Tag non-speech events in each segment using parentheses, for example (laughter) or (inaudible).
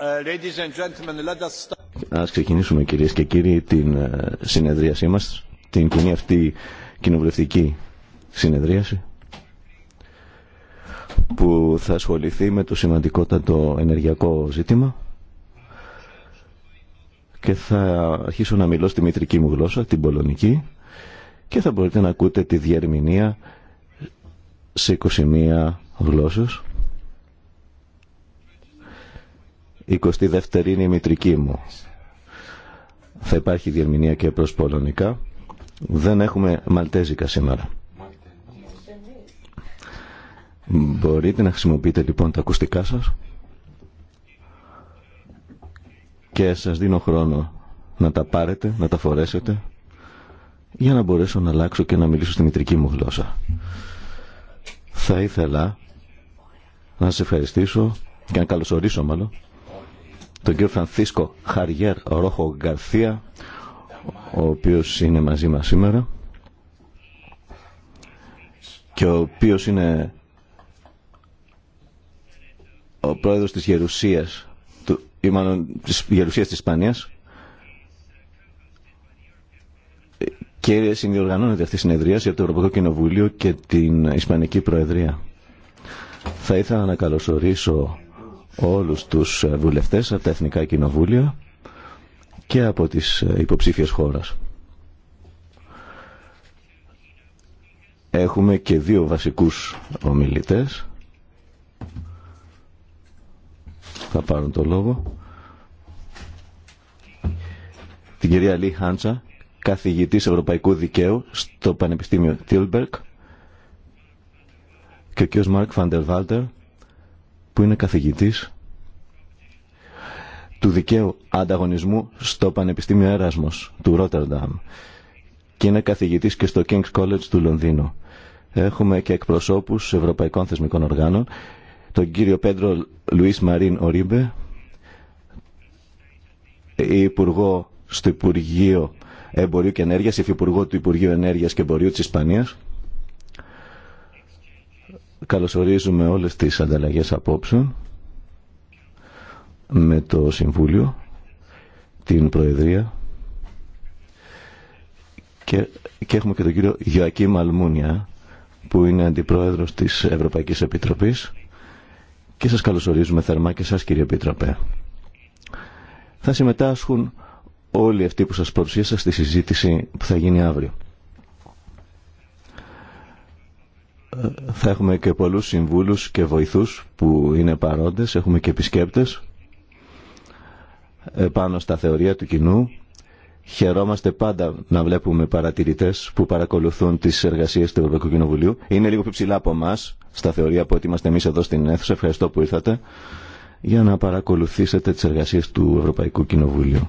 Uh, Ας ξεκινήσουμε κυρίες και κύριοι την ε, συνεδρίασή μας, την κοινή αυτή κοινοβουλευτική συνεδρίαση που θα ασχοληθεί με το σημαντικότατο ενεργειακό ζήτημα και θα αρχίσω να μιλώ στη μητρική μου γλώσσα, την πολωνική και θα μπορείτε να ακούτε τη διερμηνία σε 21 γλώσσες 22η είναι η μητρική μου. Θα υπάρχει διερμηνία και προς πολωνικά. Δεν έχουμε μαλτέζικα σήμερα. Μπορείτε να χρησιμοποιείτε λοιπόν τα ακουστικά σας και σας δίνω χρόνο να τα πάρετε, να τα φορέσετε για να μπορέσω να αλλάξω και να μιλήσω στη μητρική μου γλώσσα. Θα ήθελα να σας ευχαριστήσω και να καλωσορίσω μάλλον τον κύριο Φρανθίσκο Χαριέρ Ρόχο Γκαρθία, ο οποίος είναι μαζί μας σήμερα και ο οποίος είναι ο πρόεδρος της Γερουσίας, του, ή μάλλον της Γερουσίας της Ισπανίας και συνδιοργανώνεται αυτή η συνεδρίαση συνδιοργανωνεται αυτη η συνεδρία απο το Ευρωπαϊκό Κοινοβούλιο και την Ισπανική Προεδρία. Θα ήθελα να καλωσορίσω όλους τους βουλευτές από τα Εθνικά Κοινοβούλια και από τις υποψήφιες χώρας. Έχουμε και δύο βασικούς ομιλητές. Θα πάρουν το λόγο. Την κυρία Λί Χάντσα, καθηγητής Ευρωπαϊκού Δικαίου στο Πανεπιστήμιο Τίλμπερκ και ο κύριος Μάρκ Φαντερβάλτερ, που είναι καθηγητής του δικαίου ανταγωνισμού στο Πανεπιστήμιο Έρασμος του Ρότερνταμ και είναι καθηγητής και στο King's College του Λονδίνου. Έχουμε και εκπροσώπους ευρωπαϊκών θεσμικών οργάνων, τον κύριο Πέντρο Λουίς Μαρίν Ορίμπε, υπουργό στο Υπουργείο Εμπορίου και Ενέργειας, υφυπουργό του Υπουργείου Ενέργειας και Εμπορίου της Ισπανίας, Καλωσορίζουμε όλες τις ανταλλαγές απόψεων με το Συμβούλιο, την Προεδρία και, έχουμε και τον κύριο Γιωακή Μαλμούνια που είναι Αντιπρόεδρος της Ευρωπαϊκής Επιτροπής και σας καλωσορίζουμε θερμά και σας κύριε Επιτροπέ. Θα συμμετάσχουν όλοι αυτοί που σας παρουσίασα στη συζήτηση που θα γίνει αύριο. Θα έχουμε και πολλούς συμβούλους και βοηθούς που είναι παρόντες, έχουμε και επισκέπτες ε, πάνω στα θεωρία του κοινού. Χαιρόμαστε πάντα να βλέπουμε παρατηρητές που παρακολουθούν τις εργασίες του Ευρωπαϊκού Κοινοβουλίου. Είναι λίγο πιο ψηλά από εμά στα θεωρία που ότι είμαστε εμείς εδώ στην αίθουσα. Ευχαριστώ που ήρθατε για να παρακολουθήσετε τις εργασίες του Ευρωπαϊκού Κοινοβουλίου.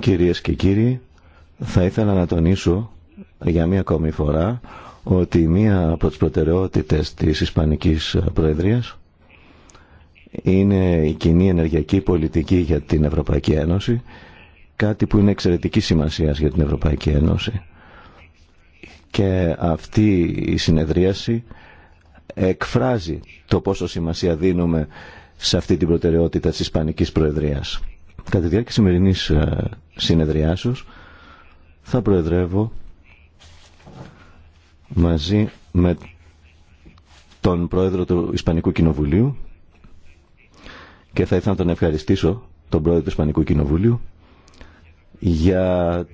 Κυρίες και κύριοι, θα ήθελα να τονίσω για μία ακόμη φορά ότι μία από τις προτεραιότητες της Ισπανικής Προεδρίας είναι η κοινή ενεργειακή πολιτική για την Ευρωπαϊκή Ένωση, κάτι που είναι εξαιρετική σημασία για την Ευρωπαϊκή Ένωση. Και αυτή η συνεδρίαση εκφράζει το πόσο σημασία δίνουμε σε αυτή την προτεραιότητα της Ισπανικής Προεδρίας. Κατά τη διάρκεια σημερινής ε, συνεδριάσεως θα προεδρεύω μαζί με τον πρόεδρο του Ισπανικού Κοινοβουλίου και θα ήθελα να τον ευχαριστήσω, τον πρόεδρο του Ισπανικού Κοινοβουλίου, για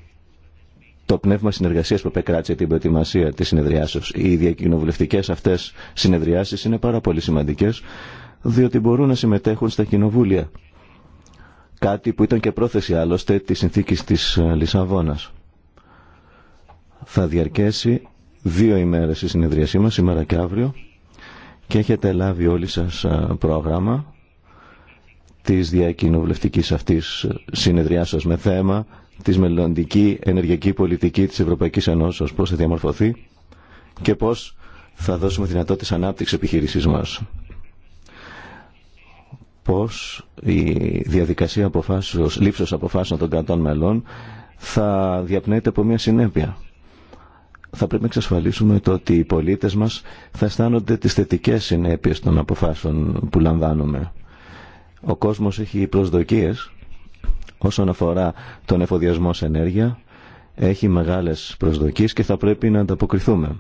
το πνεύμα συνεργασίας που επεκράτησε την προετοιμασία της συνεδριάσεως. Οι διακοινοβουλευτικές αυτές συνεδριάσεις είναι πάρα πολύ σημαντικές, διότι μπορούν να συμμετέχουν στα κοινοβούλια. Κάτι που ήταν και πρόθεση άλλωστε της συνθήκης της ε, Λισαβόνας θα διαρκέσει δύο ημέρες η συνεδρίασή μας, σήμερα και αύριο και έχετε λάβει όλοι σας πρόγραμμα της διακοινοβουλευτικής αυτής συνεδριάσεως με θέμα της μελλοντική ενεργειακή πολιτική της Ευρωπαϊκής Ενώσεως, πώς θα διαμορφωθεί και πώς θα δώσουμε δυνατότητες ανάπτυξη επιχείρησής μας. Πώς η διαδικασία αποφάσεως, αποφάσεων των κρατών μελών θα διαπνέεται από μια συνέπεια θα πρέπει να εξασφαλίσουμε το ότι οι πολίτες μας θα αισθάνονται τις θετικές συνέπειες των αποφάσεων που λαμβάνουμε. Ο κόσμος έχει προσδοκίες όσον αφορά τον εφοδιασμό σε ενέργεια, έχει μεγάλες προσδοκίες και θα πρέπει να ανταποκριθούμε.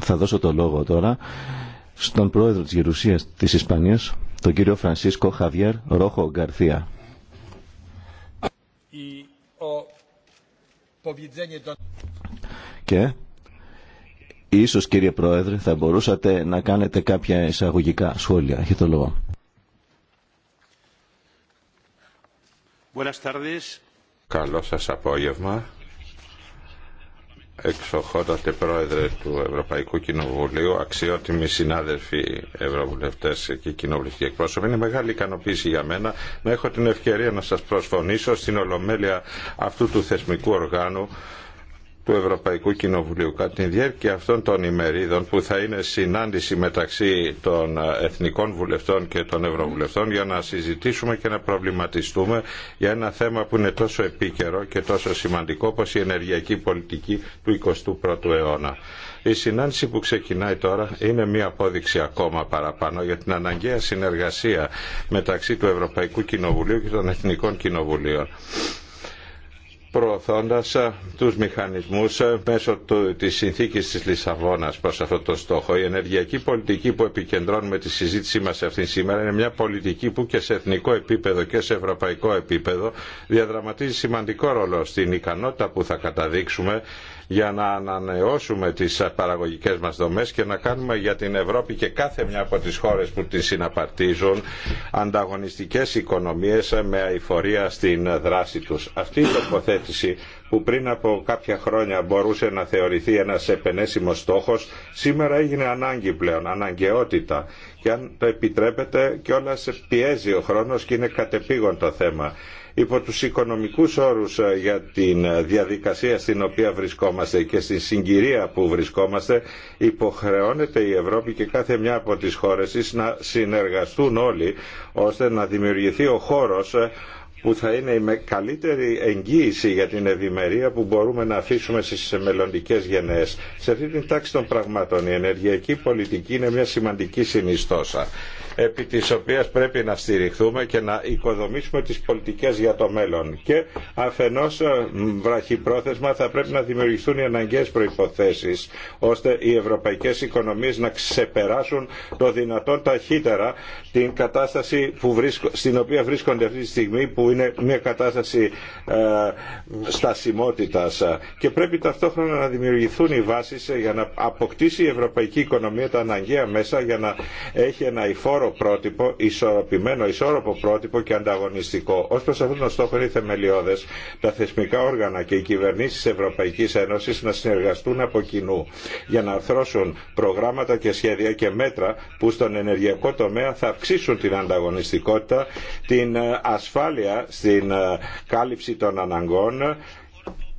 Θα δώσω το λόγο τώρα στον πρόεδρο της Γερουσίας της Ισπανίας, τον κύριο Φρανσίσκο Χαβιέρ Ρόχο Γκαρθία. Και ίσως κύριε Πρόεδρε θα μπορούσατε να κάνετε κάποια εισαγωγικά σχόλια. Έχει το λόγο. Καλό σας απόγευμα. Εξοχότατε Πρόεδρε του Ευρωπαϊκού Κοινοβουλίου, αξιότιμοι συνάδελφοι Ευρωβουλευτές και κοινοβουλευτικοί εκπρόσωποι, είναι μεγάλη ικανοποίηση για μένα να έχω την ευκαιρία να σας προσφωνήσω στην ολομέλεια αυτού του θεσμικού οργάνου του Ευρωπαϊκού Κοινοβουλίου. Κατά τη διάρκεια αυτών των ημερίδων που θα είναι συνάντηση μεταξύ των ε, εθνικών βουλευτών και των ευρωβουλευτών για να συζητήσουμε και να προβληματιστούμε για ένα θέμα που είναι τόσο επίκαιρο και τόσο σημαντικό όπως η ενεργειακή πολιτική του 21ου αιώνα. Η συνάντηση που ξεκινάει τώρα είναι μια απόδειξη ακόμα παραπάνω για την αναγκαία συνεργασία μεταξύ του Ευρωπαϊκού Κοινοβουλίου και των Εθνικών Κοινοβουλίων προωθώντας ε, τους μηχανισμούς ε, μέσω της συνθήκης της Λισαβόνας προς αυτό το στόχο. Η ενεργειακή πολιτική που επικεντρώνουμε τη συζήτησή μας αυτή σήμερα είναι μια πολιτική που και σε εθνικό επίπεδο και σε ευρωπαϊκό επίπεδο διαδραματίζει σημαντικό ρόλο στην ικανότητα που θα καταδείξουμε για να ανανεώσουμε τις παραγωγικές μας δομές και να κάνουμε για την Ευρώπη και κάθε μια από τις χώρες που τη συναπαρτίζουν ανταγωνιστικές οικονομίες με αηφορία στην δράση τους. Αυτή η τοποθέτηση που πριν από κάποια χρόνια μπορούσε να θεωρηθεί ένας επενέσιμος στόχος, σήμερα έγινε ανάγκη πλέον, αναγκαιότητα. Και αν το επιτρέπετε, κιόλα πιέζει ο χρόνος και είναι κατεπήγον το θέμα υπό τους οικονομικούς όρους ε, για τη ε, διαδικασία στην οποία βρισκόμαστε και στη συγκυρία που βρισκόμαστε υποχρεώνεται η Ευρώπη και κάθε μια από τις χώρες της να συνεργαστούν όλοι ώστε να δημιουργηθεί ο χώρος ε, που θα είναι η καλύτερη εγγύηση για την ευημερία που μπορούμε να αφήσουμε στις μελλοντικέ γενναίες. Σε αυτή την τάξη των πραγμάτων η ενεργειακή πολιτική είναι μια σημαντική συνιστόσα επί της οποίας πρέπει να στηριχθούμε και να οικοδομήσουμε τις πολιτικές για το μέλλον. Και αφενός ε, βραχυπρόθεσμα θα πρέπει να δημιουργηθούν οι αναγκαίες προϋποθέσεις ώστε οι ευρωπαϊκές οικονομίες να ξεπεράσουν το δυνατόν ταχύτερα την κατάσταση που στην οποία βρίσκονται αυτή τη στιγμή που είναι μια κατάσταση ε, στασιμότητας και πρέπει ταυτόχρονα να δημιουργηθούν οι βάσεις ε, για να αποκτήσει η ευρωπαϊκή οικονομία τα αναγκαία μέσα για να έχει ένα υφόρο πρότυπο, ισορροπημένο, ισόρροπο πρότυπο και ανταγωνιστικό. Ω προ αυτόν τον στόχο είναι θεμελιώδε τα θεσμικά όργανα και οι κυβερνήσει Ευρωπαϊκή Ένωση να συνεργαστούν από κοινού για να αρθρώσουν προγράμματα και σχέδια και μέτρα που στον ενεργειακό τομέα θα αυξήσουν την ανταγωνιστικότητα, την ε, ασφάλεια στην ε, κάλυψη των αναγκών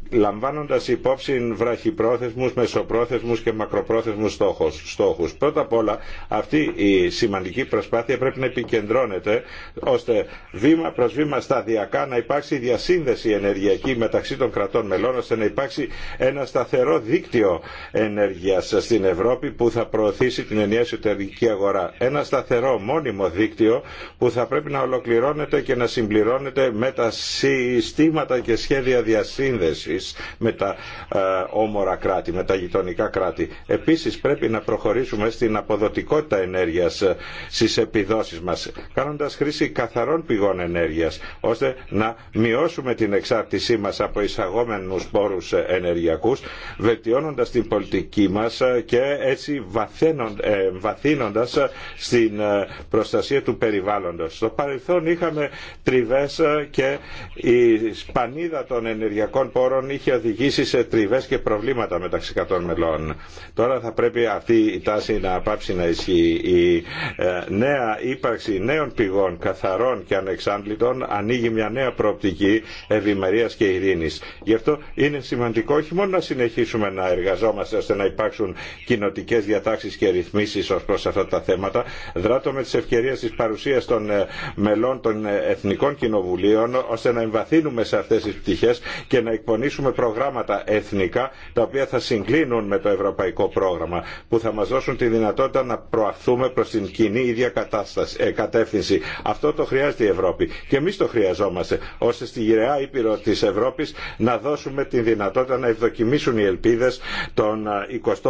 λαμβάνοντας υπόψη βραχυπρόθεσμους, μεσοπρόθεσμους και μακροπρόθεσμους στόχους. στόχους. Πρώτα απ' όλα αυτή η σημαντική προσπάθεια πρέπει να επικεντρώνεται ώστε βήμα προς βήμα σταδιακά να υπάρξει διασύνδεση ενεργειακή μεταξύ των κρατών μελών ώστε να υπάρξει ένα σταθερό δίκτυο ενέργειας στην Ευρώπη που θα προωθήσει την ενιαία εσωτερική αγορά. Ένα σταθερό μόνιμο δίκτυο που θα πρέπει να ολοκληρώνεται και να συμπληρώνεται με τα συστήματα και σχέδια διασύνδεση με τα ε, όμορα κράτη, με τα γειτονικά κράτη. Επίσης πρέπει να προχωρήσουμε στην αποδοτικότητα ενέργειας ε, στις επιδόσεις μας, κάνοντας χρήση καθαρών πηγών ενέργειας, ώστε να μειώσουμε την εξάρτησή μας από εισαγόμενους πόρους ε, ενεργειακούς, βελτιώνοντας την πολιτική μας και έτσι βαθύνοντας στην προστασία του περιβάλλοντος. Στο παρελθόν είχαμε τριβές και η σπανίδα των ενεργειακών πόρων είχε οδηγήσει σε τριβές και προβλήματα μεταξύ κατών μελών. Τώρα θα πρέπει αυτή η τάση να πάψει να ισχύει. Η ε, νέα ύπαρξη νέων πηγών καθαρών και ανεξάντλητων ανοίγει μια νέα προοπτική ευημερία και ειρήνης. Γι' αυτό είναι σημαντικό όχι μόνο να συνεχίσουμε να εργαζόμαστε ώστε να υπάρξουν κοινοτικέ διατάξει και ρυθμίσει ω προ αυτά τα θέματα, δράτω με τι ευκαιρίε τη παρουσία των ε, μελών των ε, Εθνικών Κοινοβουλίων ώστε να εμβαθύνουμε σε αυτέ τι πτυχέ και να εκπονήσουμε δημιουργήσουμε προγράμματα εθνικά τα οποία θα συγκλίνουν με το ευρωπαϊκό πρόγραμμα που θα μας δώσουν τη δυνατότητα να προαχθούμε προς την κοινή ίδια κατάσταση, ε, κατεύθυνση. Αυτό το χρειάζεται η Ευρώπη και εμεί το χρειαζόμαστε ώστε στη γυραιά ήπειρο της Ευρώπης να δώσουμε τη δυνατότητα να ευδοκιμήσουν οι ελπίδες τον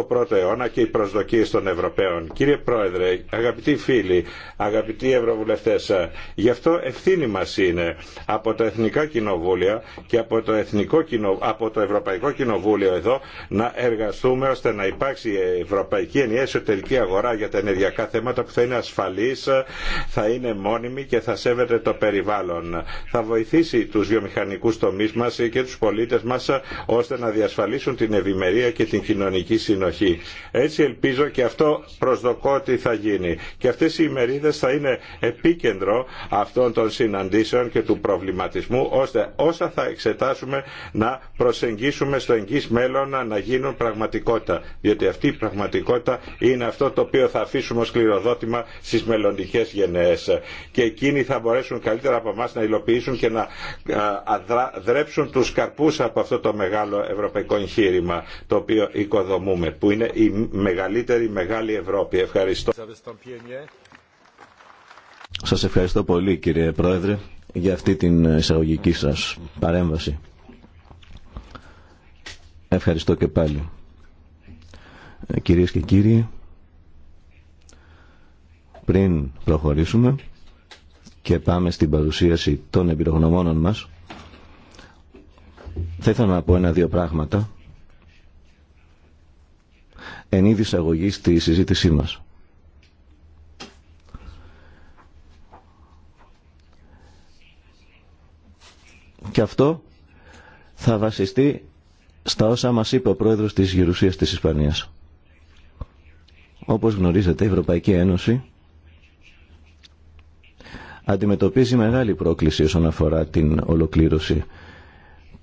21ο ε, αιώνα και οι προσδοκίε των Ευρωπαίων. Κύριε Πρόεδρε, αγαπητοί φίλοι, αγαπητοί ευρωβουλευτέ, ε, γι' αυτό ευθύνη μας είναι από τα Εθνικά Κοινοβούλια και από το Εθνικό Κοινοβούλιο από το Ευρωπαϊκό Κοινοβούλιο εδώ να εργαστούμε ώστε να υπάρξει η Ευρωπαϊκή Ενιαία Εσωτερική Αγορά για τα ενεργειακά θέματα που θα είναι ασφαλής, θα είναι μόνιμη και θα σέβεται το περιβάλλον. Θα βοηθήσει τους βιομηχανικούς τομείς μας και τους πολίτες μας ώστε να διασφαλίσουν την ευημερία και την κοινωνική συνοχή. Έτσι ελπίζω και αυτό προσδοκώ ότι θα γίνει. Και αυτές οι ημερίδες θα είναι επίκεντρο αυτών των συναντήσεων και του προβληματισμού ώστε όσα θα εξετάσουμε να προσεγγίσουμε στο εγγύς μέλλον να γίνουν πραγματικότητα. Διότι αυτή η πραγματικότητα είναι αυτό το οποίο θα αφήσουμε ω κληροδότημα στις μελλοντικέ γενναίες. Και εκείνοι θα μπορέσουν καλύτερα από εμά να υλοποιήσουν και να δρέψουν τους καρπούς από αυτό το μεγάλο ευρωπαϊκό εγχείρημα το οποίο οικοδομούμε, που είναι η μεγαλύτερη μεγάλη Ευρώπη. Ευχαριστώ. Σας ευχαριστώ πολύ κύριε Πρόεδρε για αυτή την εισαγωγική σας παρέμβαση. Ευχαριστώ και πάλι. Ε, κυρίες και κύριοι, πριν προχωρήσουμε και πάμε στην παρουσίαση των εμπειρογνωμόνων μας, θα ήθελα να πω ένα-δύο πράγματα εν είδη εισαγωγή στη συζήτησή μας. Και αυτό θα βασιστεί στα όσα μας είπε ο πρόεδρος της Γερουσίας της Ισπανίας. Όπως γνωρίζετε, η Ευρωπαϊκή Ένωση αντιμετωπίζει μεγάλη πρόκληση όσον αφορά την ολοκλήρωση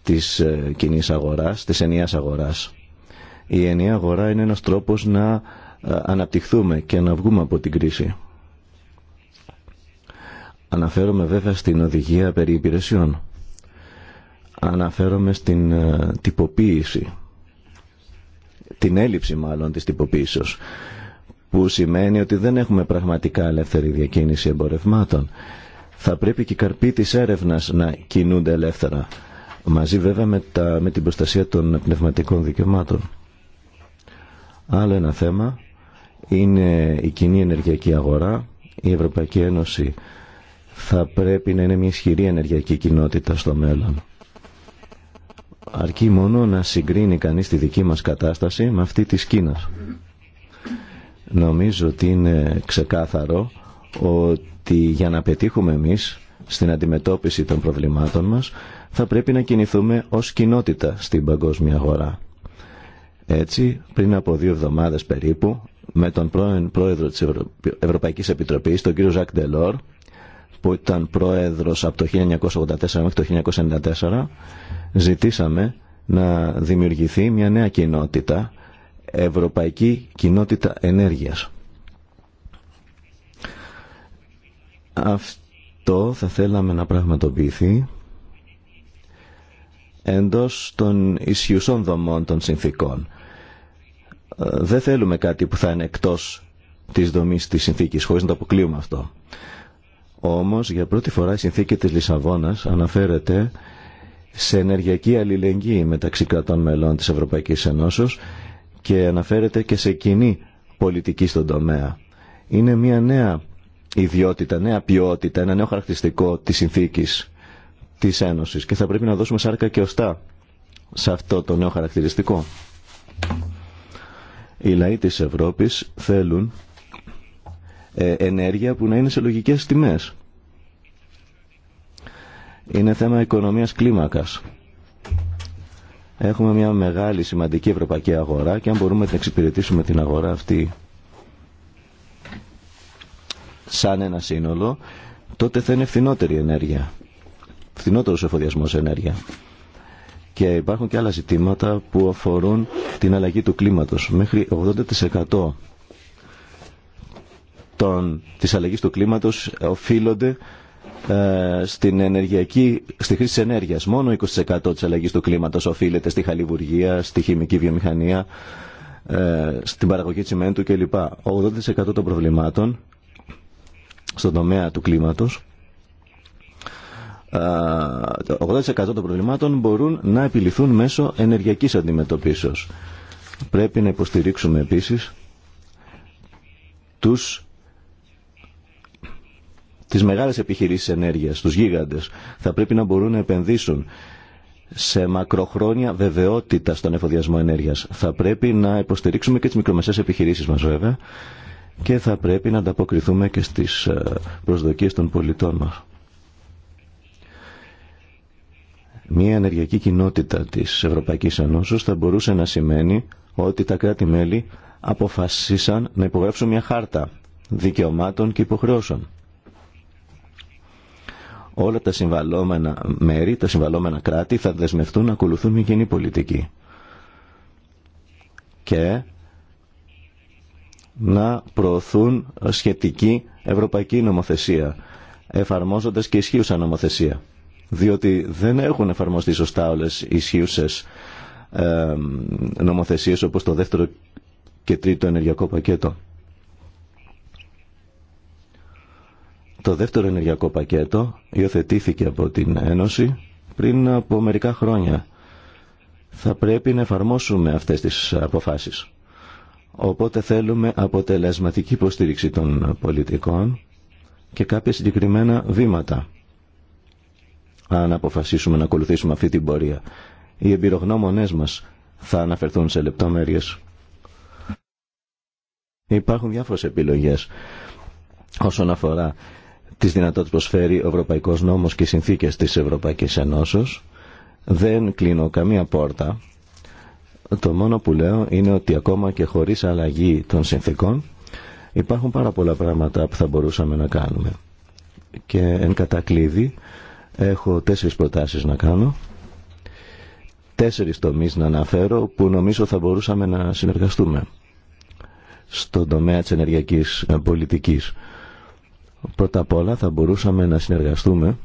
της ε, κοινή αγοράς, της ενιαίας αγοράς. Η ενιαία αγορά είναι ένας τρόπος να ε, αναπτυχθούμε και να βγούμε από την κρίση. Αναφέρομαι βέβαια στην οδηγία περί υπηρεσιών. Αναφέρομαι στην ε, τυποποίηση, την έλλειψη μάλλον της τυποποίησης, που σημαίνει ότι δεν έχουμε πραγματικά ελεύθερη διακίνηση εμπορευμάτων. Θα πρέπει και οι καρποί της έρευνας να κινούνται ελεύθερα, μαζί βέβαια με, τα, με την προστασία των πνευματικών δικαιωμάτων. Άλλο ένα θέμα είναι η κοινή ενεργειακή αγορά. Η Ευρωπαϊκή Ένωση θα πρέπει να είναι μια ισχυρή ενεργειακή κοινότητα στο μέλλον. Αρκεί μόνο να συγκρίνει κανείς τη δική μας κατάσταση με αυτή της Κίνας. Νομίζω ότι είναι ξεκάθαρο ότι για να πετύχουμε εμείς στην αντιμετώπιση των προβλημάτων μας θα πρέπει να κινηθούμε ως κοινότητα στην παγκόσμια αγορά. Έτσι, πριν από δύο εβδομάδες περίπου, με τον πρώην πρόεδρο της Ευρωπαϊκής Επιτροπής, τον κύριο Ζακ Ντελόρ, που ήταν πρόεδρος από το 1984 μέχρι το 1994, ζητήσαμε να δημιουργηθεί μια νέα κοινότητα, Ευρωπαϊκή Κοινότητα Ενέργειας. Αυτό θα θέλαμε να πραγματοποιηθεί εντός των ισχυουσών δομών των συνθήκων. Ε, δεν θέλουμε κάτι που θα είναι εκτός της δομής της συνθήκης, χωρίς να το αποκλείουμε αυτό. Όμως, για πρώτη φορά η συνθήκη της Λισαβόνας αναφέρεται σε ενεργειακή αλληλεγγύη μεταξύ κρατών μελών της Ευρωπαϊκής Ενώσεως και αναφέρεται και σε κοινή πολιτική στον τομέα. Είναι μια νέα ιδιότητα, νέα ποιότητα, ένα νέο χαρακτηριστικό της συνθήκης της Ένωσης και θα πρέπει να δώσουμε σάρκα και οστά σε αυτό το νέο χαρακτηριστικό. Οι λαοί της Ευρώπης θέλουν ε, ενέργεια που να είναι σε λογικές τιμές είναι θέμα οικονομίας κλίμακας. Έχουμε μια μεγάλη σημαντική ευρωπαϊκή αγορά και αν μπορούμε να εξυπηρετήσουμε την αγορά αυτή σαν ένα σύνολο, τότε θα είναι φθηνότερη ενέργεια. Φθηνότερος εφοδιασμός ενέργεια. Και υπάρχουν και άλλα ζητήματα που αφορούν την αλλαγή του κλίματος. Μέχρι 80% των, της αλλαγής του κλίματος οφείλονται ε, στην ενεργειακή, στη χρήση της ενέργειας. Μόνο 20% της αλλαγής του κλίματος οφείλεται στη χαλιβουργία, στη χημική βιομηχανία, ε, στην παραγωγή τσιμέντου κλπ. 80% των προβλημάτων στον τομέα του κλίματος 80% ε, των προβλημάτων μπορούν να επιληθούν μέσω ενεργειακής αντιμετωπίσεως. Πρέπει να υποστηρίξουμε επίσης τους τις μεγάλες επιχειρήσεις ενέργειας, τους γίγαντες. Θα πρέπει να μπορούν να επενδύσουν σε μακροχρόνια βεβαιότητα στον εφοδιασμό ενέργειας. Θα πρέπει να υποστηρίξουμε και τις μικρομεσαίες επιχειρήσεις μας βέβαια και θα πρέπει να ανταποκριθούμε και στις ε, προσδοκίες των πολιτών μας. Μία ενεργειακή κοινότητα της Ευρωπαϊκής Ενώσεως θα μπορούσε να σημαίνει ότι τα κράτη-μέλη αποφασίσαν να υπογράψουν μια χάρτα δικαιωμάτων και υποχρεώσεων όλα τα συμβαλόμενα μέρη, τα συμβαλόμενα κράτη θα δεσμευτούν να ακολουθούν μια κοινή πολιτική. Και να προωθούν σχετική ευρωπαϊκή νομοθεσία, εφαρμόζοντας και ισχύουσα νομοθεσία. Διότι δεν έχουν εφαρμοστεί σωστά όλες οι ισχύουσες ε, νομοθεσίες όπως το δεύτερο και τρίτο ενεργειακό πακέτο. Το δεύτερο ενεργειακό πακέτο υιοθετήθηκε από την Ένωση πριν από μερικά χρόνια. Θα πρέπει να εφαρμόσουμε αυτές τις αποφάσεις. Οπότε θέλουμε αποτελεσματική υποστήριξη των πολιτικών και κάποια συγκεκριμένα βήματα αν αποφασίσουμε να ακολουθήσουμε αυτή την πορεία. Οι εμπειρογνώμονές μας θα αναφερθούν σε λεπτομέρειες. Υπάρχουν διάφορες επιλογές όσον αφορά τις που προσφέρει ο Ευρωπαϊκός Νόμος και οι συνθήκες της Ευρωπαϊκής Ενώσεως. Δεν κλείνω καμία πόρτα. Το μόνο που λέω είναι ότι ακόμα και χωρίς αλλαγή των συνθήκων υπάρχουν πάρα πολλά πράγματα που θα μπορούσαμε να κάνουμε. Και εν κατακλείδη έχω τέσσερις προτάσεις να κάνω. Τέσσερις τομείς να αναφέρω που νομίζω θα μπορούσαμε να συνεργαστούμε στον τομέα της ενεργειακής ε, πολιτικής Πρώτα απ' όλα θα μπορούσαμε να συνεργαστούμε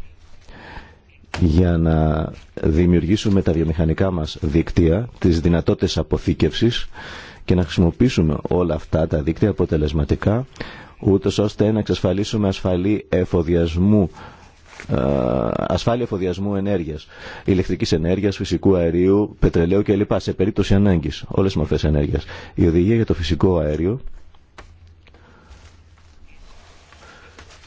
για να δημιουργήσουμε τα βιομηχανικά μας δίκτυα, τις δυνατότητες αποθήκευσης και να χρησιμοποιήσουμε όλα αυτά τα δίκτυα αποτελεσματικά ούτως ώστε να εξασφαλίσουμε ασφαλή εφοδιασμού ε, ασφάλεια εφοδιασμού ενέργειας, ηλεκτρικής ενέργειας, φυσικού αερίου, πετρελαίου κλπ. σε περίπτωση ανάγκης, όλες τις μορφές ενέργειας. Η οδηγία για το φυσικό αέριο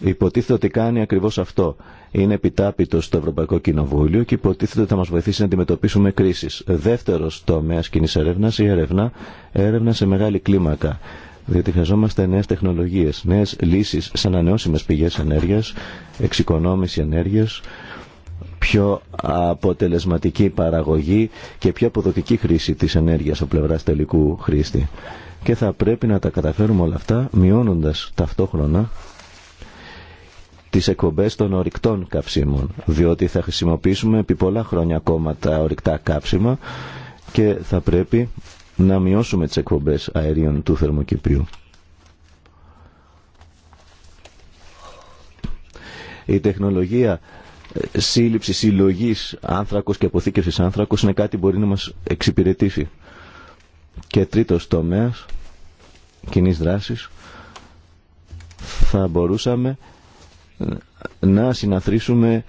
Υποτίθεται ότι κάνει ακριβώ αυτό. Είναι επιτάπητο στο Ευρωπαϊκό Κοινοβούλιο και υποτίθεται ότι θα μα βοηθήσει να αντιμετωπίσουμε κρίσει. Δεύτερο τομέα κοινή έρευνα, η έρευνα, έρευνα σε μεγάλη κλίμακα. Διότι χρειαζόμαστε νέε τεχνολογίε, νέε λύσει σε ανανεώσιμε πηγέ ενέργεια, εξοικονόμηση ενέργεια, πιο αποτελεσματική παραγωγή και πιο αποδοτική χρήση της ενέργειας από πλευράς τελικού χρήστη. Και θα πρέπει να τα καταφέρουμε όλα αυτά μειώνοντας ταυτόχρονα τις εκπομπές των ορυκτών καυσίμων, διότι θα χρησιμοποιήσουμε επί πολλά χρόνια ακόμα τα ορυκτά καύσιμα και θα πρέπει να μειώσουμε τις εκπομπές αερίων του θερμοκηπίου. Η τεχνολογία ε, σύλληψη, συλλογή άνθρακος και αποθήκευσης άνθρακος είναι κάτι που μπορεί να μας εξυπηρετήσει. Και τρίτος τομέας κοινής δράσης θα μπορούσαμε να συναθρήσουμε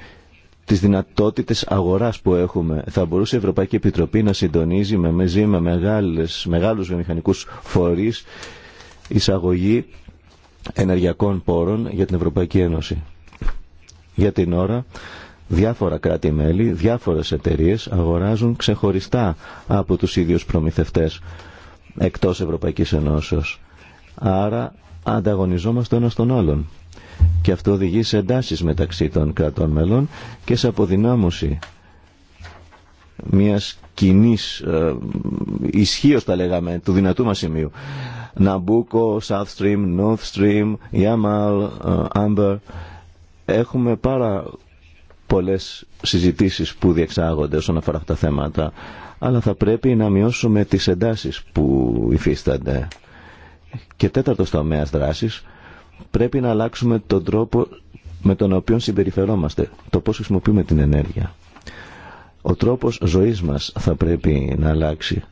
τις δυνατότητες αγοράς που έχουμε. Θα μπορούσε η Ευρωπαϊκή Επιτροπή να συντονίζει με, μεζί με μεγάλες, μεγάλους βιομηχανικούς φορείς εισαγωγή ενεργειακών πόρων για την Ευρωπαϊκή Ένωση. Για την ώρα διάφορα κράτη-μέλη, διάφορες εταιρείες αγοράζουν ξεχωριστά από τους ίδιους προμηθευτές εκτός Ευρωπαϊκής Ένωσης. Άρα ανταγωνιζόμαστε ένα τον άλλον. Και αυτό οδηγεί σε εντάσεις μεταξύ των κρατών μελών και σε αποδυνάμωση μιας κοινή ε, ισχύω τα λέγαμε, του δυνατού μας σημείου. Ναμπούκο, South Stream, North Stream, Yamal, ε, Amber. Έχουμε πάρα πολλές συζητήσεις που διεξάγονται όσον αφορά αυτά τα θέματα, αλλά θα πρέπει να μειώσουμε τις εντάσεις που υφίστανται. Και τέταρτος τομέας δράσης πρέπει να αλλάξουμε τον τρόπο με τον οποίο συμπεριφερόμαστε, το πώς χρησιμοποιούμε την ενέργεια. Ο τρόπος ζωής μας θα πρέπει να αλλάξει.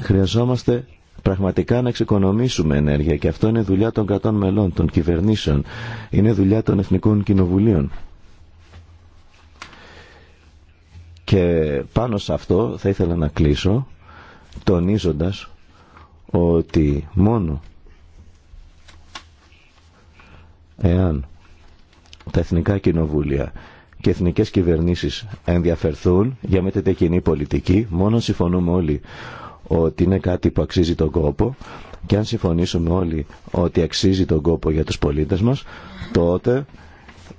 Χρειαζόμαστε πραγματικά να εξοικονομήσουμε ενέργεια και αυτό είναι δουλειά των κρατών μελών, των κυβερνήσεων, είναι δουλειά των εθνικών κοινοβουλίων. Και πάνω σε αυτό θα ήθελα να κλείσω τονίζοντας ότι μόνο Εάν τα εθνικά κοινοβούλια και εθνικέ κυβερνήσει ενδιαφερθούν για μια κοινή πολιτική, μόνο συμφωνούμε όλοι ότι είναι κάτι που αξίζει τον κόπο και αν συμφωνήσουμε όλοι ότι αξίζει τον κόπο για τους πολίτες μας, τότε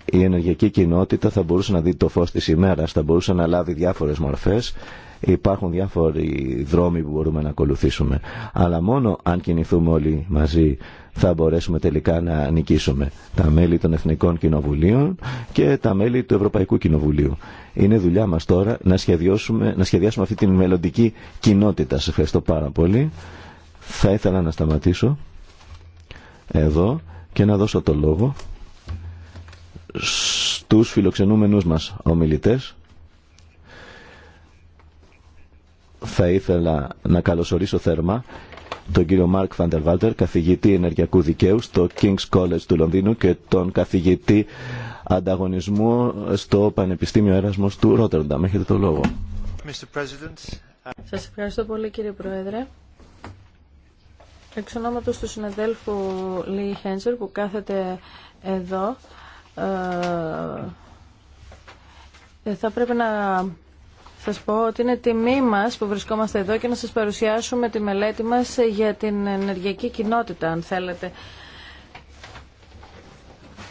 η ενεργειακή κοινότητα θα μπορούσε να δει το φως της ημέρας, θα μπορούσε να λάβει διάφορες μορφές, υπάρχουν διάφοροι δρόμοι που μπορούμε να ακολουθήσουμε. Αλλά μόνο αν κινηθούμε όλοι μαζί θα μπορέσουμε τελικά να νικήσουμε τα μέλη των Εθνικών Κοινοβουλίων και τα μέλη του Ευρωπαϊκού Κοινοβουλίου. Είναι δουλειά μας τώρα να σχεδιάσουμε, να σχεδιάσουμε αυτή τη μελλοντική κοινότητα. Σε ευχαριστώ πάρα πολύ. Θα ήθελα να σταματήσω εδώ και να δώσω το λόγο στους φιλοξενούμενους μας ομιλητές. Θα ήθελα να καλωσορίσω θερμά τον κύριο Μάρκ Φαντερβάλτερ, καθηγητή ενεργειακού δικαίου στο King's College του Λονδίνου και τον καθηγητή ανταγωνισμού στο Πανεπιστήμιο Έρασμος του Ρότερνταμ. Έχετε το λόγο. Σας ευχαριστώ πολύ κύριε Πρόεδρε. Εξ ονόματος του συναδέλφου Λί Χένσερ που κάθεται εδώ, ε, θα πρέπει να σας πω ότι είναι τιμή μας που βρισκόμαστε εδώ και να σας παρουσιάσουμε τη μελέτη μας για την ενεργειακή κοινότητα, αν θέλετε.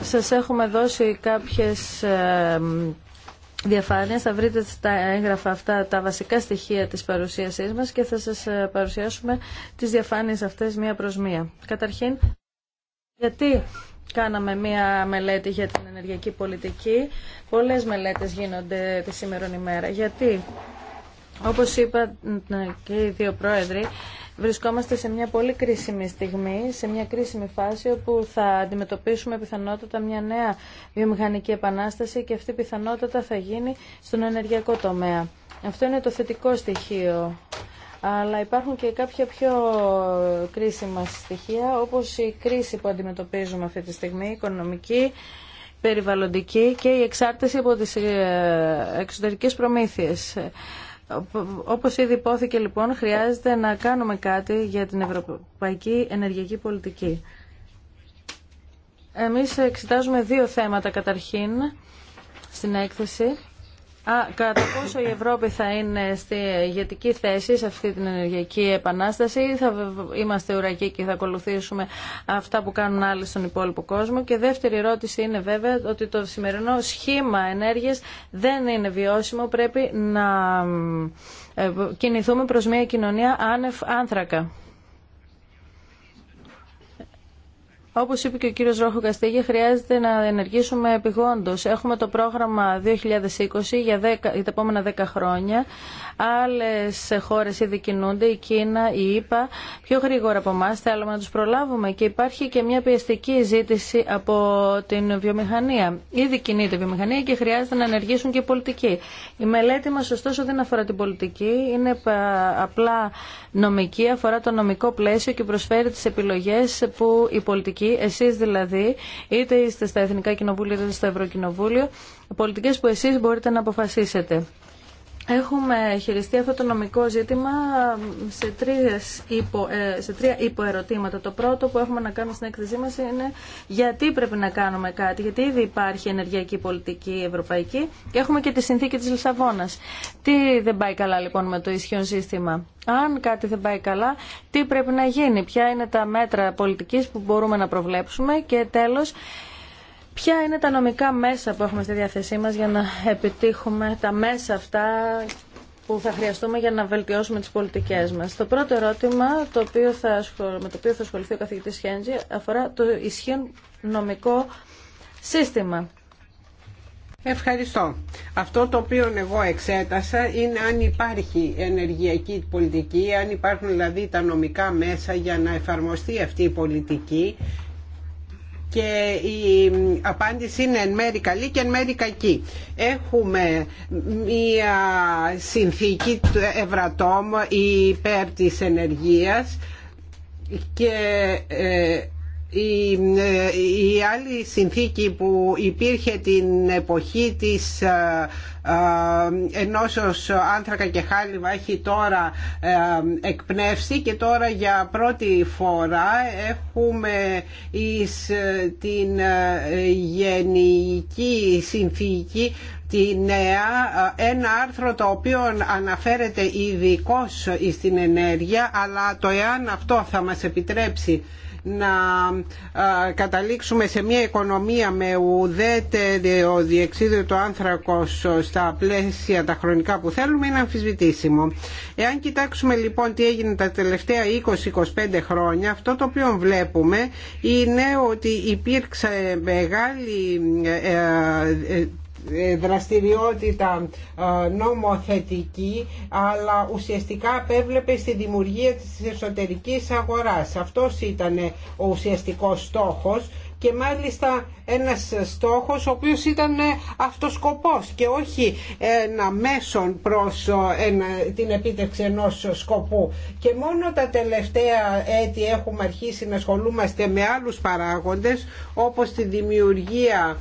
Σας έχουμε δώσει κάποιες διαφάνειες, θα βρείτε τα έγγραφα αυτά τα βασικά στοιχεία της παρουσίασής μας και θα σας ε, παρουσιάσουμε τις διαφάνειες αυτές μία προς μία. Καταρχήν, γιατί κάναμε μία μελέτη για την ενεργειακή πολιτική. Πολλές μελέτες γίνονται τη σήμερα ημέρα. Γιατί, όπως είπα ναι, και οι δύο πρόεδροι, βρισκόμαστε σε μια πολύ κρίσιμη στιγμή, σε μια κρίσιμη φάση όπου θα αντιμετωπίσουμε πιθανότατα μια νέα βιομηχανική επανάσταση και αυτή πιθανότατα θα γίνει στον ενεργειακό τομέα. Αυτό είναι το θετικό στοιχείο αλλά υπάρχουν και κάποια πιο κρίσιμα στοιχεία, όπως η κρίση που αντιμετωπίζουμε αυτή τη στιγμή, οικονομική, περιβαλλοντική και η εξάρτηση από τις ε, εξωτερικές προμήθειες. Όπως ήδη υπόθηκε λοιπόν, χρειάζεται να κάνουμε κάτι για την ευρωπαϊκή ενεργειακή πολιτική. Εμείς εξετάζουμε δύο θέματα καταρχήν στην έκθεση. Α, κατά πόσο η Ευρώπη θα είναι στη ηγετική θέση σε αυτή την ενεργειακή επανάσταση ή θα είμαστε ουρακοί και θα ακολουθήσουμε αυτά που κάνουν άλλοι στον υπόλοιπο κόσμο. Και δεύτερη ερώτηση είναι βέβαια ότι το σημερινό σχήμα ενέργειας δεν είναι βιώσιμο. Πρέπει να ε, κινηθούμε προς μια κοινωνία άνευ άνθρακα. Όπω είπε και ο κύριο Ρόχο Καστίγια, χρειάζεται να ενεργήσουμε επιγόντω. Έχουμε το πρόγραμμα 2020 για, 10, για τα επόμενα 10 χρόνια. Άλλε χώρε ήδη κινούνται, η Κίνα, η ΕΠΑ, πιο γρήγορα από εμά. Θέλουμε να του προλάβουμε και υπάρχει και μια πιεστική ζήτηση από την βιομηχανία. Ήδη κινείται η βιομηχανία και χρειάζεται να ενεργήσουν και οι πολιτικοί. Η μελέτη μα, ωστόσο, δεν αφορά την πολιτική. Είναι απλά νομική, αφορά το νομικό πλαίσιο και προσφέρει τι επιλογέ που η πολιτική πολιτική, εσείς δηλαδή, είτε είστε στα Εθνικά Κοινοβούλια είτε στο Ευρωκοινοβούλιο, πολιτικές που εσείς μπορείτε να αποφασίσετε. Έχουμε χειριστεί αυτό το νομικό ζήτημα σε, τρεις υπο, ε, σε τρία υποερωτήματα. Το πρώτο που έχουμε να κάνουμε στην έκθεσή μας είναι γιατί πρέπει να κάνουμε κάτι, γιατί ήδη υπάρχει ενεργειακή πολιτική ευρωπαϊκή και έχουμε και τη συνθήκη της Λισαβόνας. Τι δεν πάει καλά λοιπόν με το ισχύον σύστημα. Αν κάτι δεν πάει καλά, τι πρέπει να γίνει, ποια είναι τα μέτρα πολιτικής που μπορούμε να προβλέψουμε και τέλος ποια είναι τα νομικά μέσα που έχουμε στη διάθεσή μας για να επιτύχουμε τα μέσα αυτά που θα χρειαστούμε για να βελτιώσουμε τις πολιτικές μας. Το πρώτο ερώτημα το οποίο θα με το οποίο θα ασχοληθεί ο καθηγητής Χέντζη αφορά το ισχύον νομικό σύστημα. Ευχαριστώ. Αυτό το οποίο εγώ εξέτασα είναι αν υπάρχει ενεργειακή πολιτική, αν υπάρχουν δηλαδή τα νομικά μέσα για να εφαρμοστεί αυτή η πολιτική και η απάντηση είναι εν μέρη καλή και εν μέρη κακή. Έχουμε μια συνθήκη του Ευρατόμου υπέρ της ενεργείας και ε, ε, η, άλλη συνθήκη που υπήρχε την εποχή της ε, ε, ενώσεως άνθρακα και χάλιβα έχει τώρα εκπνεύσει και τώρα για πρώτη φορά έχουμε εις την γενική συνθήκη τη νέα, ένα άρθρο το οποίο αναφέρεται ειδικώ στην ενέργεια αλλά το εάν αυτό θα μας επιτρέψει να καταλήξουμε σε μια οικονομία με ουδέτερο διεξίδιο του άνθρακος στα πλαίσια τα χρονικά που θέλουμε είναι αμφισβητήσιμο. Εάν κοιτάξουμε λοιπόν τι έγινε τα τελευταία 20-25 χρόνια, αυτό το οποίο βλέπουμε είναι ότι υπήρξε μεγάλη ε, ε, δραστηριότητα ε, νομοθετική αλλά ουσιαστικά απέβλεπε στη δημιουργία της εσωτερικής αγοράς. Αυτός ήταν ο ουσιαστικός στόχος και μάλιστα ένας στόχος ο οποίος ήταν αυτοσκοπός και όχι ένα μέσον προς ε, την επίτευξη ενός σκοπού. Και μόνο τα τελευταία έτη έχουμε αρχίσει να ασχολούμαστε με άλλους παράγοντες όπως τη δημιουργία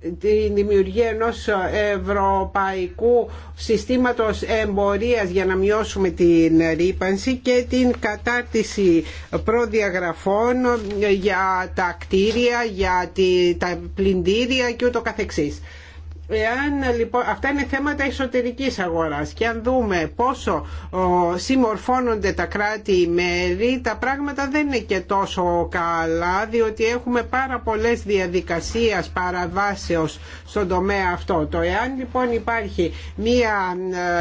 την δημιουργία ενός ευρωπαϊκού συστήματος εμπορίας για να μειώσουμε την ρήπανση και την κατάρτιση προδιαγραφών για τα κτίρια, για τα πλυντήρια και ούτω καθεξής. Εάν, λοιπόν, αυτά είναι θέματα εσωτερικής αγοράς και αν δούμε πόσο συμμορφώνονται τα κράτη-μέρη τα πράγματα δεν είναι και τόσο καλά διότι έχουμε πάρα πολλές διαδικασίες παραβάσεως στον τομέα αυτό. Το εάν λοιπόν υπάρχει μία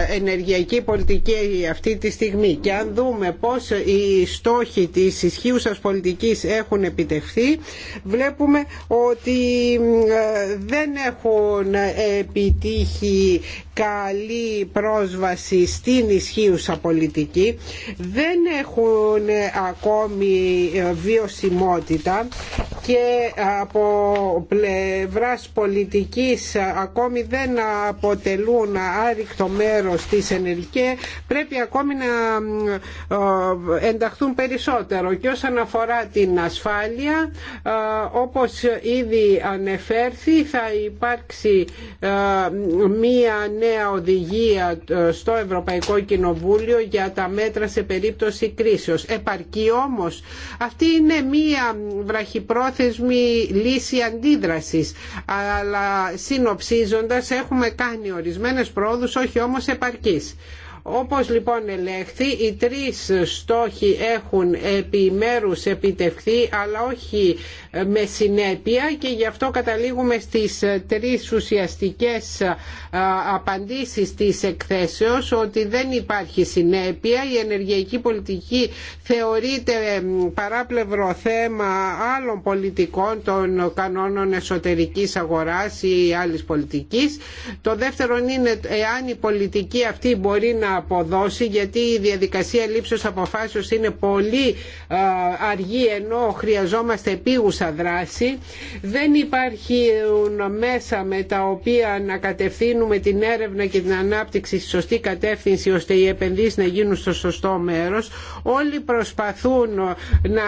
ε, ενεργειακή πολιτική αυτή τη στιγμή και αν δούμε πώς οι στόχοι της ισχύουσας πολιτικής έχουν επιτευχθεί βλέπουμε ότι ε, δεν έχουν επιτύχει καλή πρόσβαση στην ισχύουσα πολιτική δεν έχουν ακόμη βιωσιμότητα και από πλευράς πολιτικής ακόμη δεν αποτελούν άρρηκτο μέρος της ΕΝΕΛΚΕ πρέπει ακόμη να ε, ενταχθούν περισσότερο και όσον αφορά την ασφάλεια ε, όπως ήδη ανεφέρθη θα υπάρξει ε, μία νέα οδηγία ε, στο Ευρωπαϊκό Κοινοβούλιο για τα μέτρα σε περίπτωση κρίσεως. Επαρκεί όμως. Αυτή είναι μία βραχυπρόθεσμη λύση αντίδρασης. Αλλά συνοψίζοντας έχουμε κάνει ορισμένες πρόοδους, όχι όμως επαρκείς. Όπως λοιπόν ελέγχθη, οι τρεις στόχοι έχουν επιμέρους επιτευχθεί, αλλά όχι ε, με συνέπεια και γι' αυτό καταλήγουμε στις ε, τρεις ουσιαστικές ε, απαντήσεις της εκθέσεως ότι δεν υπάρχει συνέπεια, η ενεργειακή πολιτική θεωρείται παράπλευρο θέμα άλλων πολιτικών των κανόνων εσωτερικής αγοράς ή άλλης πολιτικής. Το δεύτερο είναι εάν η πολιτική αυτή μπορεί να αποδώσει γιατί η διαδικασία λήψης αποφάσεως είναι πολύ ε, αργή ενώ χρειαζόμαστε επίγουσα δράση. Δεν υπάρχουν μέσα με τα οποία να κατευθύνουμε την έρευνα και την ανάπτυξη στη σωστή κατεύθυνση ώστε οι επενδύσεις να γίνουν στο σωστό μέρος. Όλοι προσπαθούν να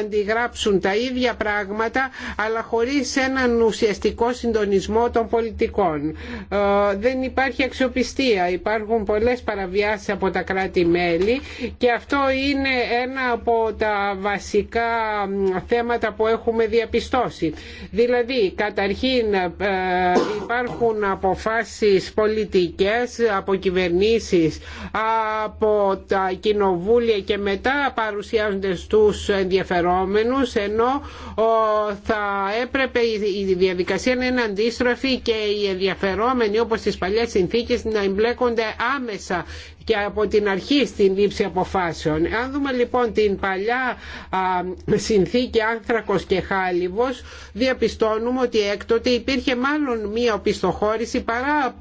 αντιγράψουν τα ίδια πράγματα αλλά χωρίς έναν ουσιαστικό συντονισμό των πολιτικών. Ε, δεν υπάρχει αξιοπιστία. Υπάρχουν πολλές παραβιάσεις από τα κράτη-μέλη και αυτό είναι ένα από τα βασικά θέματα που έχουμε διαπιστώσει. Δηλαδή, καταρχήν ε, υπάρχουν αποφάσεις πολιτικές από κυβερνήσεις, από τα κοινοβούλια και μετά παρουσιάζονται στους ενδιαφερόμενους, ενώ θα έπρεπε η διαδικασία να είναι αντίστροφη και οι ενδιαφερόμενοι όπως στις παλιές συνθήκες να εμπλέκονται άμεσα και από την αρχή στην λήψη αποφάσεων. Αν δούμε λοιπόν την παλιά συνθήκη άνθρακος και χάλιβος διαπιστώνουμε ότι έκτοτε υπήρχε μάλλον μία οπισθοχώρηση παρά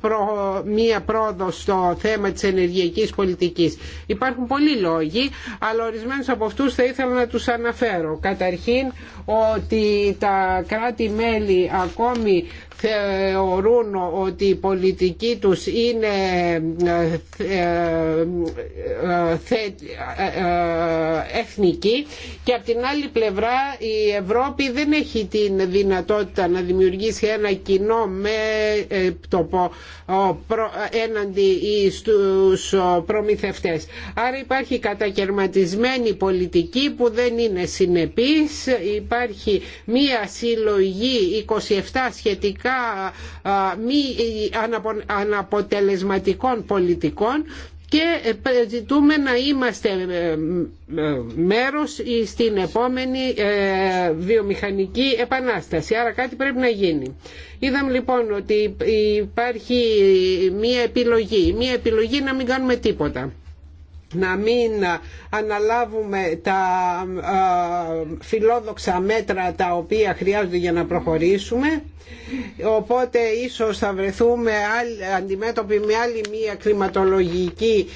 μία πρόοδο στο θέμα της ενεργειακής πολιτικής. Υπάρχουν πολλοί λόγοι αλλά ορισμένους από αυτούς θα ήθελα να τους αναφέρω. Καταρχήν ότι τα κράτη-μέλη ακόμη θεωρούν ότι η πολιτική τους είναι ε, ε, ε, εθνική και από την άλλη πλευρά η Ευρώπη δεν έχει την δυνατότητα να δημιουργήσει ένα κοινό με το έναντι στους προμηθευτές. Άρα υπάρχει κατακαιρματισμένη πολιτική που δεν είναι συνεπής. Υπάρχει μία συλλογή 27 σχετικά μη αναποτελεσματικών πολιτικών και ε, ζητούμε να είμαστε ε, ε, μέρος στην επόμενη βιομηχανική επανάσταση. Άρα κάτι πρέπει να γίνει. Είδαμε λοιπόν ότι υπάρχει μία επιλογή. Μία επιλογή να μην κάνουμε τίποτα να μην αναλάβουμε τα φιλόδοξα μέτρα τα οποία χρειάζονται για να προχωρήσουμε οπότε ίσως θα βρεθούμε αντιμέτωποι με άλλη μία κλιματολογική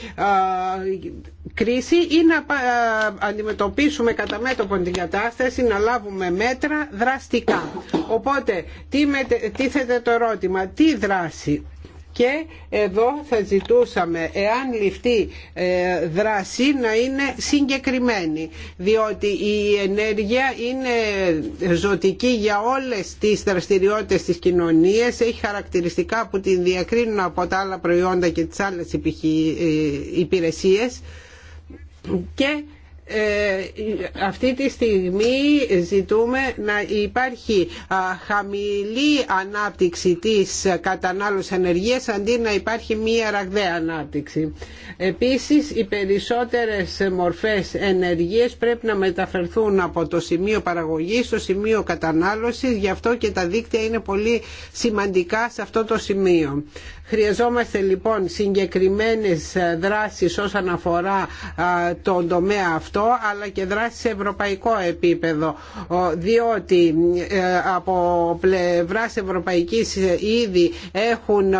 κρίση ή να αντιμετωπίσουμε κατά μέτωπον την κατάσταση, να λάβουμε μέτρα δραστικά. Οπότε, τι τίθεται το ερώτημα, τι δράση και εδώ θα ζητούσαμε εάν ληφθεί ε, δράση να είναι συγκεκριμένη διότι η ενέργεια είναι ζωτική για όλες τις δραστηριότητες της κοινωνίας έχει χαρακτηριστικά που την διακρίνουν από τα άλλα προϊόντα και τις άλλες ε, υπηρεσίες και ε, αυτή τη στιγμή ζητούμε να υπάρχει χαμηλή ανάπτυξη της κατανάλωσης ενεργείας αντί να υπάρχει μία ραγδαία ανάπτυξη. Επίσης οι περισσότερες μορφές ενεργείας πρέπει να μεταφερθούν από το σημείο παραγωγής στο σημείο κατανάλωσης γι' αυτό και τα δίκτυα είναι πολύ σημαντικά σε αυτό το σημείο. Χρειαζόμαστε λοιπόν συγκεκριμένες δράσεις όσον αφορά τον τομέα αυτό αυτό αλλά και δράση σε ευρωπαϊκό επίπεδο διότι ε, από πλευράς ευρωπαϊκής ε, ήδη έχουν ε,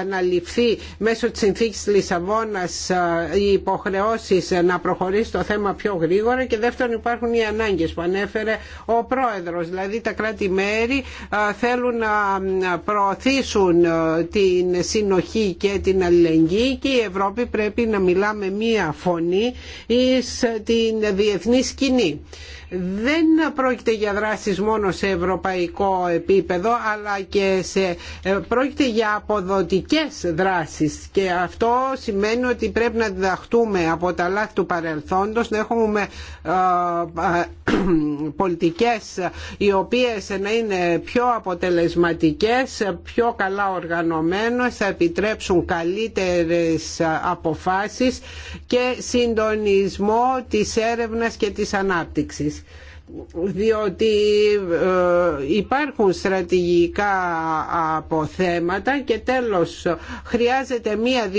αναλυφθεί μέσω της συνθήκης Λισαβόνας οι υποχρεώσεις να προχωρήσει το θέμα πιο γρήγορα και δεύτερον υπάρχουν οι ανάγκες που ανέφερε ο πρόεδρος δηλαδή τα κράτη-μέρη θέλουν να προωθήσουν την συνοχή και την αλληλεγγύη και η Ευρώπη πρέπει να μιλά με μία φωνή εις την διεθνή σκηνή δεν πρόκειται για δράσεις μόνο σε ευρωπαϊκό επίπεδο αλλά και σε, ε, πρόκειται για αποδοτικές δράσεις και αυτό σημαίνει ότι πρέπει να διδαχτούμε από τα λάθη του παρελθόντος να έχουμε ε, ε, (clears throat) πολιτικές οι οποίες να είναι πιο αποτελεσματικές, πιο καλά οργανωμένες, θα επιτρέψουν καλύτερες αποφάσεις και συντονισμό της έρευνας και της ανάπτυξης διότι ε, υπάρχουν στρατηγικά αποθέματα και τέλος χρειάζεται μια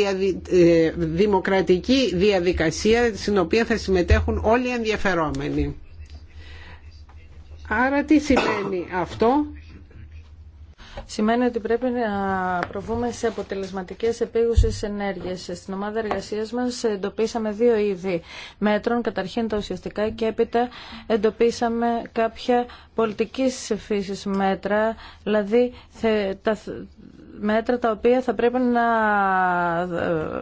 ε, δημοκρατική διαδικασία στην οποία θα συμμετέχουν όλοι οι ενδιαφερόμενοι. Άρα τι σημαίνει αυτό σημαίνει ότι πρέπει να προβούμε σε αποτελεσματικέ επίγουσε ενέργειες. Στην ομάδα εργασία μα εντοπίσαμε δύο είδη μέτρων, καταρχήν τα ουσιαστικά και έπειτα εντοπίσαμε κάποια πολιτική φύση μέτρα, δηλαδή τα μέτρα τα οποία θα πρέπει να,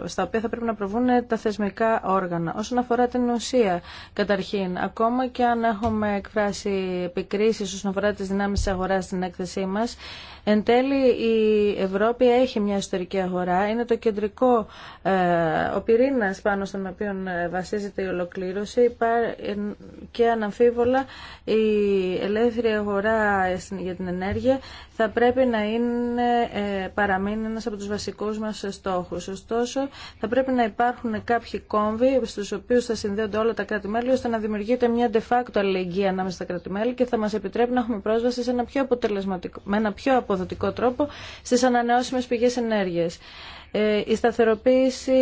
στα οποία θα πρέπει να προβούν τα θεσμικά όργανα. Όσον αφορά την ουσία, καταρχήν, ακόμα και αν έχουμε εκφράσει επικρίσεις όσον αφορά τις δυνάμεις της αγοράς στην έκθεσή μας, Εν τέλει η Ευρώπη έχει μια ιστορική αγορά, είναι το κεντρικό, ε, ο πυρήνας πάνω στον οποίο ε, βασίζεται η ολοκλήρωση και αναμφίβολα η ελεύθερη αγορά για την ενέργεια θα πρέπει να είναι, ε, παραμείνει ένας από τους βασικούς μας στόχους. Ωστόσο, θα πρέπει να υπάρχουν κάποιοι κόμβοι στους οποίους θα συνδέονται όλα τα κράτη-μέλη ώστε να δημιουργείται μια de facto αλληλεγγύη ανάμεσα στα κράτη-μέλη και θα μας επιτρέπει να έχουμε πρόσβαση σε ένα πιο αποτελεσματικό, με ένα πιο αποτελεσματικό αποδοτικό τρόπο στις ανανεώσιμες πηγές ενέργειας. Ε, η σταθεροποίηση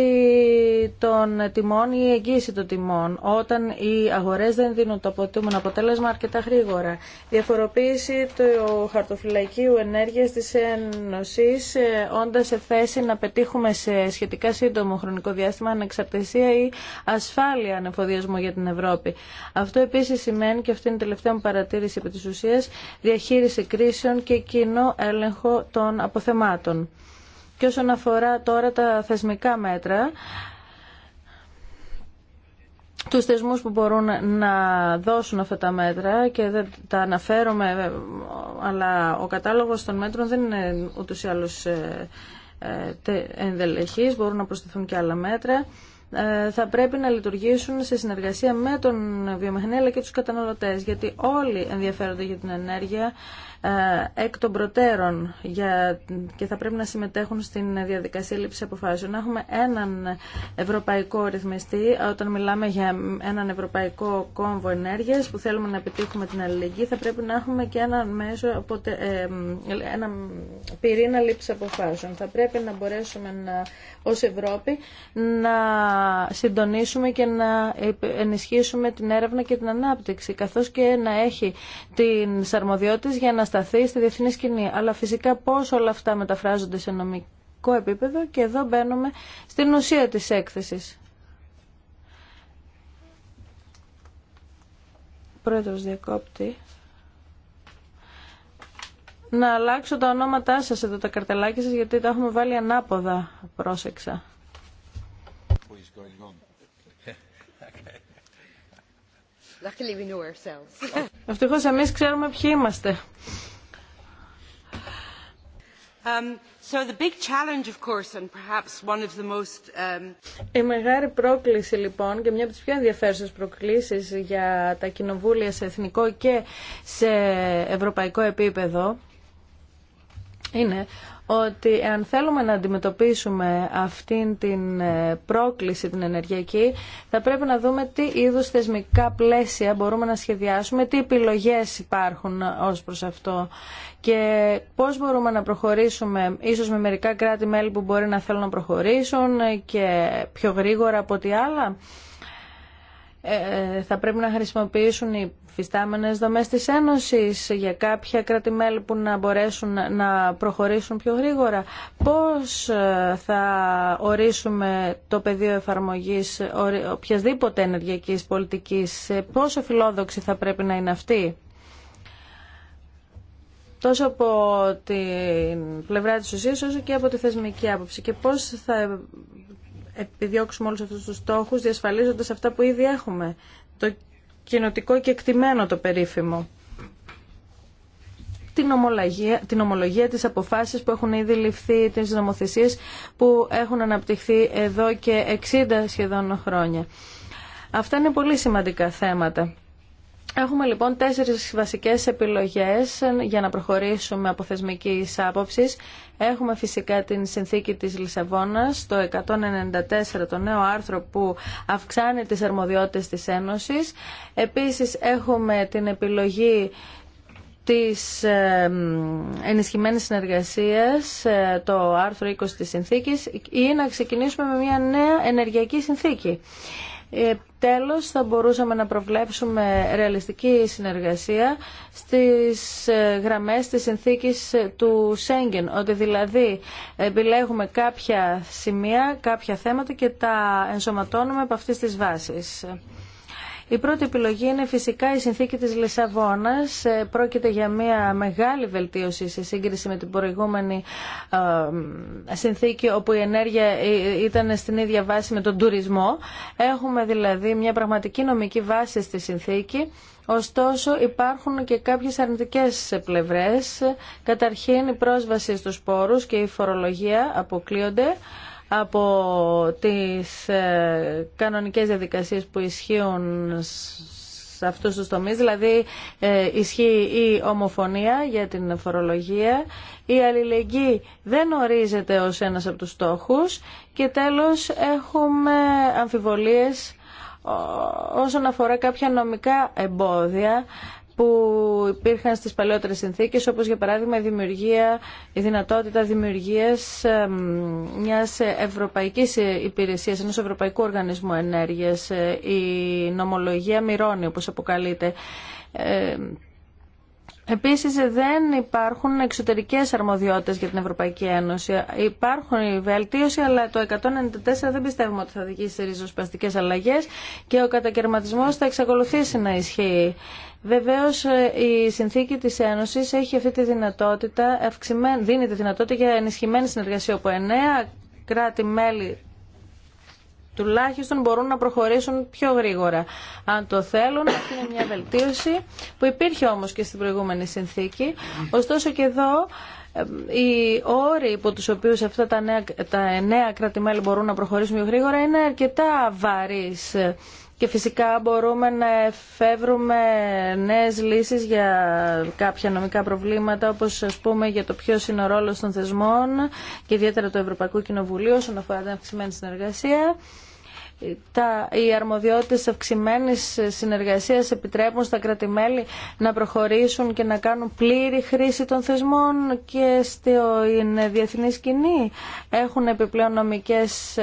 των τιμών ή η εγγύηση των τιμών όταν οι αγορές δεν δίνουν το αποτούμενο αποτέλεσμα αρκετά γρήγορα. Διαφοροποίηση του χαρτοφυλακίου ενέργειας της Ένωσης ε, όντα σε θέση να πετύχουμε σε σχετικά σύντομο χρονικό διάστημα ανεξαρτησία ή ασφάλεια ανεφοδιασμού για την Ευρώπη. Αυτό επίσης σημαίνει και αυτή είναι η τελευταία μου παρατήρηση επί της ουσίας διαχείριση κρίσεων και κοινό έλεγχο των αποθεμάτων. Και όσον αφορά τώρα τα θεσμικά μέτρα, τους θεσμούς που μπορούν να δώσουν αυτά τα μέτρα και δεν τα αναφέρομαι, αλλά ο κατάλογος των μέτρων δεν είναι ούτως ή άλλως ε, ε, ενδελεχής, μπορούν να προσθεθούν και άλλα μέτρα ε, θα πρέπει να λειτουργήσουν σε συνεργασία με τον βιομηχανία αλλά και τους καταναλωτές γιατί όλοι ενδιαφέρονται για την ενέργεια ε, εκ των προτέρων για, και θα πρέπει να συμμετέχουν στην διαδικασία λήψη αποφάσεων. Να έχουμε έναν ευρωπαϊκό ρυθμιστή, ε, όταν μιλάμε για έναν ευρωπαϊκό κόμβο ενέργεια που θέλουμε να επιτύχουμε την αλληλεγγύη, θα πρέπει να έχουμε και ένα, μέσο, ε, ένα πυρήνα λήψη αποφάσεων. Θα πρέπει να μπορέσουμε να, ως Ευρώπη να συντονίσουμε και να ενισχύσουμε την έρευνα και την ανάπτυξη, καθώς και να έχει την για να σταθεί στη διεθνή σκηνή. Αλλά φυσικά πώς όλα αυτά μεταφράζονται σε νομικό επίπεδο και εδώ μπαίνουμε στην ουσία της έκθεσης. Πρόεδρος διακόπτη. Να αλλάξω τα ονόματά σας εδώ τα καρτελάκια σας γιατί τα έχουμε βάλει ανάποδα. Πρόσεξα. Luckily εμεί ξέρουμε ποιοι είμαστε. Η μεγάλη πρόκληση λοιπόν και μια από τις πιο ενδιαφέρουσες προκλήσεις για τα κοινοβούλια σε εθνικό και σε ευρωπαϊκό επίπεδο είναι ότι αν θέλουμε να αντιμετωπίσουμε αυτήν την ε, πρόκληση την ενεργειακή θα πρέπει να δούμε τι είδους θεσμικά πλαίσια μπορούμε να σχεδιάσουμε, τι επιλογές υπάρχουν ως προς αυτό και πώς μπορούμε να προχωρήσουμε ίσως με μερικά κράτη-μέλη που μπορεί να θέλουν να προχωρήσουν και πιο γρήγορα από ό,τι άλλα. Ε, ε, θα πρέπει να χρησιμοποιήσουν οι φυστάμενες δομές της Ένωσης για κάποια που να μπορέσουν να προχωρήσουν πιο γρήγορα. Πώς ε, θα ορίσουμε το πεδίο εφαρμογής οποιασδήποτε ενεργειακής πολιτικής, πόσο φιλόδοξη θα πρέπει να είναι αυτή τόσο από την πλευρά της ουσίας όσο και από τη θεσμική άποψη και πώς επιδιώξουμε όλους αυτούς τους στόχους διασφαλίζοντας αυτά που ήδη έχουμε. Το κοινοτικό και εκτιμένο το περίφημο. Την ομολογία, την ομολογία της αποφάσεις που έχουν ήδη ληφθεί, τις νομοθεσίες που έχουν αναπτυχθεί εδώ και 60 σχεδόν χρόνια. Αυτά είναι πολύ σημαντικά θέματα. Έχουμε λοιπόν τέσσερις βασικές επιλογές για να προχωρήσουμε από θεσμική άποψη. Έχουμε φυσικά την συνθήκη της Λισαβόνας, το 194, το νέο άρθρο που αυξάνει τις αρμοδιότητες της Ένωσης. Επίσης έχουμε την επιλογή της ενισχυμένης συνεργασίας, ε, το άρθρο 20 της συνθήκης, ή να ξεκινήσουμε με μια νέα ενεργειακή συνθήκη. Ε, τέλος, θα μπορούσαμε να προβλέψουμε ρεαλιστική συνεργασία στις ε, γραμμές της συνθήκης ε, του Σέγγεν, ότι δηλαδή επιλέγουμε κάποια σημεία, κάποια θέματα και τα ενσωματώνουμε από αυτής της βάσης. Η πρώτη επιλογή είναι φυσικά η συνθήκη της Λισαβόνας. Ε, πρόκειται για μια μεγάλη βελτίωση σε σύγκριση με την προηγούμενη ε, συνθήκη όπου η ενέργεια ε, ήταν στην ίδια βάση με τον τουρισμό. Έχουμε δηλαδή μια πραγματική νομική βάση στη συνθήκη. Ωστόσο υπάρχουν και κάποιες αρνητικές πλευρές. Καταρχήν η πρόσβαση στους πόρους και η φορολογία αποκλείονται από τις ε, κανονικές διαδικασίες που ισχύουν σε αυτούς τους τομείς, δηλαδή ε, ισχύει η ομοφωνία για την φορολογία, η αλληλεγγύη δεν ορίζεται ως ένας από τους στόχους και τέλος έχουμε αμφιβολίες όσον αφορά κάποια νομικά εμπόδια που υπήρχαν στις παλαιότερες συνθήκες, όπως για παράδειγμα η, δημιουργία, η δυνατότητα δημιουργίας μιας ευρωπαϊκής υπηρεσίας, ενός ευρωπαϊκού οργανισμού ενέργειας, ε, η νομολογία μυρώνει, όπως αποκαλείται. Ε, επίσης δεν υπάρχουν εξωτερικές αρμοδιότητες για την Ευρωπαϊκή Ένωση. Υπάρχουν οι βελτίωση, αλλά το 194 δεν πιστεύουμε ότι θα δικήσει σε ριζοσπαστικές αλλαγές και ο κατακαιρματισμός θα εξακολουθήσει να ισχύει. Βεβαίως ε, η συνθήκη της Ένωσης έχει αυτή τη δυνατότητα, δίνει τη δυνατότητα για ενισχυμένη συνεργασία όπου εννέα κράτη-μέλη τουλάχιστον μπορούν να προχωρήσουν πιο γρήγορα. Αν το θέλουν, αυτή είναι μια βελτίωση που υπήρχε όμως και στην προηγούμενη συνθήκη. Ωστόσο και εδώ οι όροι υπό τους οποίους αυτά τα, νέα, τα εννέα κράτη-μέλη μπορούν να προχωρήσουν πιο γρήγορα είναι αρκετά βαρύς και φυσικά μπορούμε να εφεύρουμε νέες λύσεις για κάποια νομικά προβλήματα όπως ας πούμε για το ποιος είναι ο ρόλος των θεσμών και ιδιαίτερα του Ευρωπαϊκού Κοινοβουλίου όσον αφορά την αυξημένη συνεργασία τα, οι αρμοδιότητες αυξημένης συνεργασίας επιτρέπουν στα κράτη-μέλη να προχωρήσουν και να κάνουν πλήρη χρήση των θεσμών και στην διεθνή σκηνή. Έχουν επιπλέον νομικές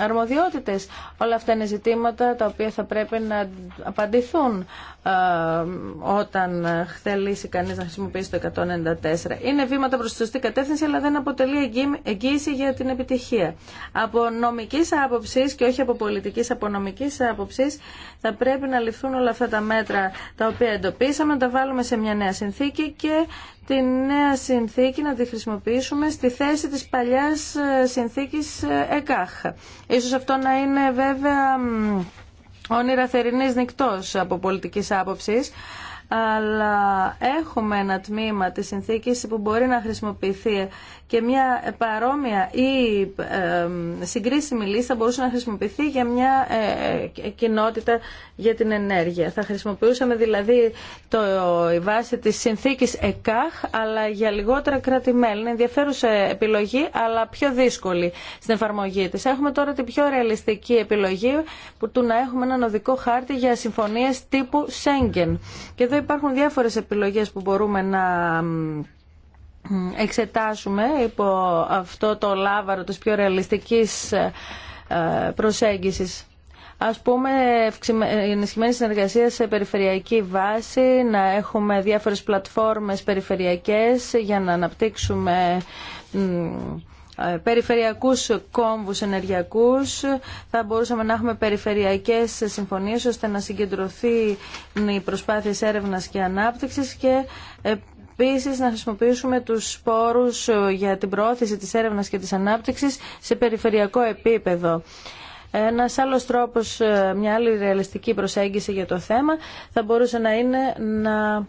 αρμοδιότητες. Όλα αυτά είναι ζητήματα τα οποία θα πρέπει να απαντηθούν. Ε, όταν θελήσει κανείς να χρησιμοποιήσει το 194. Είναι βήματα προς τη σωστή κατεύθυνση, αλλά δεν αποτελεί εγγύηση για την επιτυχία. Από νομικής άποψης και όχι από πολιτικής, από νομικής άποψης θα πρέπει να ληφθούν όλα αυτά τα μέτρα τα οποία εντοπίσαμε, να τα βάλουμε σε μια νέα συνθήκη και τη νέα συνθήκη να τη χρησιμοποιήσουμε στη θέση της παλιάς ε, συνθήκης ε, ΕΚΑΧ. Ίσως αυτό να είναι βέβαια όνειρα θερινής νυχτός από πολιτικής άποψης αλλά έχουμε ένα τμήμα της συνθήκης που μπορεί να χρησιμοποιηθεί και μια παρόμοια ή συγκρίσιμη λύση θα μπορούσε να χρησιμοποιηθεί για μια ε, ε, κοινότητα για την ενέργεια. Θα χρησιμοποιούσαμε δηλαδή το, η βάση της συνθήκης ΕΚΑΧ αλλά για λιγότερα κράτη-μέλη. Είναι ενδιαφέρουσα επιλογή αλλά πιο δύσκολη στην εφαρμογή της. Έχουμε τώρα την πιο ρεαλιστική επιλογή που του να έχουμε έναν οδικό χάρτη για συμφωνίες τύπου Σέγγεν. Και εδώ υπάρχουν διάφορες επιλογές που μπορούμε να εξετάσουμε υπό αυτό το λάβαρο της πιο ρεαλιστικής ε, προσέγγισης. Ας πούμε, ενισχυμένη συνεργασία σε περιφερειακή βάση, να έχουμε διάφορες πλατφόρμες περιφερειακές για να αναπτύξουμε ε, περιφερειακούς κόμβους ενεργειακούς θα μπορούσαμε να έχουμε περιφερειακές συμφωνίες ώστε να συγκεντρωθεί η προσπάθεια έρευνας και ανάπτυξης και ε, Επίση, να χρησιμοποιήσουμε τους σπόρους ε, για την προώθηση της έρευνα και τη ανάπτυξη σε περιφερειακό επίπεδο. Ένα άλλο τρόπος, ε, μια άλλη ρεαλιστική προσέγγιση για το θέμα θα μπορούσε να είναι να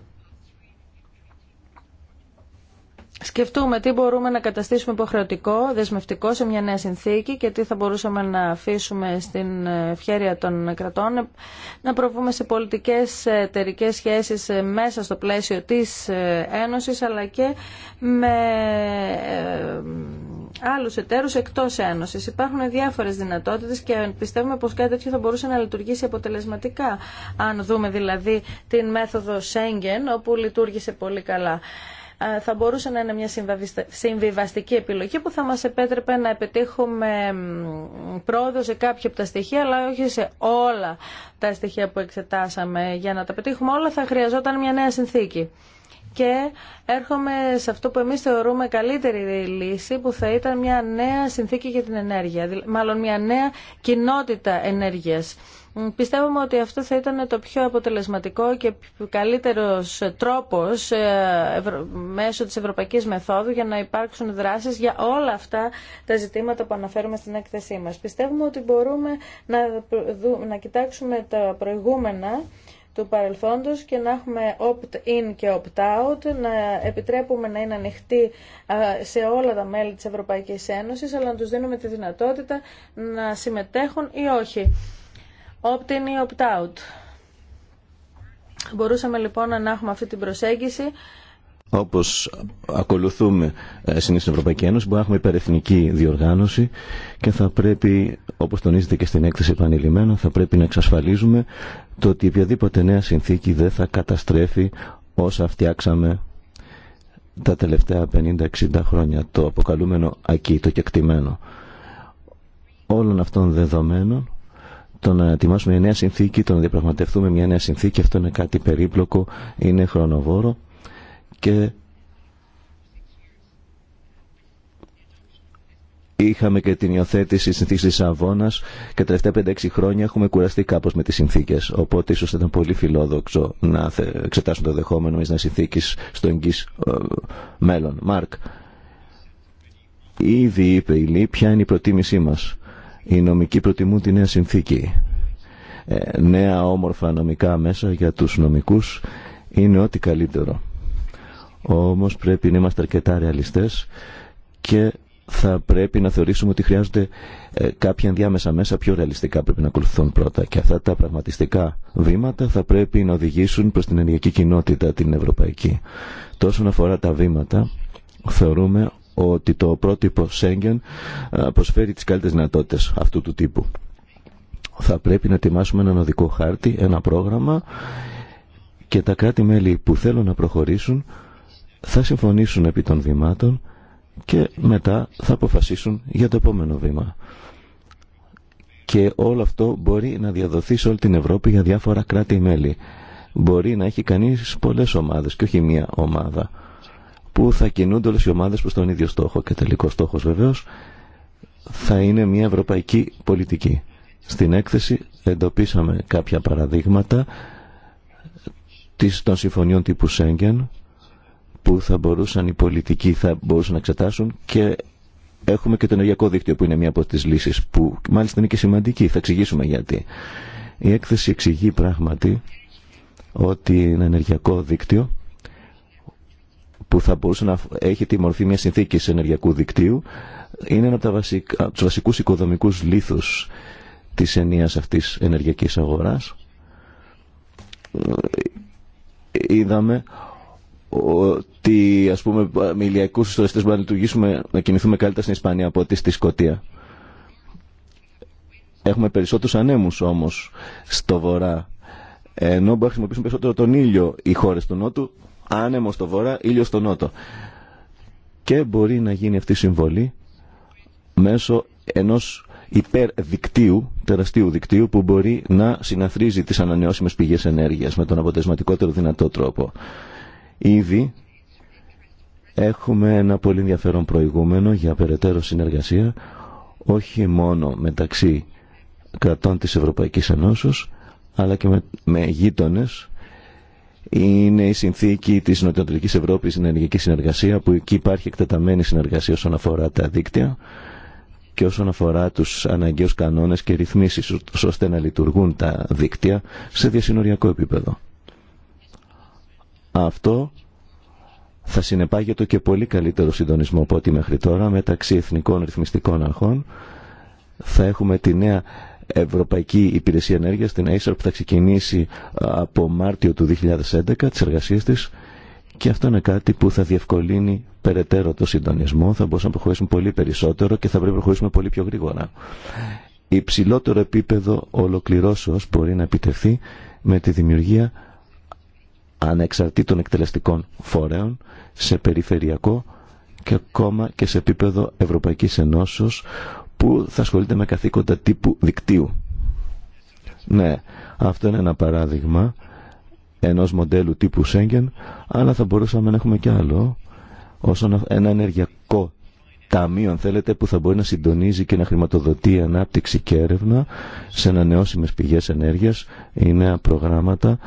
σκεφτούμε τι μπορούμε να καταστήσουμε υποχρεωτικό, δεσμευτικό σε μια νέα συνθήκη και τι θα μπορούσαμε να αφήσουμε στην ευχέρεια των κρατών, να προβούμε σε πολιτικές εταιρικέ σχέσεις μέσα στο πλαίσιο της Ένωσης, αλλά και με ε, άλλους εταίρους εκτός Ένωσης. Υπάρχουν διάφορες δυνατότητες και πιστεύουμε πως κάτι τέτοιο θα μπορούσε να λειτουργήσει αποτελεσματικά, αν δούμε δηλαδή την μέθοδο Σέγγεν, όπου λειτουργήσε πολύ καλά. Ε, θα μπορούσε να είναι μια συμβιβαστική επιλογή που θα μας επέτρεπε να επιτύχουμε πρόοδο σε κάποια από τα στοιχεία αλλά όχι σε όλα τα στοιχεία που εξετάσαμε. Για να τα πετύχουμε όλα θα χρειαζόταν μια νέα συνθήκη. Και έρχομαι σε αυτό που εμείς θεωρούμε καλύτερη λύση που θα ήταν μια νέα συνθήκη για την ενέργεια, μάλλον μια νέα κοινότητα ενέργειας. Πιστεύουμε ότι αυτό θα ήταν το πιο αποτελεσματικό και καλύτερος τρόπος ε, μέσω της Ευρωπαϊκής Μεθόδου για να υπάρξουν δράσεις για όλα αυτά τα ζητήματα που αναφέρουμε στην έκθεσή μας. Πιστεύουμε ότι μπορούμε να, να κοιτάξουμε τα προηγούμενα του παρελθόντος και να έχουμε opt-in και opt-out, να επιτρέπουμε να είναι ανοιχτοί σε όλα τα μέλη της Ευρωπαϊκής Ένωσης, αλλά να τους δίνουμε τη δυνατότητα να συμμετέχουν ή όχι opt-in ή opt-out. Μπορούσαμε λοιπόν να έχουμε αυτή την προσέγγιση. Όπως ακολουθούμε ε, συνήθως στην Ευρωπαϊκή Ένωση, μπορούμε να έχουμε υπερεθνική διοργάνωση και θα πρέπει, όπως τονίζεται και στην έκθεση επανειλημμένα, θα πρέπει να εξασφαλίζουμε το ότι οποιαδήποτε νέα συνθήκη δεν θα καταστρέφει όσα φτιάξαμε τα τελευταία 50-60 χρόνια, το αποκαλούμενο ακεί, το κεκτημένο. Όλων αυτών δεδομένων το να ετοιμάσουμε μια νέα συνθήκη, το να διαπραγματευτούμε μια νέα συνθήκη, αυτό είναι κάτι περίπλοκο, είναι χρονοβόρο και είχαμε και την υιοθέτηση συνθήκη συνθήκης της Αβώνας και τα τελευταία 5-6 χρόνια έχουμε κουραστεί κάπως με τις συνθήκες, οπότε ίσως ήταν πολύ φιλόδοξο να εξετάσουμε το δεχόμενο μιας νέας συνθήκης στο εγγύς ε, μέλλον. Μάρκ, ήδη είπε η Λή ποια είναι η προτίμησή μας οι νομικοί προτιμούν τη νέα συνθήκη. Ε, νέα όμορφα νομικά μέσα για τους νομικούς είναι ό,τι καλύτερο. Όμως πρέπει να είμαστε αρκετά ρεαλιστές και θα πρέπει να θεωρήσουμε ότι χρειάζονται ε, κάποια ενδιάμεσα μέσα πιο ρεαλιστικά πρέπει να ακολουθούν πρώτα. Και αυτά τα πραγματιστικά βήματα θα πρέπει να οδηγήσουν προς την ενεργειακή κοινότητα την ευρωπαϊκή. Τόσο αφορά τα βήματα, θεωρούμε ότι το πρότυπο Σέγγεν προσφέρει τις καλύτερες δυνατότητες αυτού του τύπου. Θα πρέπει να ετοιμάσουμε έναν οδικό χάρτη, ένα πρόγραμμα και τα κράτη-μέλη που θέλουν να προχωρήσουν θα συμφωνήσουν επί των βημάτων και μετά θα αποφασίσουν για το επόμενο βήμα. Και όλο αυτό μπορεί να διαδοθεί σε όλη την Ευρώπη για διάφορα κράτη-μέλη. Μπορεί να έχει κανείς πολλές ομάδες και όχι μία ομάδα που θα κινούνται όλες οι ομάδες προς τον ίδιο στόχο. Και τελικό στόχος βεβαίως θα είναι μια ευρωπαϊκή πολιτική. Στην έκθεση εντοπίσαμε κάποια παραδείγματα των συμφωνιών τύπου Σέγγεν που θα μπορούσαν οι πολιτικοί θα μπορούσαν να εξετάσουν και έχουμε και το ενεργειακό δίκτυο που είναι μία από τις λύσεις που μάλιστα είναι και σημαντική. Θα εξηγήσουμε γιατί. Η έκθεση εξηγεί πράγματι ότι ένα ενεργειακό δίκτυο που θα μπορούσε να έχει τη μορφή μια συνθήκη ενεργειακού δικτύου είναι ένα από, του βασικού τους βασικούς οικοδομικούς λίθους της αγορά. αυτής ενεργειακής αγοράς. Είδαμε ότι ας πούμε με ηλιακού ιστοριστέ μπορούμε να λειτουργήσουμε, να κινηθούμε καλύτερα στην Ισπανία από ό,τι στη Σκωτία. Έχουμε περισσότερους ανέμους όμως στο βορρά. Ενώ μπορούμε να χρησιμοποιήσουμε περισσότερο τον ήλιο οι χώρε του Νότου άνεμο στο βορρά, ήλιο στο νότο. Και μπορεί να γίνει αυτή η συμβολή μέσω ενός υπερδικτύου, τεραστίου δικτύου που μπορεί να συναθρίζει τις ανανεώσιμες πηγές ενέργειας με τον αποτελεσματικότερο δυνατό τρόπο. Ήδη έχουμε ένα πολύ ενδιαφέρον προηγούμενο για περαιτέρω συνεργασία όχι μόνο μεταξύ κρατών της Ευρωπαϊκής Ενώσεως αλλά και με, με γείτονες είναι η συνθήκη της Νοτιοανατολικής Ευρώπης στην ενεργειακή συνεργασία που εκεί υπάρχει εκτεταμένη συνεργασία όσον αφορά τα δίκτυα και όσον αφορά τους αναγκαίου κανόνες και ρυθμίσεις ώστε να λειτουργούν τα δίκτυα σε διασυνοριακό επίπεδο. Αυτό θα συνεπάγεται και πολύ καλύτερο συντονισμό από ό,τι μέχρι τώρα μεταξύ εθνικών ρυθμιστικών αρχών. Θα έχουμε τη νέα Ευρωπαϊκή Υπηρεσία Ενέργειας, την Acer, που θα ξεκινήσει από Μάρτιο του 2011 τις εργασίες της και αυτό είναι κάτι που θα διευκολύνει περαιτέρω το συντονισμό, θα μπορούσαμε να προχωρήσουμε πολύ περισσότερο και θα πρέπει να προχωρήσουμε πολύ πιο γρήγορα. Υψηλότερο επίπεδο ολοκληρώσεως μπορεί να επιτευχθεί με τη δημιουργία ανεξαρτήτων εκτελεστικών φορέων σε περιφερειακό και ακόμα και σε επίπεδο Ευρωπαϊκής Ενώσεως που θα ασχολείται με καθήκοντα τύπου δικτύου. Ναι, αυτό είναι ένα παράδειγμα ενός μοντέλου τύπου Σέγγεν, αλλά θα μπορούσαμε να έχουμε και άλλο, όσον ένα ενεργειακό ταμείο, αν θέλετε, που θα μπορεί να συντονίζει και να χρηματοδοτεί ανάπτυξη και έρευνα σε ανανεώσιμες πηγές ενέργειας, η νέα προγράμματα,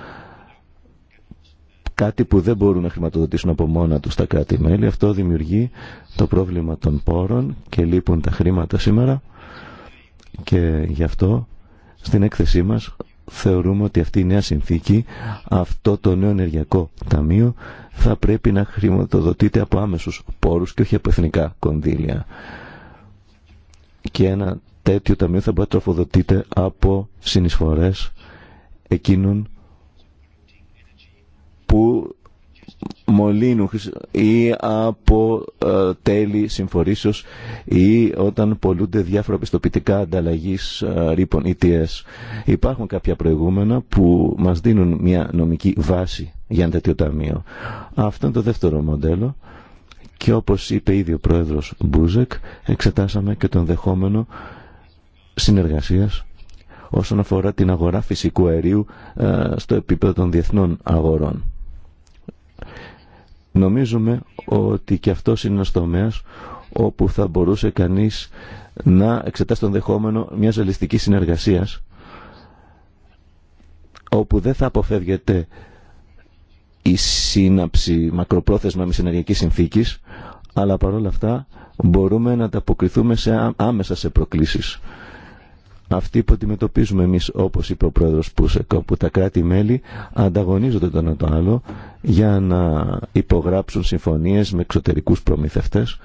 κάτι που δεν μπορούν να χρηματοδοτήσουν από μόνα τους τα κράτη-μέλη. Αυτό δημιουργεί το πρόβλημα των πόρων και λείπουν τα χρήματα σήμερα και γι' αυτό στην έκθεσή μας θεωρούμε ότι αυτή η νέα συνθήκη, αυτό το νέο ενεργειακό ταμείο θα πρέπει να χρηματοδοτείται από άμεσους πόρους και όχι από εθνικά κονδύλια. Και ένα τέτοιο ταμείο θα μπορεί να από συνεισφορές εκείνων ή από ε, τέλη συμφορήσεως ή όταν πολλούνται διάφορα πιστοποιητικά ανταλλαγή ε, ρήπων ETS. Υπάρχουν κάποια προηγούμενα που μας δίνουν μια νομική βάση για ένα τέτοιο ταμείο. Αυτό είναι το δεύτερο μοντέλο και όπως είπε ήδη ο πρόεδρος Μπούζεκ εξετάσαμε και τον δεχόμενο συνεργασίας όσον αφορά την αγορά φυσικού αερίου ε, στο επίπεδο των διεθνών αγορών. Νομίζουμε ότι και αυτό είναι ένας τομέας όπου θα μπορούσε κανείς να εξετάσει τον δεχόμενο μιας ολιστικής συνεργασίας όπου δεν θα αποφεύγεται η σύναψη μακροπρόθεσμα με συνεργειακή συνθήκη αλλά παρόλα αυτά μπορούμε να τα αποκριθούμε σε, άμεσα σε προκλήσεις αυτή που αντιμετωπίζουμε εμείς όπως είπε ο πρόεδρος Πούσεκ όπου τα κράτη-μέλη ανταγωνίζονται το ένα το άλλο για να υπογράψουν συμφωνίες με εξωτερικούς προμηθευτές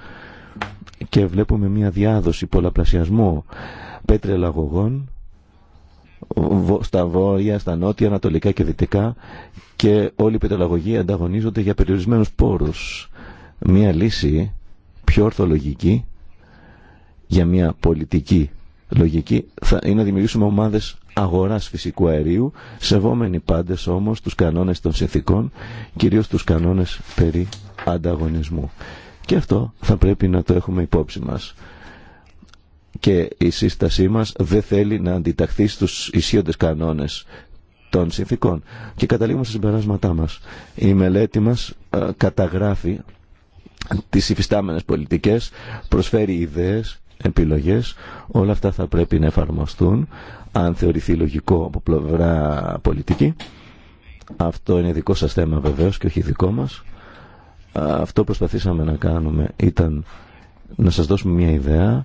και βλέπουμε μια διάδοση πολλαπλασιασμού πέτρελαγωγών στα βόρεια, στα νότια, ανατολικά και δυτικά και όλοι οι πετρελαγωγοί ανταγωνίζονται για περιορισμένους πόρους. Μια λύση πιο ορθολογική για μια πολιτική λογική θα είναι να δημιουργήσουμε ομάδες αγοράς φυσικού αερίου, σεβόμενοι πάντες όμως τους κανόνες των συνθήκων, κυρίως τους κανόνες περί ανταγωνισμού. Και αυτό θα πρέπει να το έχουμε υπόψη μας. Και η σύστασή μας δεν θέλει να αντιταχθεί στους ισχύοντες κανόνες των συνθήκων. Και καταλήγουμε στα συμπεράσματά μας. Η μελέτη μας ε, καταγράφει τις υφιστάμενες πολιτικές, προσφέρει ιδέες επιλογές. Όλα αυτά θα πρέπει να εφαρμοστούν αν θεωρηθεί λογικό από πλευρά πολιτική. Αυτό είναι δικό σας θέμα βεβαίως και όχι δικό μας. Αυτό που προσπαθήσαμε να κάνουμε ήταν να σας δώσουμε μια ιδέα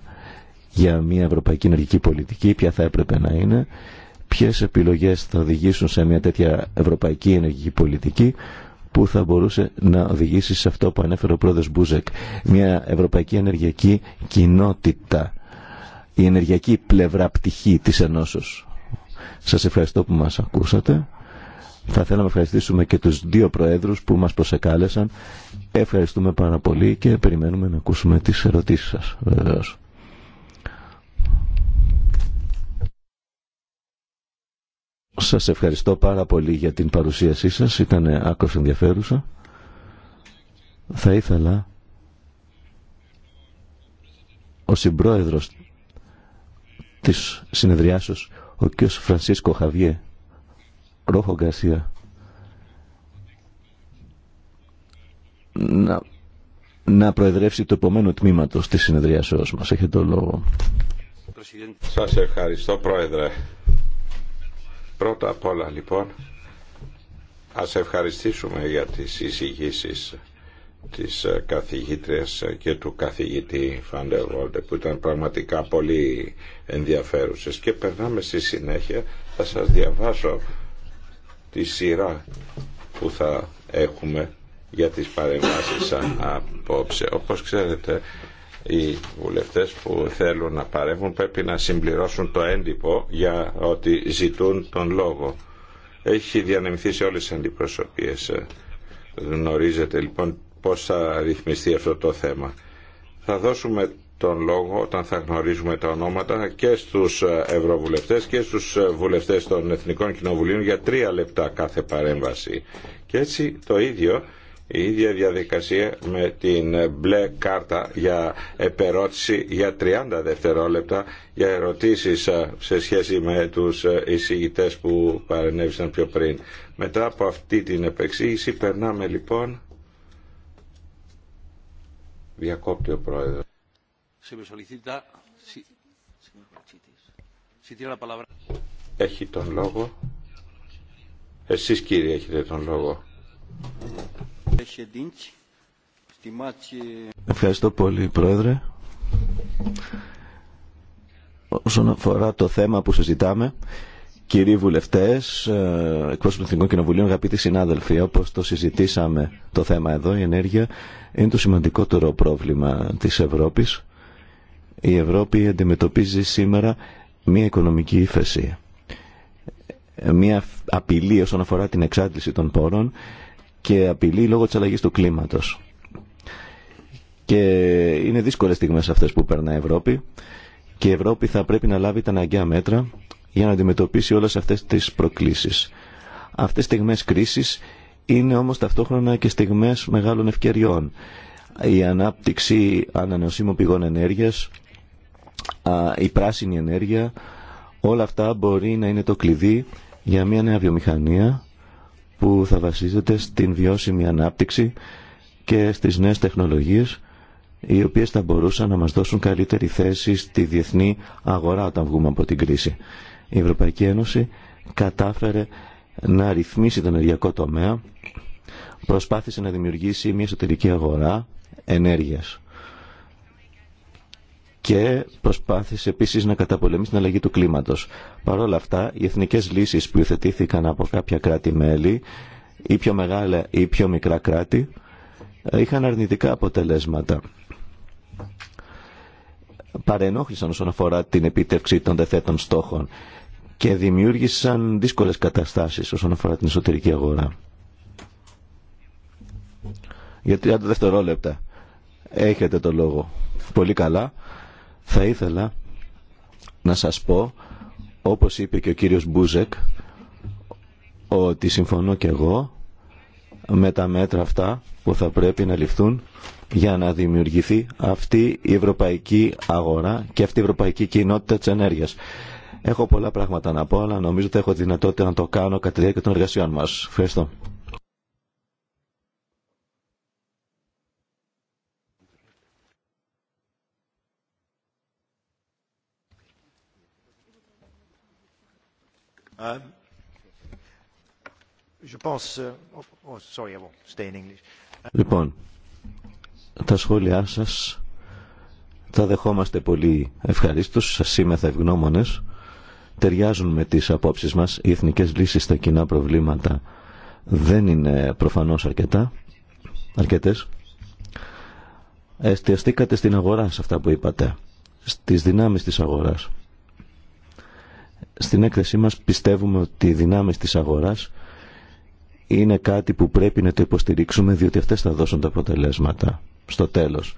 για μια ευρωπαϊκή ενεργική πολιτική, ποια θα έπρεπε να είναι, ποιες επιλογές θα οδηγήσουν σε μια τέτοια ευρωπαϊκή ενεργική πολιτική, που θα μπορούσε να οδηγήσει σε αυτό που ανέφερε ο πρόεδρος Μπούζεκ. Μια ευρωπαϊκή ενεργειακή κοινότητα. Η ενεργειακή πλευρά πτυχή της ενώσεως. Σας ευχαριστώ που μας ακούσατε. Θα θέλαμε να ευχαριστήσουμε και τους δύο προέδρους που μας προσεκάλεσαν. Ευχαριστούμε πάρα πολύ και περιμένουμε να ακούσουμε τις ερωτήσεις σας Σας ευχαριστώ πάρα πολύ για την παρουσίασή σας. Ήταν άκρως ενδιαφέρουσα. Θα ήθελα ο συμπρόεδρος της συνεδριάσεως, ο κ. Φρανσίσκο Χαβιέ, Ρόχο Γκαρσία, να, να προεδρεύσει το επομένο τμήματος της συνεδριάσεως μας. Έχετε το λόγο. Σας ευχαριστώ, Πρόεδρε. Πρώτα απ' όλα λοιπόν ας ευχαριστήσουμε για τις εισηγήσεις της καθηγήτριας και του καθηγητή Φαντεβόλτε που ήταν πραγματικά πολύ ενδιαφέρουσες και περνάμε στη συνέχεια θα σας διαβάσω τη σειρά που θα έχουμε για τις παρεμβάσεις απόψε. Όπως ξέρετε οι βουλευτές που θέλουν να παρεύουν πρέπει να συμπληρώσουν το έντυπο για ότι ζητούν τον λόγο. Έχει διανεμηθεί σε όλες τις αντιπροσωπείες. Γνωρίζετε λοιπόν πώς θα ρυθμιστεί αυτό το θέμα. Θα δώσουμε τον λόγο όταν θα γνωρίζουμε τα ονόματα και στους ευρωβουλευτές και στους βουλευτές των Εθνικών Κοινοβουλίων για τρία λεπτά κάθε παρέμβαση. Και έτσι το ίδιο η ίδια διαδικασία με την μπλε κάρτα για επερώτηση για 30 δευτερόλεπτα για ερωτήσεις σε σχέση με τους εισηγητές που παρενέβησαν πιο πριν. Μετά από αυτή την επεξήγηση περνάμε λοιπόν... Διακόπτει ο Πρόεδρος. Έχει τον λόγο. Εσείς κύριε έχετε τον λόγο. Ευχαριστώ πολύ, Πρόεδρε. Όσον αφορά το θέμα που συζητάμε, Κύριοι βουλευτέ, ε, εκπρόσωποι του Εθνικού Κοινοβουλίου, αγαπητοί συνάδελφοι, όπω το συζητήσαμε το θέμα εδώ, η ενέργεια είναι το σημαντικότερο πρόβλημα τη Ευρώπη. Η Ευρώπη αντιμετωπίζει σήμερα μια οικονομική ύφεση. Μια απειλή όσον αφορά την εξάντληση των πόρων και απειλεί λόγω της αλλαγής του κλίματος. Και είναι δύσκολες στιγμές αυτές που περνά η Ευρώπη και η Ευρώπη θα πρέπει να λάβει τα αναγκαία μέτρα για να αντιμετωπίσει όλες αυτές τις προκλήσεις. Αυτές στιγμές κρίσης είναι όμως ταυτόχρονα και στιγμές μεγάλων ευκαιριών. Η ανάπτυξη ανανεωσίμων πηγών ενέργειας, η πράσινη ενέργεια, όλα αυτά μπορεί να είναι το κλειδί για μια νέα βιομηχανία που θα βασίζεται στην βιώσιμη ανάπτυξη και στις νέες τεχνολογίες οι οποίες θα μπορούσαν να μας δώσουν καλύτερη θέση στη διεθνή αγορά όταν βγούμε από την κρίση. Η Ευρωπαϊκή Ένωση κατάφερε να ρυθμίσει τον ενεργειακό τομέα, προσπάθησε να δημιουργήσει μια εσωτερική αγορά ενέργειας και προσπάθησε επίσης να καταπολεμήσει την αλλαγή του κλίματος. Παρ' όλα αυτά, οι εθνικές λύσεις που υιοθετήθηκαν από κάποια κράτη-μέλη, ή πιο μεγάλα ή πιο μικρά κράτη, είχαν αρνητικά αποτελέσματα. Παρενόχλησαν όσον αφορά την επίτευξη των δεθέτων στόχων και δημιούργησαν δύσκολες καταστάσεις όσον αφορά την εσωτερική αγορά. Για 30 δευτερόλεπτα έχετε το λόγο. Πολύ καλά. Θα ήθελα να σας πω, όπως είπε και ο κύριος Μπούζεκ, ότι συμφωνώ και εγώ με τα μέτρα αυτά που θα πρέπει να ληφθούν για να δημιουργηθεί αυτή η ευρωπαϊκή αγορά και αυτή η ευρωπαϊκή κοινότητα της ενέργειας. Έχω πολλά πράγματα να πω, αλλά νομίζω ότι έχω δυνατότητα να το κάνω κατά τη διάρκεια των εργασιών μας. Ευχαριστώ. Um, uh, oh, oh, uh, λοιπόν, τα σχόλιά σας τα δεχόμαστε πολύ ευχαρίστως, σας σήμεθα ευγνώμονες. Ταιριάζουν με τις απόψεις μας οι εθνικές λύσεις στα κοινά προβλήματα. Δεν είναι προφανώς αρκετά, αρκετές. Εστιαστήκατε στην αγορά σε αυτά που είπατε, στις δυνάμεις της αγοράς. Στην έκθεσή μας πιστεύουμε ότι οι δυνάμεις της αγοράς είναι κάτι που πρέπει να το υποστηρίξουμε διότι αυτές θα δώσουν τα αποτελέσματα στο τέλος.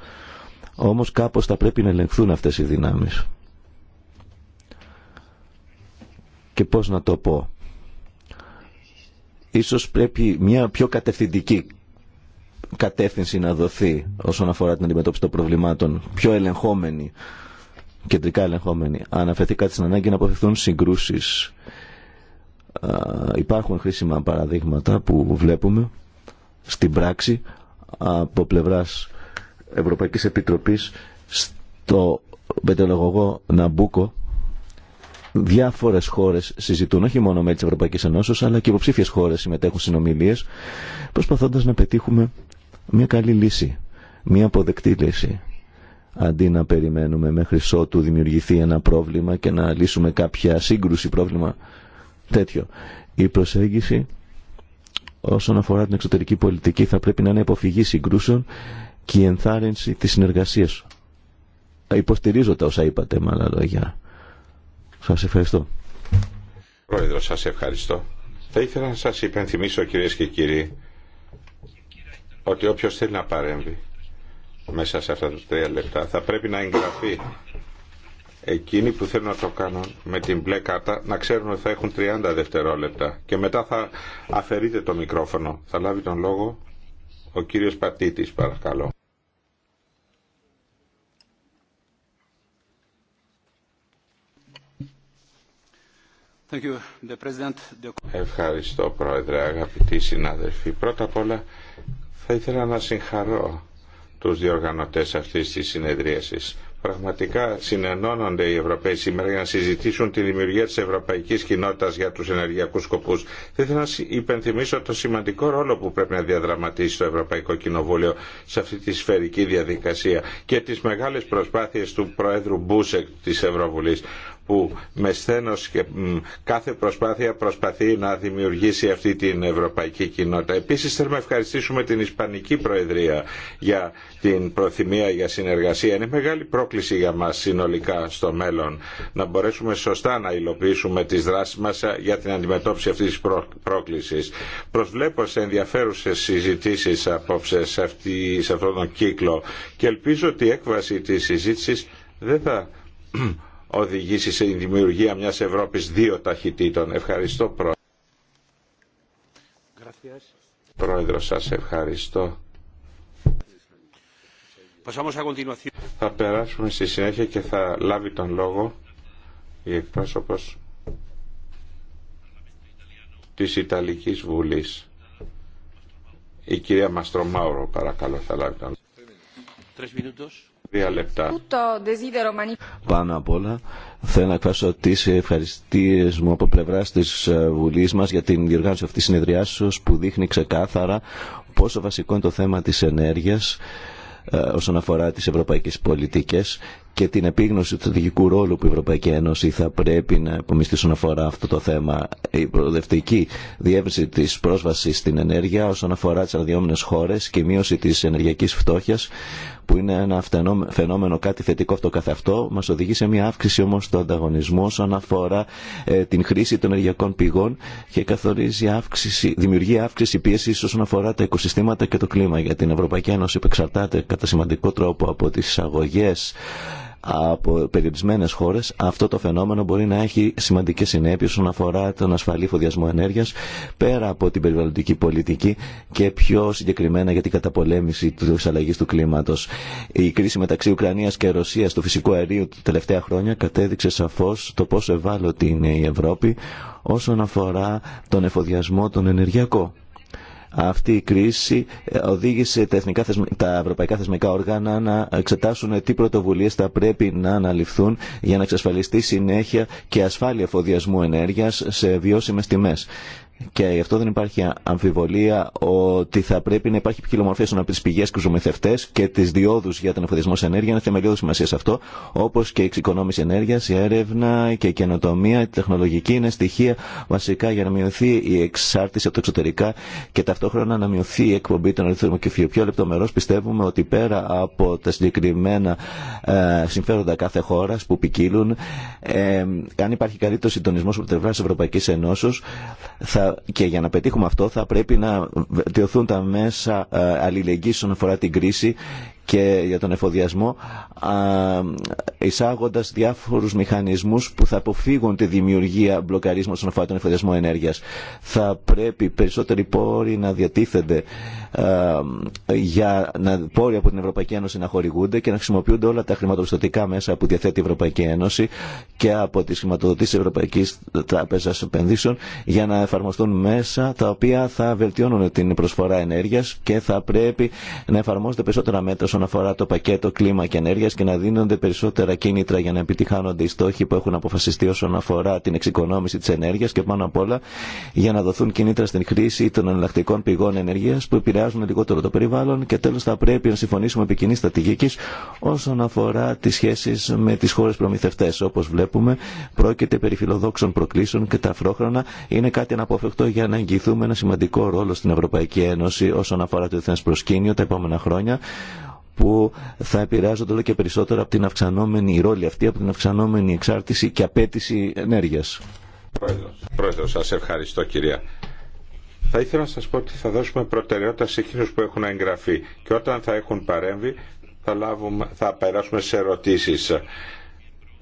Όμως κάπως θα πρέπει να ελεγχθούν αυτές οι δυνάμεις. Και πώς να το πω. Ίσως πρέπει μια πιο κατευθυντική κατεύθυνση να δοθεί όσον αφορά την αντιμετώπιση των προβλημάτων, πιο ελεγχόμενη κεντρικά ελεγχόμενοι. κάτι στην ανάγκη να αποφευθούν συγκρούσεις. Υπάρχουν χρήσιμα παραδείγματα που βλέπουμε στην πράξη από πλευράς Ευρωπαϊκής Επιτροπής στο πεντελογωγό Ναμπούκο διάφορες χώρες συζητούν όχι μόνο με τις Ευρωπαϊκή Ενώσει, αλλά και υποψήφιε χώρες συμμετέχουν συνομιλίε, προσπαθώντα να πετύχουμε μια καλή λύση, μια αποδεκτή λύση αντί να περιμένουμε μέχρι ότου δημιουργηθεί ένα πρόβλημα και να λύσουμε κάποια σύγκρουση πρόβλημα τέτοιο. Η προσέγγιση όσον αφορά την εξωτερική πολιτική θα πρέπει να είναι αποφυγή συγκρούσεων και η ενθάρρυνση της συνεργασίας. Υποστηρίζω τα όσα είπατε με άλλα λόγια. Σας ευχαριστώ. Πρόεδρο, σας ευχαριστώ. Θα ήθελα να σας υπενθυμίσω κυρίες και κύριοι ότι όποιος θέλει να παρέμβει μέσα σε αυτά τα τρία λεπτά. Θα πρέπει να εγγραφεί εκείνοι που θέλουν να το κάνουν με την μπλε κάρτα να ξέρουν ότι θα έχουν 30 δευτερόλεπτα και μετά θα αφαιρείτε το μικρόφωνο. Θα λάβει τον λόγο ο κύριος Πατήτης παρακαλώ. Thank you, the President. Ευχαριστώ Πρόεδρε, αγαπητοί συνάδελφοι. Πρώτα απ' όλα θα ήθελα να συγχαρώ τους διοργανωτές αυτής της συνεδρίασης. Πραγματικά συνενώνονται οι Ευρωπαίοι σήμερα για να συζητήσουν τη δημιουργία της Ευρωπαϊκής Κοινότητας για τους ενεργειακούς σκοπούς. Θα ήθελα να υπενθυμίσω το σημαντικό ρόλο που πρέπει να διαδραματίσει το Ευρωπαϊκό Κοινοβούλιο σε αυτή τη σφαιρική διαδικασία και τις μεγάλες προσπάθειες του Προέδρου Μπούσεκ της Ευρωβουλής που με σθένος και κάθε προσπάθεια προσπαθεί να δημιουργήσει αυτή την ευρωπαϊκή κοινότητα. Επίσης θέλουμε να ευχαριστήσουμε την Ισπανική Προεδρία για την προθυμία για συνεργασία. Είναι μεγάλη πρόκληση για μας συνολικά στο μέλλον να μπορέσουμε σωστά να υλοποιήσουμε τις δράσεις μας για την αντιμετώπιση αυτής της πρόκλησης. Προσβλέπω σε ενδιαφέρουσες συζητήσεις απόψε σε, αυτή, σε αυτόν τον κύκλο και ελπίζω ότι η έκβαση της συζήτησης δεν θα οδηγήσει σε δημιουργία μιας Ευρώπης δύο ταχυτήτων. Ευχαριστώ πρόεδρε. Πρόεδρο, σας ευχαριστώ. Θα περάσουμε στη συνέχεια και θα λάβει τον λόγο η εκπρόσωπος της Ιταλικής Βουλής. Η κυρία Μαστρομάουρο, παρακαλώ, θα λάβει τον λόγο λεπτά. Πάνω απ' όλα θέλω να εκφράσω τι ευχαριστίε μου από πλευρά τη ε, Βουλή μα για την διοργάνωση αυτή τη συνεδριάσεω που δείχνει ξεκάθαρα πόσο βασικό είναι το θέμα τη ενέργεια ε, όσον αφορά τις ευρωπαϊκές πολιτικές και την επίγνωση του στρατηγικού ρόλου που η Ευρωπαϊκή Ένωση θα πρέπει να υπομειστεί όσον αφορά αυτό το θέμα. Η προοδευτική διεύρυνση τη πρόσβαση στην ενέργεια όσον αφορά τι αναδυόμενε χώρε και η μείωση τη ενεργειακή φτώχεια που είναι ένα φαινόμενο κάτι θετικό αυτό καθ' αυτό, μας οδηγεί σε μια αύξηση όμως του ανταγωνισμού όσον αφορά ε, την χρήση των ενεργειακών πηγών και καθορίζει αύξηση, δημιουργεί αύξηση πίεση όσον αφορά τα οικοσυστήματα και το κλίμα. Για την Ευρωπαϊκή Ένωση που εξαρτάται κατά σημαντικό τρόπο από τις εισαγωγές από περιορισμένε χώρε, αυτό το φαινόμενο μπορεί να έχει σημαντικέ συνέπειε όσον αφορά τον ασφαλή φοδιασμό ενέργεια, πέρα από την περιβαλλοντική πολιτική και πιο συγκεκριμένα για την καταπολέμηση τη αλλαγή του κλίματο. Η κρίση μεταξύ Ουκρανία και Ρωσία του φυσικού αερίου τα τελευταία χρόνια κατέδειξε σαφώ το πόσο ευάλωτη είναι η Ευρώπη όσον αφορά τον εφοδιασμό τον ενεργειακό. Αυτή η κρίση ε, οδήγησε τα, ευρωπαϊκά θεσμικά όργανα να εξετάσουν τι πρωτοβουλίε θα πρέπει να αναλυφθούν για να εξασφαλιστεί συνέχεια και ασφάλεια εφοδιασμού ενέργεια σε βιώσιμε τιμέ. Και γι' αυτό δεν υπάρχει αμφιβολία ότι θα πρέπει να υπάρχει ποικιλομορφία στον από τι πηγέ και του προμηθευτέ και τι διόδου για τον εφοδιασμό σε ενέργεια. Είναι θεμελιώδη σημασία σε αυτό. Όπω και η εξοικονόμηση ενέργεια, η έρευνα και η καινοτομία, η τεχνολογική είναι στοιχεία βασικά για να μειωθεί η εξάρτηση από το εξωτερικά και ταυτόχρονα να μειωθεί η εκπομπή των αριθμών και πιο λεπτομερό πιστεύουμε ότι πέρα από τα συγκεκριμένα ε, συμφέροντα κάθε χώρα που ποικίλουν, ε, αν υπάρχει καλύτερο συντονισμό από πλευρά Ευρωπαϊκή Ενώσεω, θα και για να πετύχουμε αυτό θα πρέπει να βελτιωθούν τα μέσα ε, αλληλεγγύης όσον αφορά την κρίση και για τον εφοδιασμό εισάγοντας διάφορους μηχανισμούς που θα αποφύγουν τη δημιουργία μπλοκαρίσματος στον αφορά τον εφοδιασμό ενέργειας. Θα πρέπει περισσότεροι πόροι να διατίθενται για να, πόροι από την Ευρωπαϊκή Ένωση να χορηγούνται και να χρησιμοποιούνται όλα τα χρηματοπιστωτικά μέσα που διαθέτει η Ευρωπαϊκή Ένωση και από τις χρηματοδοτήσεις Ευρωπαϊκής Τράπεζας Επενδύσεων για να εφαρμοστούν μέσα τα οποία θα βελτιώνουν την προσφορά ενέργειας και θα πρέπει να εφαρμόζονται περισσότερα μέτρα όσον αφορά το πακέτο κλίμα και ενέργεια και να δίνονται περισσότερα κίνητρα για να επιτυχάνονται οι στόχοι που έχουν αποφασιστεί όσον αφορά την εξοικονόμηση τη ενέργεια και πάνω απ' όλα για να δοθούν κίνητρα στην χρήση των εναλλακτικών πηγών ενέργεια που επηρεάζουν λιγότερο το περιβάλλον και τέλο θα πρέπει να συμφωνήσουμε επί κοινή στρατηγική όσον αφορά τι σχέσει με τι χώρε προμηθευτέ. Όπω βλέπουμε, πρόκειται περί φιλοδόξων προκλήσεων και ταυτόχρονα είναι κάτι αναπόφευκτο για να εγγυηθούμε ένα σημαντικό ρόλο στην Ευρωπαϊκή Ένωση όσον αφορά το διεθνέ προσκήνιο τα επόμενα χρόνια που θα επηρεάζονται όλο και περισσότερο από την αυξανόμενη ρόλη αυτή, από την αυξανόμενη εξάρτηση και απέτηση ενέργειας. Πρόεδρο, πρόεδρος σας ευχαριστώ κυρία. Θα ήθελα να σας πω ότι θα δώσουμε προτεραιότητα σε εκείνους που έχουν εγγραφεί και όταν θα έχουν παρέμβει θα, λάβουμε, θα περάσουμε σε ερωτήσεις.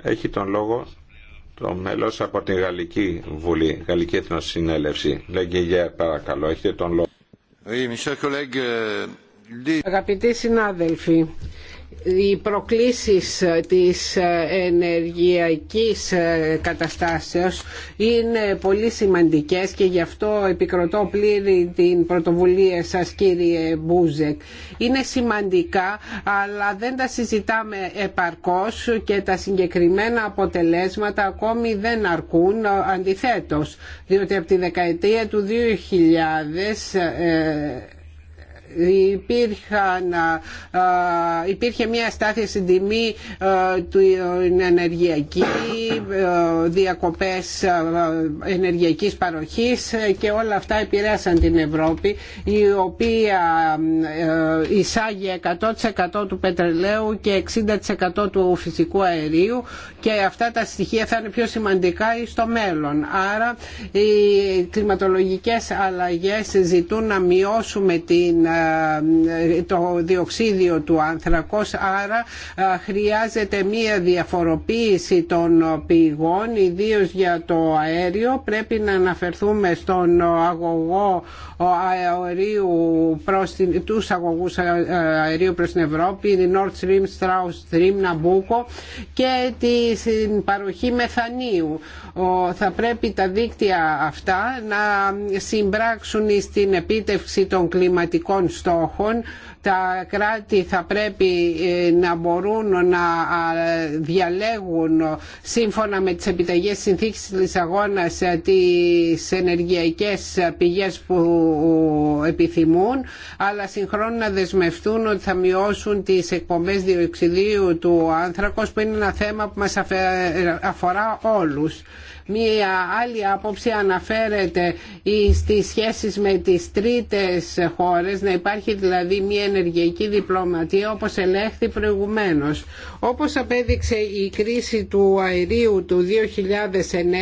Έχει τον λόγο το μέλος από την Γαλλική Βουλή, Γαλλική Εθνοσυνέλευση. Λέγε για παρακαλώ, έχετε τον λόγο. Oui, Αγαπητοί συνάδελφοι, οι προκλήσεις της ενεργειακής καταστάσεως είναι πολύ σημαντικές και γι' αυτό επικροτώ πλήρη την πρωτοβουλία σας κύριε Μπούζεκ. Είναι σημαντικά αλλά δεν τα συζητάμε επαρκώς και τα συγκεκριμένα αποτελέσματα ακόμη δεν αρκούν αντιθέτως διότι από τη δεκαετία του 2000 υπήρχαν, υπήρχε μια στάθεια στην τιμή του ε, ενεργειακή, ε, διακοπές ενεργειακής παροχής ε, και όλα αυτά επηρέασαν την Ευρώπη η οποία εισάγει 100% του πετρελαίου και 60% του φυσικού αερίου και αυτά τα στοιχεία θα είναι πιο σημαντικά στο μέλλον. Άρα οι κλιματολογικές αλλαγές ζητούν να μειώσουμε την ε, το διοξίδιο του άνθρακος άρα ε, χρειάζεται μία διαφοροποίηση των πηγών ιδίως για το αέριο πρέπει να αναφερθούμε στον αγωγό αερίου προς την, τους αγωγούς αερίου προς την Ευρώπη Nord Stream, Strauss Stream, Nabucco και την παροχή μεθανίου θα πρέπει τα δίκτυα αυτά να συμπράξουν στην επίτευξη των κλιματικών στόχων τα κράτη θα πρέπει ε, να μπορούν να διαλέγουν σύμφωνα με τις επιταγές συνθήκης της Λισαγώνας ε, τις ενεργειακές πηγές που επιθυμούν αλλά συγχρόνως να δεσμευτούν ότι θα μειώσουν τις εκπομπές διοξιδίου του άνθρακος που είναι ένα θέμα που μας ε, αφορά όλους. Μία άλλη άποψη αναφέρεται στις σχέσεις με τις τρίτες χώρες, να υπάρχει δηλαδή μία ενεργειακή διπλωματία όπως ελέγχθη προηγουμένως. Όπως απέδειξε η κρίση του αερίου του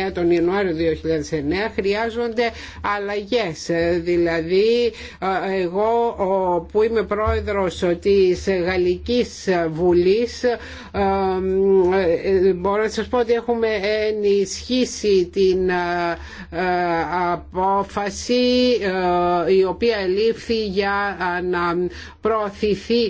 2009, τον Ιανουάριο 2009, χρειάζονται αλλαγές. Δηλαδή, εγώ που είμαι πρόεδρος της Γαλλικής Βουλής, ε, μπορώ να σας πω ότι έχουμε ενισχύσει την ε, ε, απόφαση ε, η οποία ελήφθη για να προωθηθεί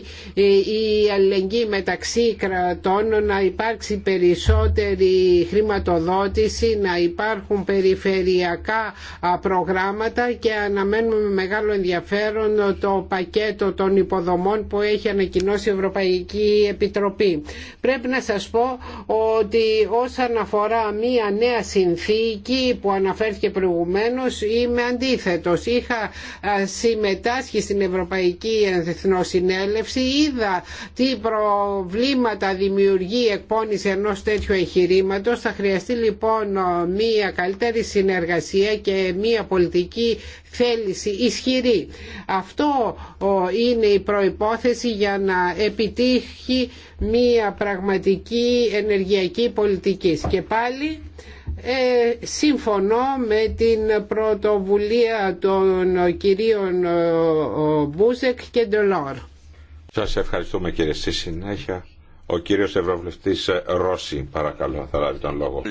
η αλληλεγγύη μεταξύ κρατών, να υπάρξει περισσότερη χρηματοδότηση, να υπάρχουν περιφερειακά προγράμματα και αναμένουμε με μεγάλο ενδιαφέρον το πακέτο των υποδομών που έχει ανακοινώσει η Ευρωπαϊκή Επιτροπή. Πρέπει να σας πω ότι όσον αφορά μία νέα συνθήκη που αναφέρθηκε προηγουμένως είμαι αντίθετος. Είχα συμμετάσχει στην Ευρωπαϊκή Εθνοσυνέλευση, είδα τι προβλήματα δημιουργεί η εκπόνηση ενός τέτοιου εγχειρήματο. Θα χρειαστεί λοιπόν μία καλύτερη συνεργασία και μία πολιτική θέληση ισχυρή. Αυτό είναι η προϋπόθεση για να επιτύχει μία πραγματική ενεργειακή πολιτική. Και πάλι ε, συμφωνώ με την πρωτοβουλία των κυρίων ε, Μπούζεκ και Ντελόρ. Σας ευχαριστούμε κύριε στη συνέχεια. Ο κύριος Ευρωβουλευτής Ρώση, παρακαλώ, θα λάβει τον λόγο.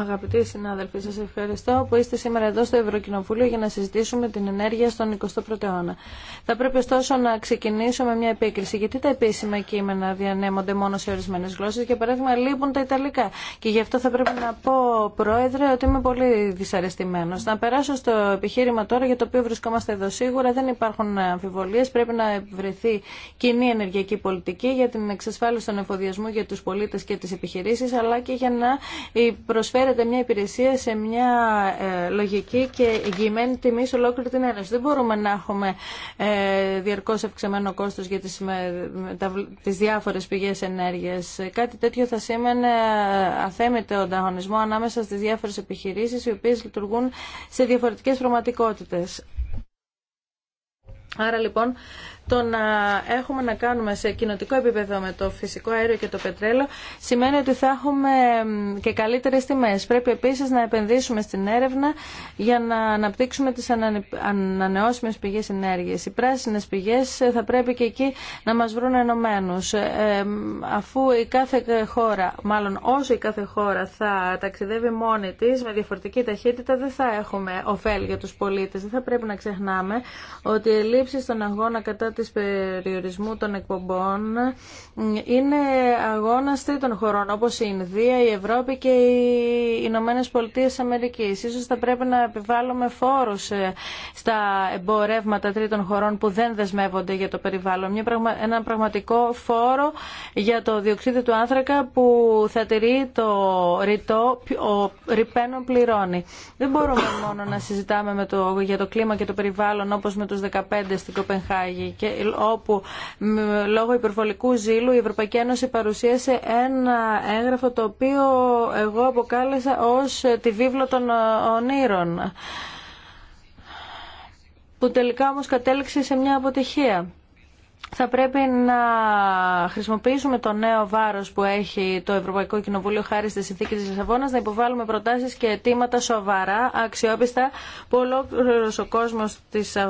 Αγαπητοί συνάδελφοι, σα ευχαριστώ που είστε σήμερα εδώ στο Ευρωκοινοβούλιο για να συζητήσουμε την ενέργεια στον 21ο αιώνα. Θα πρέπει ωστόσο να ξεκινήσω με μια επίκριση, γιατί τα επίσημα κείμενα διανέμονται μόνο σε ορισμένε γλώσσε, και παράδειγμα λείπουν τα Ιταλικά. Και γι' αυτό θα πρέπει να πω, Πρόεδρε, ότι είμαι πολύ δυσαρεστημένο. Να περάσω στο επιχείρημα τώρα για το οποίο βρισκόμαστε εδώ σίγουρα, δεν υπάρχουν αμφιβολίε. πρέπει να βρεθεί κοινή ενεργειακή πολιτική για την εξασφάλιση των εφοδιασμού για τους πολίτες και τις επιχειρήσεις, αλλά και για να προσφέρεται μια υπηρεσία σε μια ε, λογική και εγγυημένη τιμή σε ολόκληρη την Ένωση. Δεν μπορούμε να έχουμε ε, διαρκώς αυξημένο κόστος για τις, τις διάφορες πηγές ενέργειας. Κάτι τέτοιο θα σήμαινε ε, αθέμητο ανταγωνισμό ανάμεσα στις διάφορες επιχειρήσεις οι οποίες λειτουργούν σε διαφορετικές πραγματικότητες. Άρα λοιπόν το να έχουμε να κάνουμε σε κοινοτικό επίπεδο με το φυσικό αέριο και το πετρέλαιο σημαίνει ότι θα έχουμε και καλύτερες τιμές. Πρέπει επίσης να επενδύσουμε στην έρευνα για να αναπτύξουμε τις ανανεώσιμες πηγές ενέργειας. Οι πράσινες πηγές θα πρέπει και εκεί να μας βρουν ενωμένου. Ε, αφού η κάθε χώρα, μάλλον όσο η κάθε χώρα θα ταξιδεύει μόνη της με διαφορετική ταχύτητα δεν θα έχουμε ωφέλ για τους πολίτες. Δεν θα πρέπει να ξεχνάμε ότι η ελλείψη στον αγώνα κατά της περιορισμού των εκπομπών είναι αγώνας τρίτων χωρών όπως η Ινδία, η Ευρώπη και οι Ηνωμένε Πολιτείες Αμερικής. Ίσως θα πρέπει να επιβάλλουμε φόρους ε, στα εμπορεύματα τρίτων χωρών που δεν δεσμεύονται για το περιβάλλον. Μια Ένα πραγματικό φόρο για το διοξείδιο του άνθρακα που θα τηρεί το ρητό ο ρηπαίνων πληρώνει. Δεν μπορούμε μόνο να συζητάμε με το, για το κλίμα και το περιβάλλον όπως με τους 15 στην Κοπενχάγη και όπου λόγω υπερβολικού ζήλου η Ευρωπαϊκή Ένωση παρουσίασε ένα έγγραφο το οποίο εγώ αποκάλεσα ως ε, τη βίβλο των ε, ονείρων που τελικά όμως κατέληξε σε μια αποτυχία θα πρέπει να χρησιμοποιήσουμε το νέο βάρο που έχει το Ευρωπαϊκό Κοινοβούλιο χάρη στη συνθήκη τη Λισαβόνα, να υποβάλουμε προτάσεις και αιτήματα σοβαρά, αξιόπιστα, που ολόκληρο ο κόσμο ε, ε,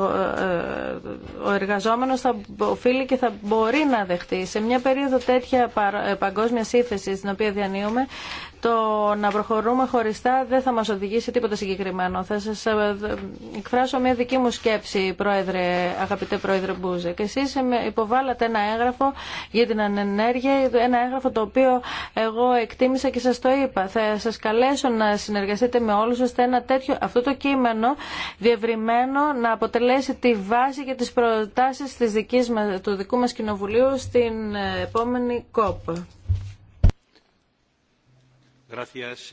ο εργαζόμενο θα οφείλει και θα μπορεί να δεχτεί. Σε μια περίοδο τέτοια ε, παγκόσμια ύφεση την οποία διανύουμε, το να προχωρούμε χωριστά δεν θα μας οδηγήσει τίποτα συγκεκριμένο. Θα σας ε, εκφράσω μια δική μου σκέψη, πρόεδρε, αγαπητέ πρόεδρε Μπούζε. Και εσείς υποβάλλατε ένα έγγραφο για την ανενέργεια, ένα έγγραφο το οποίο εγώ εκτίμησα και σας το είπα. Θα σας καλέσω να συνεργαστείτε με όλους ώστε ένα τέτοιο, αυτό το κείμενο διευρυμένο να αποτελέσει τη βάση για τις προτάσεις της του δικού μας κοινοβουλίου στην ε, επόμενη ΚΟΠ.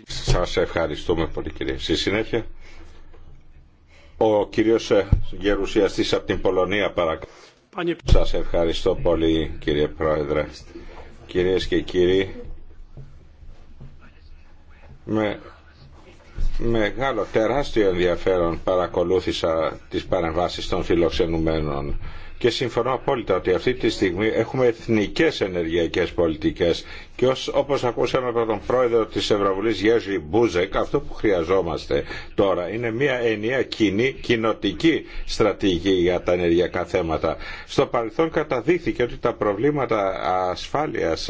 Σας ευχαριστούμε πολύ κύριε. Στη συνέχεια, ο κύριος ε, Γερουσιαστής από την Πολωνία παρακαλώ. Σας ευχαριστώ πολύ κύριε Πρόεδρε. Κυρίες και κύριοι, με μεγάλο τεράστιο ενδιαφέρον παρακολούθησα τις παρεμβάσεις των φιλοξενουμένων και συμφωνώ απόλυτα ότι αυτή τη στιγμή έχουμε εθνικές ενεργειακές πολιτικές και όπω όπως ακούσαμε από τον πρόεδρο της Ευρωβουλής Γιέζη Μπούζεκ, αυτό που χρειαζόμαστε τώρα είναι μια ενιαία κοινή κοινοτική στρατηγική για τα ενεργειακά θέματα. Στο παρελθόν καταδείχθηκε ότι τα προβλήματα ασφάλειας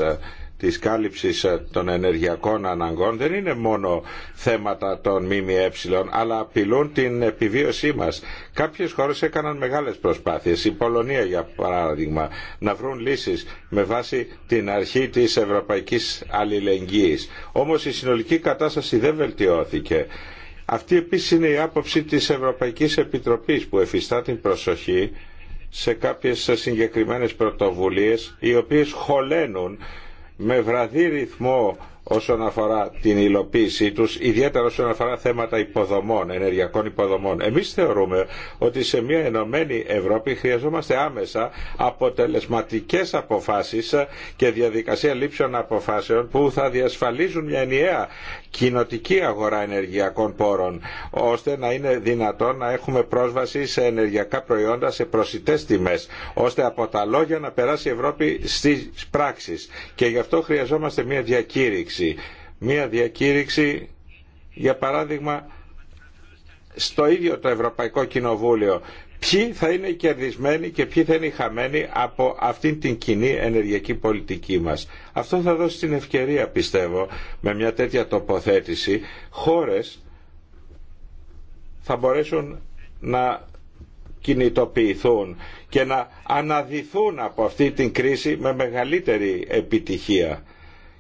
της κάλυψης ε, των ενεργειακών αναγκών δεν είναι μόνο θέματα των ΜΜΕ αλλά απειλούν την επιβίωσή μας. Κάποιες χώρες έκαναν μεγάλες προσπάθειες, η Πολωνία για παράδειγμα, να βρουν λύσεις με βάση την αρχή της ευρωπαϊκής αλληλεγγύης. Όμως η συνολική κατάσταση δεν βελτιώθηκε. Αυτή επίσης είναι η άποψη της Ευρωπαϊκής Επιτροπής που εφιστά την προσοχή σε κάποιες συγκεκριμένες πρωτοβουλίες οι οποίες χωλένουν με βραδύ ρυθμό όσον αφορά την υλοποίησή τους, ιδιαίτερα όσον αφορά θέματα υποδομών, ενεργειακών υποδομών. Εμείς θεωρούμε ότι σε μια ενωμένη Ευρώπη χρειαζόμαστε άμεσα αποτελεσματικές αποφάσεις και διαδικασία λήψεων αποφάσεων που θα διασφαλίζουν μια ενιαία κοινοτική αγορά ενεργειακών πόρων, ώστε να είναι δυνατόν να έχουμε πρόσβαση σε ενεργειακά προϊόντα σε προσιτές τιμές, ώστε από τα λόγια να περάσει η Ευρώπη στις πράξεις. Και γι' αυτό χρειαζόμαστε μια διακήρυξη Μία διακήρυξη, για παράδειγμα, στο ίδιο το Ευρωπαϊκό Κοινοβούλιο. Ποιοι θα είναι οι κερδισμένοι και ποιοι θα είναι οι χαμένοι από αυτήν την κοινή ενεργειακή πολιτική μας. Αυτό θα δώσει την ευκαιρία, πιστεύω, με μια τέτοια τοποθέτηση, χώρες θα μπορέσουν να κινητοποιηθούν και να αναδυθούν από αυτή την κρίση με μεγαλύτερη επιτυχία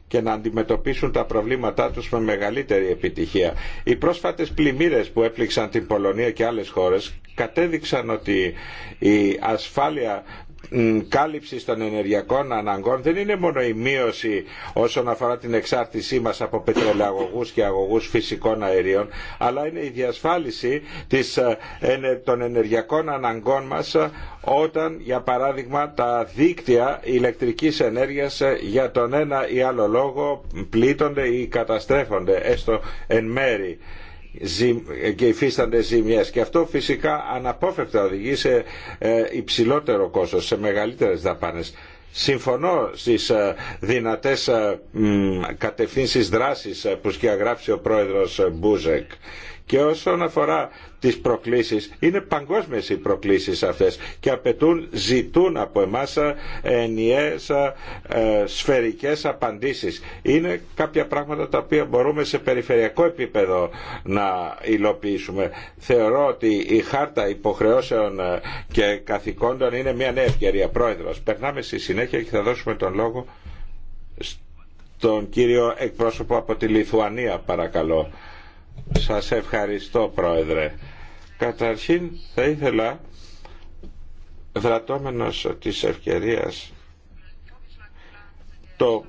και να αντιμετωπίσουν τα προβλήματά τους με μεγαλύτερη επιτυχία. Οι πρόσφατες πλημμύρες που έπληξαν την Πολωνία και άλλες χώρες κατέδειξαν ότι η ασφάλεια κάλυψης των ενεργειακών αναγκών δεν είναι μόνο η μείωση όσον αφορά την εξάρτησή μας από πετρελαγωγούς και αγωγούς φυσικών αερίων αλλά είναι η διασφάλιση της, ε, των ενεργειακών αναγκών μας ε, όταν για παράδειγμα τα δίκτυα ηλεκτρικής ενέργειας ε, για τον ένα ή άλλο λόγο πλήττονται ή καταστρέφονται έστω εν μέρη και υφίστανται ζημιές και αυτό φυσικά αναπόφευκτα οδηγεί σε ε, υψηλότερο κόστος, σε μεγαλύτερες δαπάνες. Συμφωνώ στις ε, δυνατές ε, κατευθύνσεις δράσης που σκιαγράφησε ο πρόεδρος Μπούζεκ και όσον αφορά τις προκλήσεις, είναι παγκόσμιες οι προκλήσεις αυτές και απαιτούν, ζητούν από εμάς ε, ενιαίες ε, ε, σφαιρικές απαντήσεις. Είναι κάποια πράγματα τα οποία μπορούμε σε περιφερειακό επίπεδο να υλοποιήσουμε. Θεωρώ ότι η χάρτα υποχρεώσεων και καθηκόντων είναι μια νέα ευκαιρία. Πρόεδρος, περνάμε στη συνέχεια και θα δώσουμε τον λόγο στον κύριο εκπρόσωπο από τη Λιθουανία παρακαλώ. Σας ευχαριστώ Πρόεδρε. Καταρχήν θα ήθελα δρατώμενος της ευκαιρίας το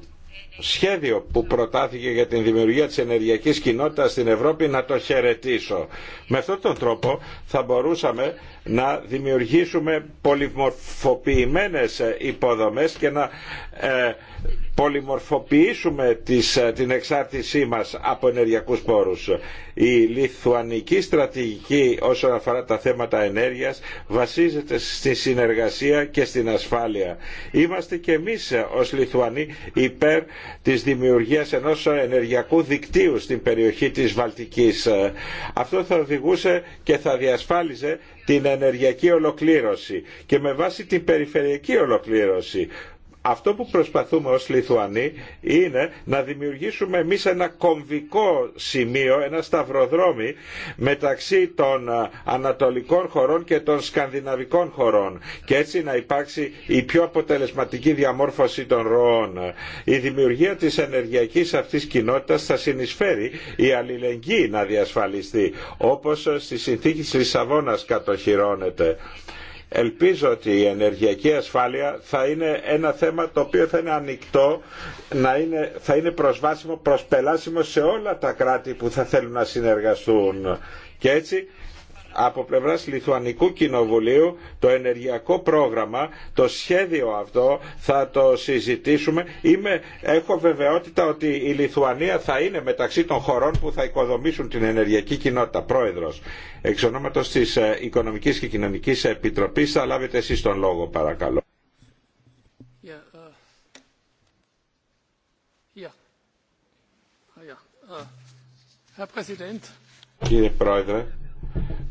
σχέδιο που προτάθηκε για την δημιουργία της ενεργειακής κοινότητας στην Ευρώπη να το χαιρετήσω. Με αυτόν τον τρόπο θα μπορούσαμε να δημιουργήσουμε πολυμορφοποιημένες υποδομές και να ε, πολυμορφοποιήσουμε τις, ε, την εξάρτησή μας από ενεργειακούς πόρους. Η λιθουανική στρατηγική όσον αφορά τα θέματα ενέργειας βασίζεται στη συνεργασία και στην ασφάλεια. Είμαστε και εμείς ε, ως Λιθουανοί υπέρ της δημιουργίας ενός ενεργειακού δικτύου στην περιοχή της Βαλτικής. Ε, αυτό θα οδηγούσε και θα διασφάλιζε την ενεργειακή ολοκλήρωση και με βάση την περιφερειακή ολοκλήρωση αυτό που προσπαθούμε ως Λιθουανοί είναι να δημιουργήσουμε εμείς ένα κομβικό σημείο, ένα σταυροδρόμι μεταξύ των ε, ανατολικών χωρών και των σκανδιναβικών χωρών και έτσι να υπάρξει η πιο αποτελεσματική διαμόρφωση των ροών. Η δημιουργία της ενεργειακής αυτής κοινότητας θα συνεισφέρει η αλληλεγγύη να διασφαλιστεί όπως ε, στη συνθήκη της Λισαβόνας κατοχυρώνεται Ελπίζω ότι η ενεργειακή ασφάλεια θα είναι ένα θέμα το οποίο θα είναι ανοιχτό, να είναι, θα είναι προσβάσιμο, προσπελάσιμο σε όλα τα κράτη που θα θέλουν να συνεργαστούν. Και έτσι από πλευράς Λιθουανικού Κοινοβουλίου το ενεργειακό πρόγραμμα, το σχέδιο αυτό θα το συζητήσουμε. έχω βεβαιότητα ότι η Λιθουανία θα είναι μεταξύ των χωρών που θα οικοδομήσουν την ενεργειακή κοινότητα. Πρόεδρος, εξ ονόματος της ε, Οικονομικής και Κοινωνικής Επιτροπής θα λάβετε εσείς τον λόγο παρακαλώ. Uh, uh, uh,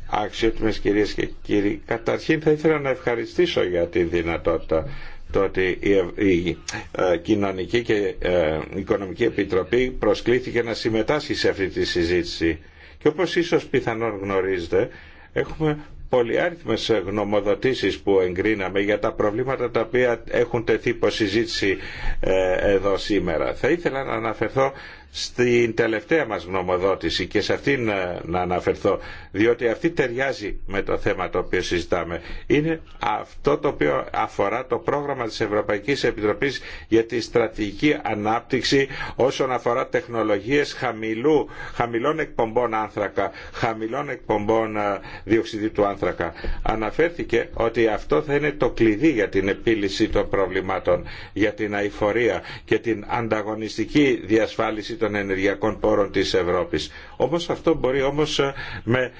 Αξιότιμες κυρίες και κύριοι, καταρχήν θα ήθελα να ευχαριστήσω για τη δυνατότητα το ότι η ε, Κοινωνική και ε, Οικονομική Επιτροπή προσκλήθηκε να συμμετάσχει σε αυτή τη συζήτηση. Και όπως ίσως πιθανόν γνωρίζετε, έχουμε πολυάριθμες γνωμοδοτήσεις που εγκρίναμε για τα προβλήματα τα οποία έχουν τεθεί υπό συζήτηση ε, εδώ σήμερα. Θα ήθελα να αναφερθώ στην τελευταία μας γνωμοδότηση και σε αυτήν ε, να αναφερθώ, διότι αυτή ταιριάζει με το θέμα το οποίο συζητάμε. Είναι αυτό το οποίο αφορά το πρόγραμμα της Ευρωπαϊκής Επιτροπής για τη στρατηγική ανάπτυξη όσον αφορά τεχνολογίες χαμηλού, χαμηλών εκπομπών άνθρακα, χαμηλών εκπομπών ε, διοξιδίου του άνθρακα. Αναφέρθηκε ότι αυτό θα είναι το κλειδί για την επίλυση των προβλημάτων, για την αηφορία και την ανταγωνιστική διασφάλιση των ενεργειακών πόρων της Ευρώπης. Όπως αυτό μπορεί όμως ε, με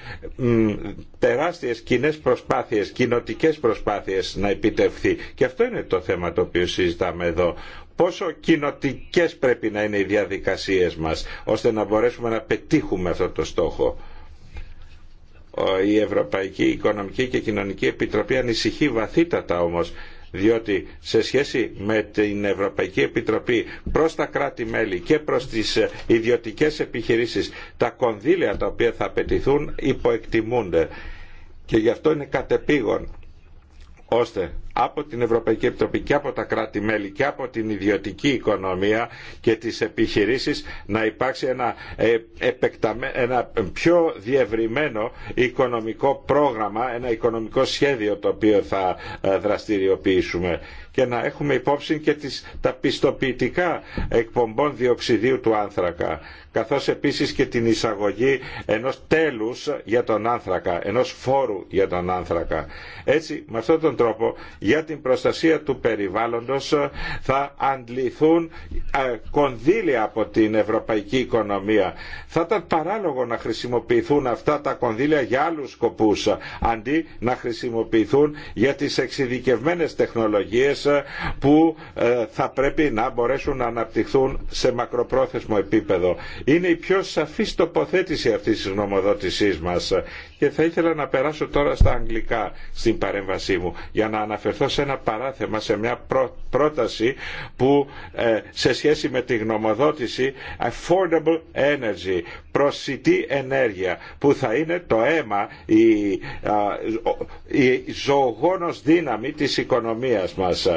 τεράστιες κοινέ προσπάθειες, κοινοτικέ προσπάθειες να επιτευχθεί. Και αυτό είναι το θέμα το οποίο συζητάμε εδώ. Πόσο κοινοτικέ πρέπει να είναι οι διαδικασίες μας, ώστε να μπορέσουμε να πετύχουμε αυτό το στόχο η Ευρωπαϊκή Οικονομική και Κοινωνική Επιτροπή ανησυχεί βαθύτατα όμως διότι σε σχέση με την Ευρωπαϊκή Επιτροπή προς τα κράτη-μέλη και προς τις ιδιωτικές επιχειρήσεις τα κονδύλια τα οποία θα απαιτηθούν υποεκτιμούνται και γι' αυτό είναι κατεπήγον ώστε από την Ευρωπαϊκή Επιτροπή και από τα κράτη-μέλη και από την ιδιωτική οικονομία και τις επιχειρήσεις να υπάρξει ένα, ε, ένα πιο διευρυμένο οικονομικό πρόγραμμα, ένα οικονομικό σχέδιο το οποίο θα ε, δραστηριοποιήσουμε και να έχουμε υπόψη και τις, τα πιστοποιητικά εκπομπών διοξιδίου του άνθρακα καθώς επίσης και την εισαγωγή ενός τέλους για τον άνθρακα, ενός φόρου για τον άνθρακα. Έτσι, με αυτόν τον τρόπο για την προστασία του περιβάλλοντος ε, θα αντληθούν ε, κονδύλια από την ευρωπαϊκή οικονομία. Θα ήταν παράλογο να χρησιμοποιηθούν αυτά τα κονδύλια για άλλους σκοπούς ε, αντί να χρησιμοποιηθούν για τις εξειδικευμένες τεχνολογίες που θα πρέπει να μπορέσουν να αναπτυχθούν σε μακροπρόθεσμο επίπεδο. Είναι η πιο σαφή τοποθέτηση αυτής της γνωμοδότησής μας και θα ήθελα να περάσω τώρα στα αγγλικά στην παρέμβασή μου για να αναφερθώ σε ένα παράθεμα, σε μια πρόταση που ε, σε σχέση με τη γνωμοδότηση Affordable Energy, προσιτή ενέργεια, που θα είναι το αίμα, η, η δύναμη της οικονομίας μας.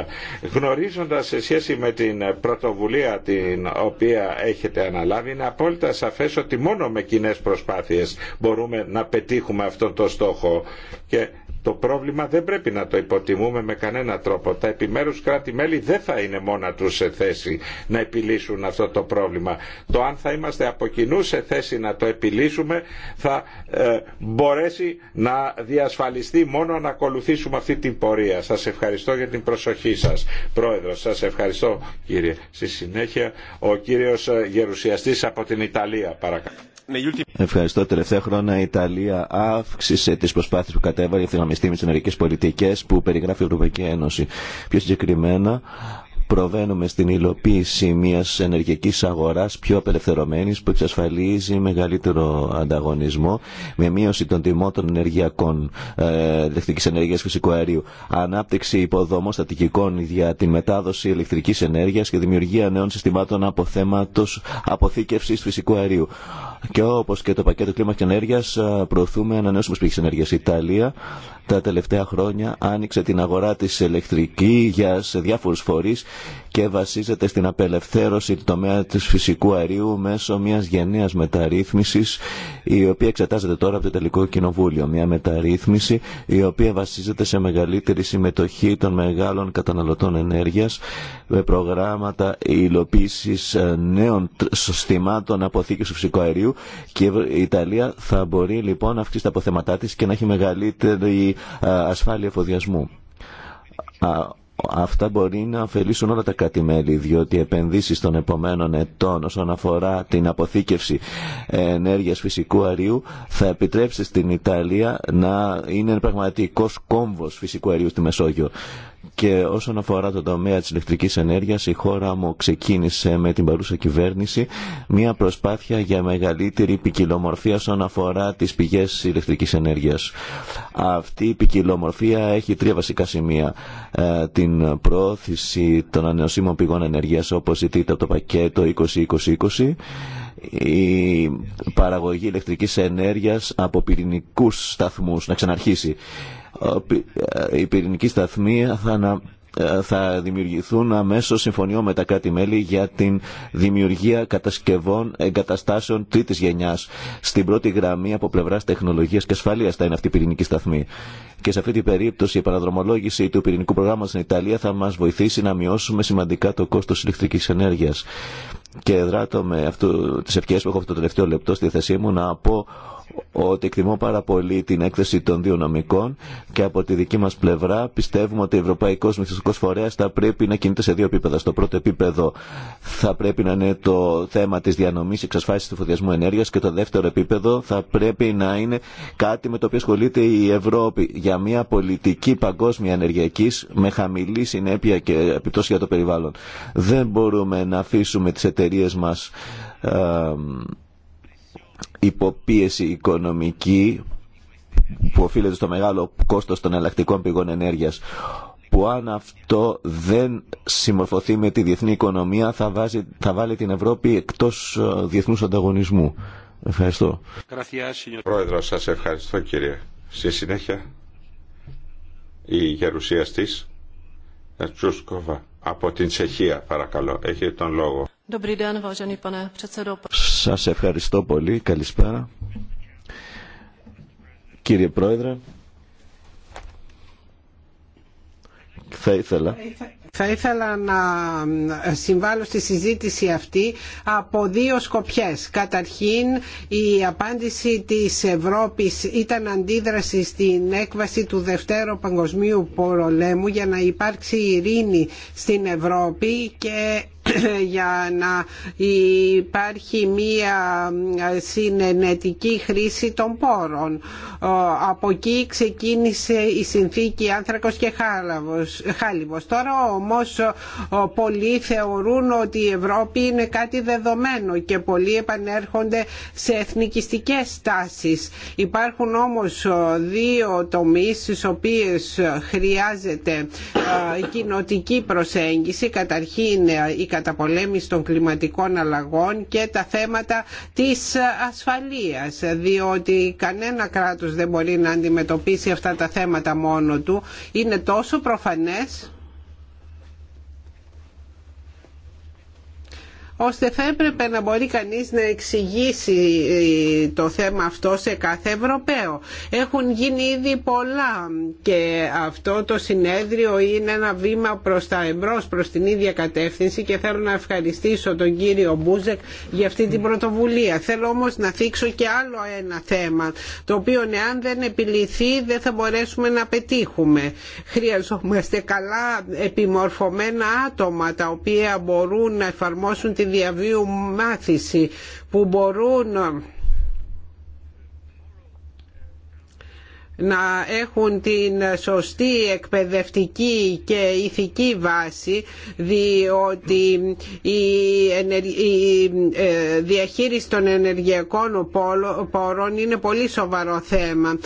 Γνωρίζοντας σε σχέση με την πρωτοβουλία την οποία έχετε αναλάβει, είναι απόλυτα σαφές ότι μόνο με κοινέ προσπάθειες μπορούμε να πετύχουμε με αυτό το στόχο. Και το πρόβλημα δεν πρέπει να το υποτιμούμε με κανένα τρόπο. Τα επιμέρους κράτη-μέλη δεν θα είναι μόνα τους σε θέση να επιλύσουν αυτό το πρόβλημα. Το αν θα είμαστε από κοινού σε θέση να το επιλύσουμε θα ε, μπορέσει να διασφαλιστεί μόνο να ακολουθήσουμε αυτή την πορεία. Σας ευχαριστώ για την προσοχή σας. Πρόεδρος, σας ευχαριστώ κύριε. Στη συνέχεια ο κύριος ε, Γερουσιαστής από την Ιταλία παρακαλώ. Ναι, Ευχαριστώ. Τελευταία χρόνια η Ιταλία αύξησε τι προσπάθειε που κατέβαλε για τη με τι ενεργειακέ πολιτικέ που περιγράφει η Ευρωπαϊκή Ένωση. Πιο συγκεκριμένα, προβαίνουμε στην υλοποίηση μια ενεργειακή αγορά πιο απελευθερωμένη που εξασφαλίζει μεγαλύτερο ανταγωνισμό με μείωση των τιμών των ενεργειακών ε, ηλεκτρική ενέργεια φυσικού αερίου, ανάπτυξη υποδομών στατικικών για τη μετάδοση ηλεκτρική ενέργεια και δημιουργία νέων συστημάτων αποθέματο αποθήκευση φυσικού αερίου και όπω και το πακέτο κλίμα και ενέργειας προωθούμε ανανεώσιμες πηγές ενέργειας. Η Ιταλία τα τελευταία χρόνια άνοιξε την αγορά της ηλεκτρική για σε διάφορους φορείς και βασίζεται στην απελευθέρωση του τομέα της φυσικού αερίου μέσω μιας γενναίας μεταρρύθμισης η οποία εξετάζεται τώρα από το τελικό κοινοβούλιο. Μια μεταρρύθμιση η οποία βασίζεται σε μεγαλύτερη συμμετοχή των μεγάλων καταναλωτών ενέργειας με προγράμματα υλοποίηση ε, νέων συστημάτων αποθήκης φυσικού αερίου και η Ιταλία θα μπορεί λοιπόν να αυξήσει τα αποθέματά της και να έχει μεγαλύτερη ε, ασφάλεια εφοδιασμού. Αυτά μπορεί να ωφελήσουν όλα τα κατημέλη διότι οι επενδύσει των επόμενων ετών όσον αφορά την αποθήκευση ενέργεια φυσικού αερίου θα επιτρέψει στην Ιταλία να είναι πραγματικό κόμβο φυσικού αερίου στη Μεσόγειο. Και όσον αφορά το τομέα της ηλεκτρικής ενέργειας, η χώρα μου ξεκίνησε με την παρούσα κυβέρνηση μια προσπάθεια για μεγαλύτερη ποικιλομορφία όσον αφορά τις πηγές ηλεκτρικής ενέργειας. Αυτή η ποικιλομορφία έχει τρία βασικά σημεία. Ε, την προώθηση των ανεωσίμων πηγών ενέργειας όπως ζητείται από το πακέτο 2020-2020, η παραγωγή ηλεκτρικής ενέργειας από πυρηνικούς σταθμούς να ξαναρχίσει ε, ε, οι πυρηνικοί σταθμοί θα να, ε, θα δημιουργηθούν αμέσω συμφωνιών με τα κράτη-μέλη για την δημιουργία κατασκευών εγκαταστάσεων τρίτη γενιά. Στην πρώτη γραμμή από πλευρά τεχνολογία και ασφαλεία θα είναι αυτή η πυρηνική σταθμή. Και σε αυτή την περίπτωση η παραδρομολόγηση του πυρηνικού προγράμματο στην Ιταλία θα μα βοηθήσει να μειώσουμε σημαντικά το κόστο ηλεκτρική ενέργεια. Και δράτω με τι ευχέ που έχω αυτό το τελευταίο λεπτό στη θέση μου να πω ότι εκτιμώ πάρα πολύ την έκθεση των δύο νομικών και από τη δική μας πλευρά πιστεύουμε ότι ο Ευρωπαϊκός Μυθιστικός Φορέας θα πρέπει να κινείται σε δύο επίπεδα. Στο πρώτο επίπεδο θα πρέπει να είναι το θέμα της διανομής εξασφάλισης του φωτιασμού ενέργειας και το δεύτερο επίπεδο θα πρέπει να είναι κάτι με το οποίο ασχολείται η Ευρώπη για μια πολιτική παγκόσμια ενεργειακή με χαμηλή συνέπεια και επιπτώσει για το περιβάλλον. Δεν μπορούμε να αφήσουμε τις εταιρείε μας ε, υποπίεση οικονομική που οφείλεται στο μεγάλο κόστος των ελλακτικών πηγών ενέργειας που αν αυτό δεν συμμορφωθεί με τη διεθνή οικονομία θα, βάζει, θα βάλει την Ευρώπη εκτός ε, διεθνούς ανταγωνισμού. Ευχαριστώ. Πρόεδρο, σας ευχαριστώ κύριε. Στη συνέχεια η γερουσία της Τσούσκοβα από την Τσεχία παρακαλώ. Έχει τον λόγο. Σας ευχαριστώ πολύ. Καλησπέρα. Κύριε Πρόεδρε, θα ήθελα θα ήθελα να συμβάλλω στη συζήτηση αυτή από δύο σκοπιές. Καταρχήν η απάντηση της Ευρώπης ήταν αντίδραση στην έκβαση του Δευτέρου Παγκοσμίου Πολέμου για να υπάρξει ειρήνη στην Ευρώπη και (clears throat) για να υπάρχει μία συνενετική χρήση των πόρων. Από εκεί ξεκίνησε η συνθήκη άνθρακος και χάλιβος. Τώρα όμως πολλοί θεωρούν ότι η Ευρώπη είναι κάτι δεδομένο και πολλοί επανέρχονται σε εθνικιστικές τάσεις. Υπάρχουν όμως δύο τομείς στις οποίες χρειάζεται κοινοτική προσέγγιση. Καταρχήν ε, η καταπολέμηση των κλιματικών αλλαγών και τα θέματα της ασφαλείας διότι κανένα κράτος δεν μπορεί να αντιμετωπίσει αυτά τα θέματα μόνο του. Είναι τόσο προφανές ώστε θα έπρεπε να μπορεί κανείς να εξηγήσει ε, το θέμα αυτό σε κάθε Ευρωπαίο. Έχουν γίνει ήδη πολλά και αυτό το συνέδριο είναι ένα βήμα προς τα εμπρός, προς την ίδια κατεύθυνση και θέλω να ευχαριστήσω τον κύριο Μπούζεκ για αυτή την πρωτοβουλία. Θέλω όμως να θίξω και άλλο ένα θέμα, το οποίο εάν δεν επιληθεί δεν θα μπορέσουμε να πετύχουμε. Χρειαζόμαστε καλά επιμορφωμένα άτομα τα οποία μπορούν να εφαρμόσουν την διαβίου μάθηση που μπορούν να έχουν την σωστή εκπαιδευτική και ηθική βάση διότι η ε, διαχείριση των ενεργειακών πόρων είναι πολύ σοβαρό θέμα.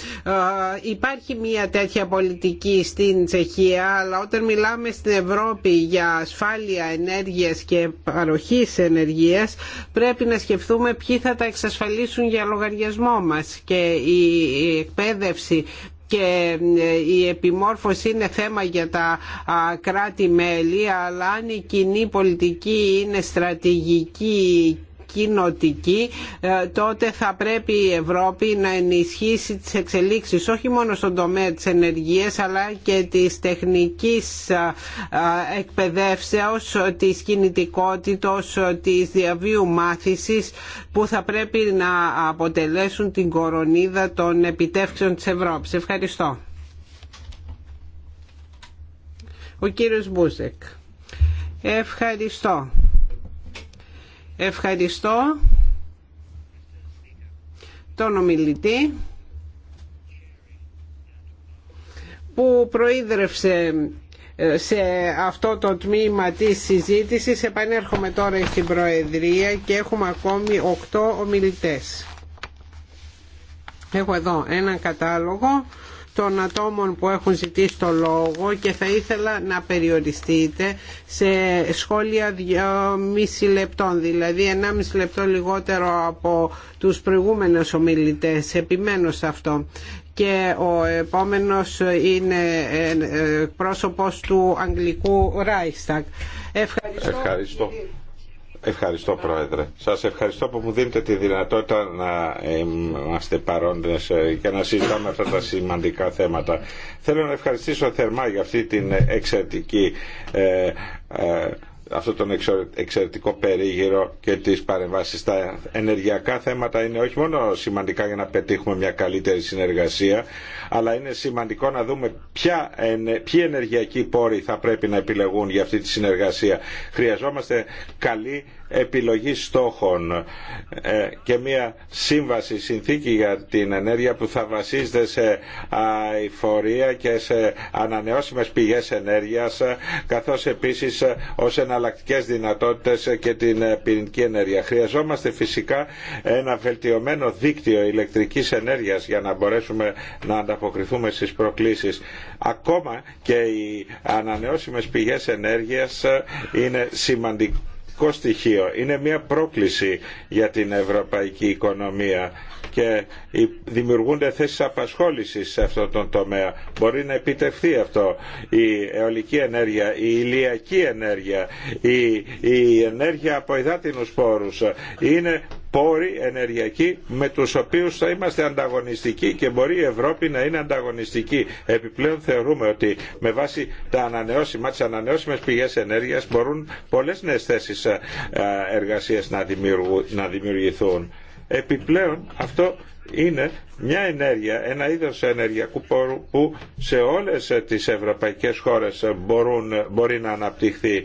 Υπάρχει μια τέτοια πολιτική στην Τσεχία αλλά όταν μιλάμε στην Ευρώπη για ασφάλεια ενέργειας και παροχής ενεργείας πρέπει να σκεφτούμε ποιοι θα τα εξασφαλίσουν για λογαριασμό μας και η εκπαίδευση και ε, η επιμόρφωση είναι θέμα για τα κράτη-μέλη αλλά αν η κοινή πολιτική είναι στρατηγική κοινοτική ε, τότε θα πρέπει η Ευρώπη να ενισχύσει τις εξελίξεις όχι μόνο στον τομέα της ενεργείας αλλά και της τεχνικής ε, ε, εκπαιδεύσεως, της κινητικότητας, της διαβίου μάθησης που θα πρέπει να αποτελέσουν την κορονίδα των επιτεύξεων της Ευρώπης. Ευχαριστώ. Ο κύριος Μπούζεκ. Ευχαριστώ. Ευχαριστώ τον ομιλητή που προείδρευσε ε, σε αυτό το τμήμα της συζήτησης. Επανέρχομαι τώρα στην Προεδρία και έχουμε ακόμη 8 ομιλητές. Έχω εδώ έναν κατάλογο των ατόμων που έχουν ζητήσει το λόγο και θα ήθελα να περιοριστείτε σε σχόλια 2,5 λεπτών, δηλαδή 1,5 λεπτό λιγότερο από τους προηγούμενους ομιλητές. Επιμένω σε αυτό και ο επόμενος είναι ε, ε, πρόσωπος του Αγγλικού Ράιστακ. Ευχαριστώ. Ευχαριστώ. Ευχαριστώ Πρόεδρε. Σας ευχαριστώ που μου δίνετε τη δυνατότητα να ε, είμαστε παρόντες ε, και να συζητάμε αυτά τα σημαντικά θέματα. Θέλω να ευχαριστήσω θερμά για αυτή την εξαιρετική ε, ε αυτό τον εξαιρετικό περίγυρο και τις παρεμβάσεις. στα ενεργειακά θέματα είναι όχι μόνο σημαντικά για να πετύχουμε μια καλύτερη συνεργασία, αλλά είναι σημαντικό να δούμε ποια, ποιοι ενεργειακοί πόροι θα πρέπει να επιλεγούν για αυτή τη συνεργασία. Χρειαζόμαστε καλή επιλογή στόχων ε, και μια σύμβαση συνθήκη για την ενέργεια που θα βασίζεται σε αηφορία και σε ανανεώσιμες πηγές ενέργειας καθώς επίσης ως εναλλακτικέ δυνατότητες και την πυρηνική ενέργεια. Χρειαζόμαστε φυσικά ένα βελτιωμένο δίκτυο ηλεκτρικής ενέργειας για να μπορέσουμε να ανταποκριθούμε στις προκλήσεις. Ακόμα και οι ανανεώσιμες πηγές ενέργειας είναι σημαντικό στοιχείο. Είναι μια πρόκληση για την ευρωπαϊκή οικονομία και δημιουργούνται θέσεις απασχόλησης σε αυτόν τον τομέα. Μπορεί να επιτευχθεί αυτό. Η αιωλική ενέργεια, η ηλιακή ενέργεια, η, η ενέργεια από υδάτινους πόρους είναι πόροι ενεργειακοί με τους οποίους θα είμαστε ανταγωνιστικοί και μπορεί η Ευρώπη να είναι ανταγωνιστική. Επιπλέον θεωρούμε ότι με βάση τα ανανεώσιμα, τις ανανεώσιμες πηγές ενέργειας μπορούν πολλές νέες θέσεις ε, ε, εργασίας να δημιουργηθούν. Επιπλέον αυτό είναι μια ενέργεια, ένα είδος ενεργειακού πόρου που σε όλες τις ευρωπαϊκές χώρες μπορούν, μπορεί να αναπτυχθεί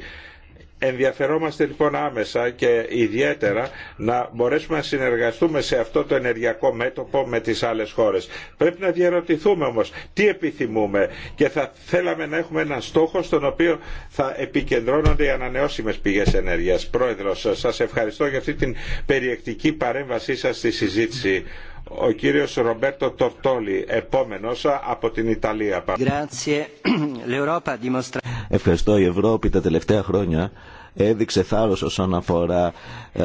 Ενδιαφερόμαστε λοιπόν άμεσα και ιδιαίτερα να μπορέσουμε να συνεργαστούμε σε αυτό το ενεργειακό μέτωπο με τις άλλες χώρες. Πρέπει να διαρωτηθούμε όμως τι επιθυμούμε και θα θέλαμε να έχουμε ένα στόχο στον οποίο θα επικεντρώνονται οι ανανεώσιμες πηγές ενέργειας. Πρόεδρος, σας ευχαριστώ για αυτή την περιεκτική παρέμβασή σας στη συζήτηση. Ο κύριος Ρομπέρτο Τορτόλη, επόμενος από την Ιταλία. (clears throat) Ευχαριστώ η Ευρώπη τα τελευταία χρόνια έδειξε θάρρος όσον αφορά ε,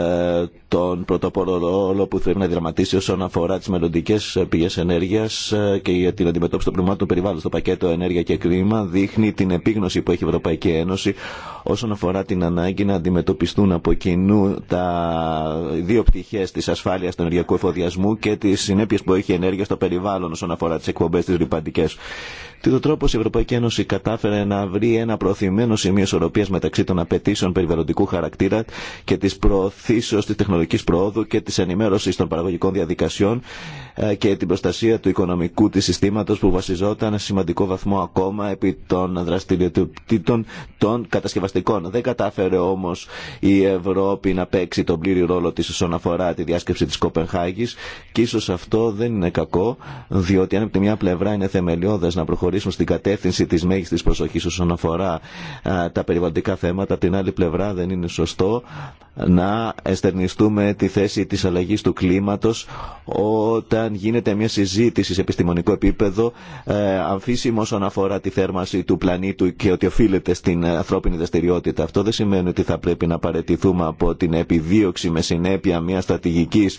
τον πρωτοπόρο ρόλο που θέλει να δραματίσει όσον αφορά τις μελλοντικέ πηγές ενέργειας ε, και για την αντιμετώπιση των πνευμάτων του περιβάλλοντος. Το πακέτο ενέργεια και κλίμα δείχνει την επίγνωση που έχει η Ευρωπαϊκή Ένωση όσον αφορά την ανάγκη να αντιμετωπιστούν από κοινού τα δύο πτυχέ τη ασφάλεια του ενεργειακού εφοδιασμού και τι συνέπειε που έχει η ενέργεια στο περιβάλλον όσον αφορά τι εκπομπέ τη ρηπαντικέ. Τι τρόπο η Ευρωπαϊκή Ένωση κατάφερε να βρει ένα προωθημένο σημείο ισορροπία μεταξύ των απαιτήσεων περιβαλλοντικού χαρακτήρα και τη προωθήσεω τη τεχνολογική προόδου και τη ενημέρωση των παραγωγικών διαδικασιών ε, και την προστασία του οικονομικού τη συστήματο που βασιζόταν σε σημαντικό βαθμό ακόμα επί των δραστηριοτήτων των κατασκευαστικών. Δεν κατάφερε όμω η Ευρώπη να παίξει τον πλήρη ρόλο τη όσον αφορά τη διάσκεψη τη Κοπενχάγη και ίσω αυτό δεν είναι κακό, διότι αν από τη μια πλευρά είναι θεμελιώδε να προχωρήσει προχωρήσουν στην κατεύθυνση της μέγιστης προσοχής όσον αφορά τα περιβαλλοντικά θέματα. Την άλλη πλευρά δεν είναι σωστό να εστερνιστούμε τη θέση της αλλαγής του κλίματος όταν γίνεται μια συζήτηση σε επιστημονικό επίπεδο ε, αμφίσιμο όσον αφορά τη θέρμανση του πλανήτου και ότι οφείλεται στην ανθρώπινη δραστηριότητα. Αυτό δεν σημαίνει ότι θα πρέπει να παρετηθούμε από την επιδίωξη με συνέπεια μια στρατηγικής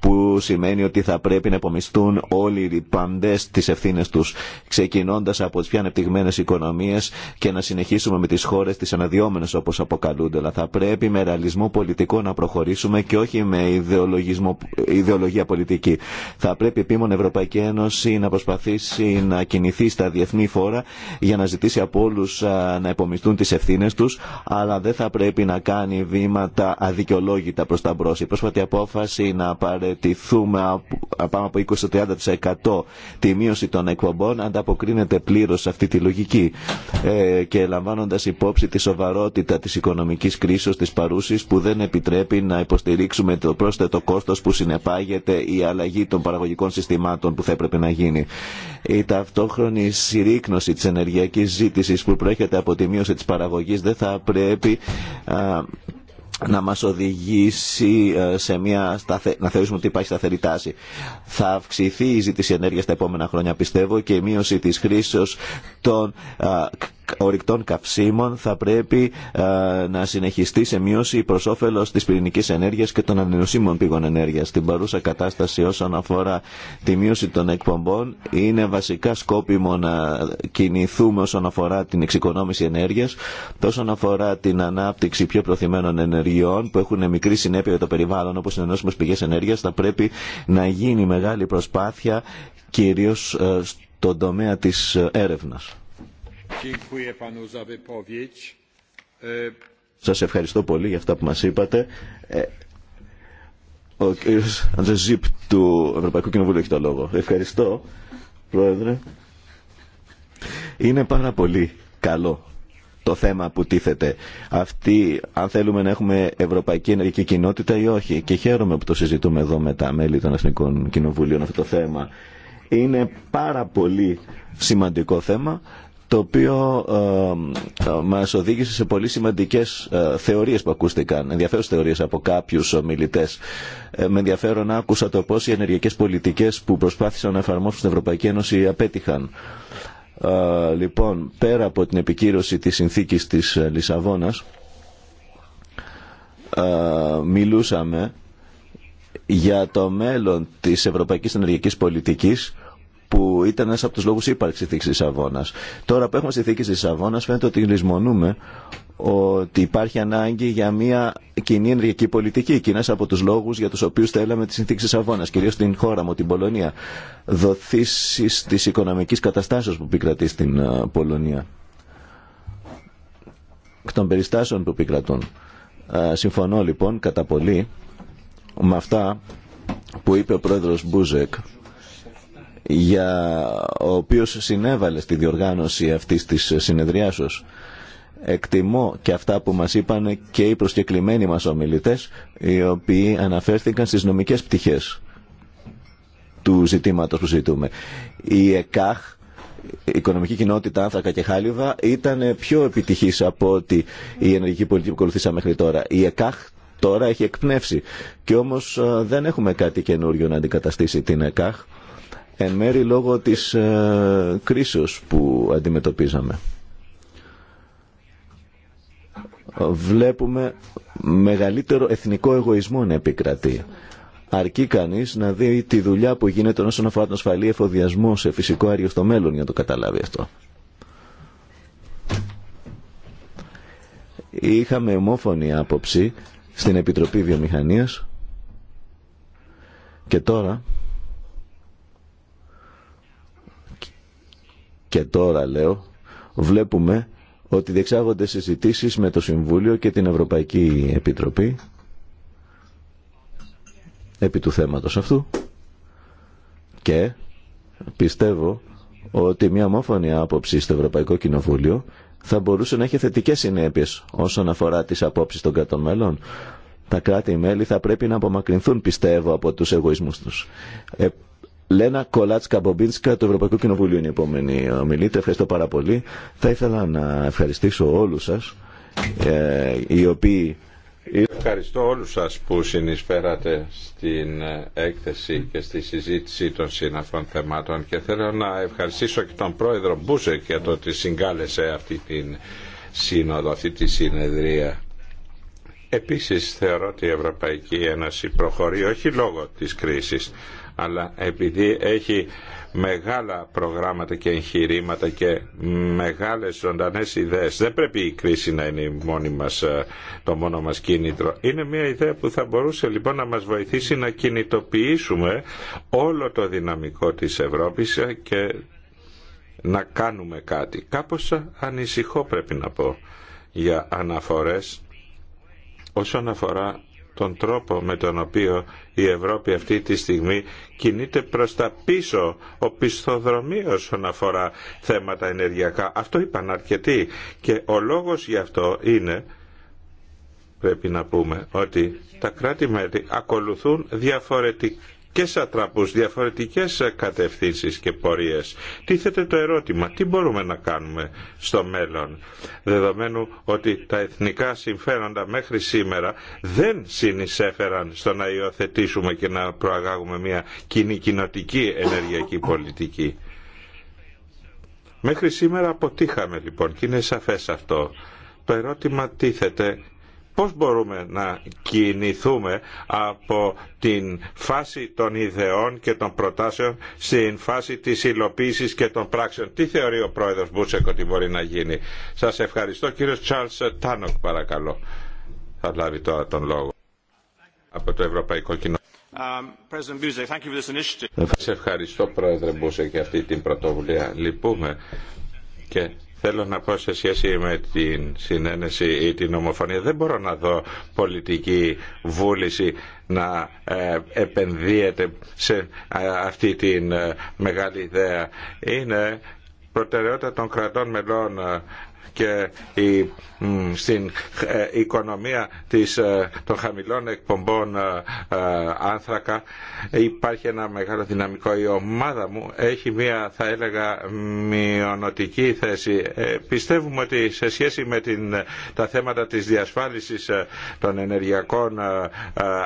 που σημαίνει ότι θα πρέπει να υπομισθούν όλοι οι παντέ τι ευθύνε του, ξεκινώντα από τι πιο ανεπτυγμένε οικονομίε και να συνεχίσουμε με τι χώρε τι αναδυόμενε όπω αποκαλούνται. Αλλά θα πρέπει με ρεαλισμό πολιτικό να προχωρήσουμε και όχι με ιδεολογία πολιτική. Θα πρέπει επίμον η Ευρωπαϊκή Ένωση να προσπαθήσει να κινηθεί στα διεθνή φόρα για να ζητήσει από όλου να επομιστούν τι ευθύνε του, αλλά δεν θα πρέπει να κάνει βήματα αδικαιολόγητα προ τα μπρο. πρόσφατη απόφαση να πάρει παρετηθούμε πάνω από 20 30% τη μείωση των εκπομπών ανταποκρίνεται πλήρως σε αυτή τη λογική ε, και λαμβάνοντας υπόψη τη σοβαρότητα της οικονομικής κρίσης της παρούσης που δεν επιτρέπει να υποστηρίξουμε το πρόσθετο κόστος που συνεπάγεται η αλλαγή των παραγωγικών συστημάτων που θα έπρεπε να γίνει. Η ταυτόχρονη συρρήκνωση της ενεργειακής ζήτησης που προέρχεται από τη μείωση της παραγωγής δεν θα πρέπει να μας οδηγήσει ε, σε μια σταθε... να θεωρήσουμε ότι υπάρχει σταθερή τάση. Θα αυξηθεί η ζήτηση ενέργειας τα επόμενα χρόνια πιστεύω και η μείωση της χρήσεως των ορυκτών καυσίμων θα πρέπει να συνεχιστεί σε μείωση προς όφελος της πυρηνικής ενέργειας και των ανενωσίμων πηγών ενέργειας. Στην παρούσα κατάσταση όσον αφορά τη μείωση των εκπομπών είναι βασικά σκόπιμο να κινηθούμε όσον αφορά την εξοικονόμηση ενέργειας, όσον αφορά την ανάπτυξη πιο προθυμένων ενεργειών που έχουν μικρή συνέπεια για το περιβάλλον, όπως είναι ενώσιμες πηγές ενέργειας, θα πρέπει να γίνει μεγάλη προσπάθεια κυρίως ε, στον τομέα της ε, έρευνας. Ε, Σας ευχαριστώ πολύ για αυτά που μας είπατε. Ο κ. Αντζεζίπ του Ευρωπαϊκού Κοινοβουλίου έχει το λόγο. Ευχαριστώ, Πρόεδρε. Είναι πάρα πολύ καλό το θέμα που τίθεται. Αυτή, αν θέλουμε να έχουμε ευρωπαϊκή ενεργική κοινότητα ή όχι. Και χαίρομαι που το συζητούμε εδώ με τα μέλη των Εθνικών Κοινοβουλίων αυτό το θέμα. Είναι πάρα πολύ σημαντικό θέμα το οποίο ε, ε μας οδήγησε σε πολύ σημαντικές ε, θεωρίες που ακούστηκαν, ενδιαφέρουσες θεωρίες από κάποιους ομιλητές. Ε, με ενδιαφέρον άκουσα το πώς οι ενεργειακές πολιτικές που προσπάθησαν να εφαρμόσουν στην Ευρωπαϊκή Ένωση απέτυχαν λοιπόν πέρα από την επικύρωση της συνθήκης της ε, Λισαβόνας μιλούσαμε για το μέλλον της ευρωπαϊκής ενεργειακής πολιτικής που ήταν ένα από του λόγου ύπαρξη τη Λισαβόνα. Τώρα που έχουμε στη θήκη τη Λισαβόνα, φαίνεται ότι λησμονούμε ότι υπάρχει ανάγκη για μια κοινή ενεργειακή πολιτική. Και από του λόγου για του οποίου θέλαμε τη συνθήκη τη Λισαβόνα, κυρίω στην χώρα μου, την Πολωνία. Δοθήσει τη οικονομική καταστάσεω που επικρατεί στην ε, Πολωνία. Των περιστάσεων που επικρατούν. Ε, συμφωνώ λοιπόν κατά πολύ με αυτά που είπε ο πρόεδρος Μπούζεκ για ο οποίος συνέβαλε στη διοργάνωση αυτής της συνεδριάσεως. Εκτιμώ και αυτά που μας είπαν και οι προσκεκλημένοι μας ομιλητές, οι οποίοι αναφέρθηκαν στις νομικές πτυχές του ζητήματος που ζητούμε. Η ΕΚΑΧ, η Οικονομική Κοινότητα Άνθρακα και Χάλιβα, ήταν πιο επιτυχής από ότι η ενεργική πολιτική που ακολουθήσα μέχρι τώρα. Η ΕΚΑΧ τώρα έχει εκπνεύσει και όμως ε, δεν έχουμε κάτι καινούριο να αντικαταστήσει την ΕΚΑΧ εν μέρη λόγω της ε, που αντιμετωπίζαμε. Βλέπουμε μεγαλύτερο εθνικό εγωισμό να επικρατεί. Αρκεί κανείς να δει τη δουλειά που γίνεται όσον αφορά τον ασφαλή εφοδιασμό σε φυσικό αέριο στο μέλλον για να το καταλάβει αυτό. Είχαμε ομόφωνη άποψη στην Επιτροπή Βιομηχανίας και τώρα και τώρα λέω, βλέπουμε ότι διεξάγονται συζητήσεις με το Συμβούλιο και την Ευρωπαϊκή Επιτροπή επί του θέματος αυτού και πιστεύω ότι μια ομόφωνη άποψη στο Ευρωπαϊκό Κοινοβούλιο θα μπορούσε να έχει θετικές συνέπειες όσον αφορά τις απόψεις των κρατών μελών. Τα κράτη-μέλη θα πρέπει να απομακρυνθούν, πιστεύω, από τους εγωισμούς τους. Ε, Λένα Κολάτσκα Μπομπίνσκα του Ευρωπαϊκού Κοινοβουλίου είναι η επόμενη ομιλήτρια. Ευχαριστώ πάρα πολύ. Θα ήθελα να ευχαριστήσω όλους σας ε, οι οποίοι... Ε, Ευχαριστώ όλους σας που συνεισφέρατε στην έκθεση και στη συζήτηση των συναφών θεμάτων και θέλω να ευχαριστήσω και τον πρόεδρο Μπούζεκ για το ότι συγκάλεσε αυτή την σύνοδο, αυτή τη συνεδρία. Επίσης θεωρώ ότι η Ευρωπαϊκή Ένωση προχωρεί όχι λόγω της κρίσης αλλά επειδή έχει μεγάλα προγράμματα και εγχειρήματα και μεγάλες ζωντανές ιδέες. Δεν πρέπει η κρίση να είναι η μας, ε, το μόνο μας κίνητρο. Είναι μια ιδέα που θα μπορούσε λοιπόν να μας βοηθήσει να κινητοποιήσουμε όλο το δυναμικό της Ευρώπης ε, και να κάνουμε κάτι. Κάπως ε, ανησυχώ πρέπει να πω για αναφορές όσον αφορά τον τρόπο με τον οποίο η Ευρώπη αυτή τη στιγμή κινείται προς τα πίσω, ο πισθοδρομίος όσον αφορά θέματα ενεργειακά. Αυτό είπαν αρκετοί και ο λόγος γι' αυτό είναι, πρέπει να πούμε, ότι τα κράτη-μέλη ακολουθούν διαφορετικά και σατραπούς διαφορετικές κατευθύνσεις και πορείες. Τίθεται το ερώτημα, τι μπορούμε να κάνουμε στο μέλλον, δεδομένου ότι τα εθνικά συμφέροντα μέχρι σήμερα δεν συνεισέφεραν στο να υιοθετήσουμε και να προαγάγουμε μια κοινή κοινοτική ενεργειακή πολιτική. Μέχρι σήμερα αποτύχαμε λοιπόν και είναι σαφές αυτό. Το ερώτημα τίθεται πώς μπορούμε να κινηθούμε από την φάση των ιδεών και των προτάσεων στην φάση της υλοποίηση και των πράξεων. Τι θεωρεί ο πρόεδρος Μπούσεκ ότι μπορεί να γίνει. Σας ευχαριστώ κύριο Τσάρλς Τάνοκ παρακαλώ. Θα λάβει τώρα τον λόγο από το Ευρωπαϊκό Κοινό. Um, Σας ευχαριστώ πρόεδρε Μπούσεκ για αυτή την πρωτοβουλία. Λυπούμε και θέλω να πω σε σχέση με την συνένεση ή την ομοφωνία δεν μπορώ να δω πολιτική βούληση να ε, επενδύεται σε ε, αυτή την ε, μεγάλη ιδέα. Είναι προτεραιότητα των κρατών μελών και στην ε, οικονομία της, ε, των χαμηλών εκπομπών ε, άνθρακα υπάρχει ένα μεγάλο δυναμικό. Η ομάδα μου έχει μια θα έλεγα μειονοτική θέση. Πιστεύουμε ότι σε σχέση με την, τα θέματα της διασφάλισης των ενεργειακών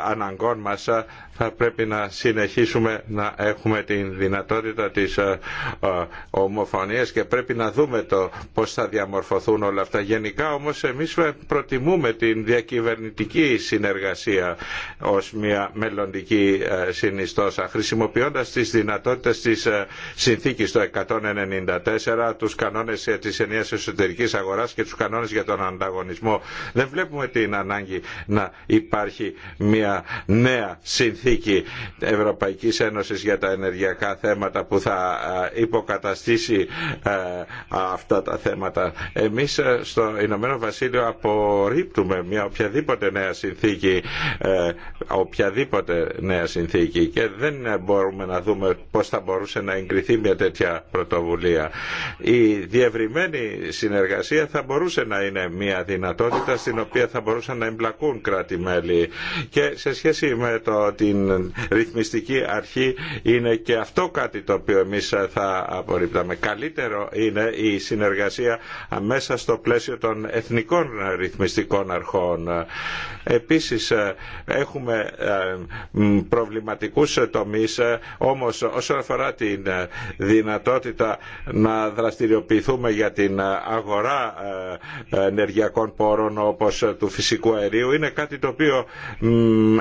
αναγκών μας θα πρέπει να συνεχίσουμε να έχουμε την δυνατότητα της ε, ε, ομοφωνίας και πρέπει να δούμε το πώς θα διαμορφωθούν όλα αυτά. Γενικά όμως εμείς ε, προτιμούμε την διακυβερνητική συνεργασία ως μια μελλοντική συνιστόσα χρησιμοποιώντας τις δυνατότητες της συνθήκης το 194 τους κανόνες της ενιαίας εσωτερικής αγοράς και τους κανόνες για τον ανταγωνισμό. Δεν βλέπουμε την ανάγκη να υπάρχει μια νέα συνθήκη συνθήκη Ευρωπαϊκής Ένωσης για τα ενεργειακά θέματα που θα ε, υποκαταστήσει ε, αυτά τα θέματα. Εμείς ε, στο Ηνωμένο Βασίλειο απορρίπτουμε μια οποιαδήποτε νέα συνθήκη, οποιαδήποτε νέα συνθήκη και δεν μπορούμε να δούμε πώς θα μπορούσε να εγκριθεί μια τέτοια πρωτοβουλία. Η διευρυμένη συνεργασία θα μπορούσε να είναι μια δυνατότητα στην οποία θα μπορούσαν να εμπλακούν κράτη-μέλη και σε σχέση με το ότι την ρυθμιστική αρχή είναι και αυτό κάτι το οποίο εμείς θα απορρίπταμε. Καλύτερο είναι η συνεργασία μέσα στο πλαίσιο των εθνικών ρυθμιστικών αρχών. Επίσης ε, έχουμε ε, προβληματικούς τομείς, ε, όμως όσον αφορά την δυνατότητα να δραστηριοποιηθούμε για την αγορά ενεργειακών πόρων όπως του φυσικού αερίου, είναι κάτι το οποίο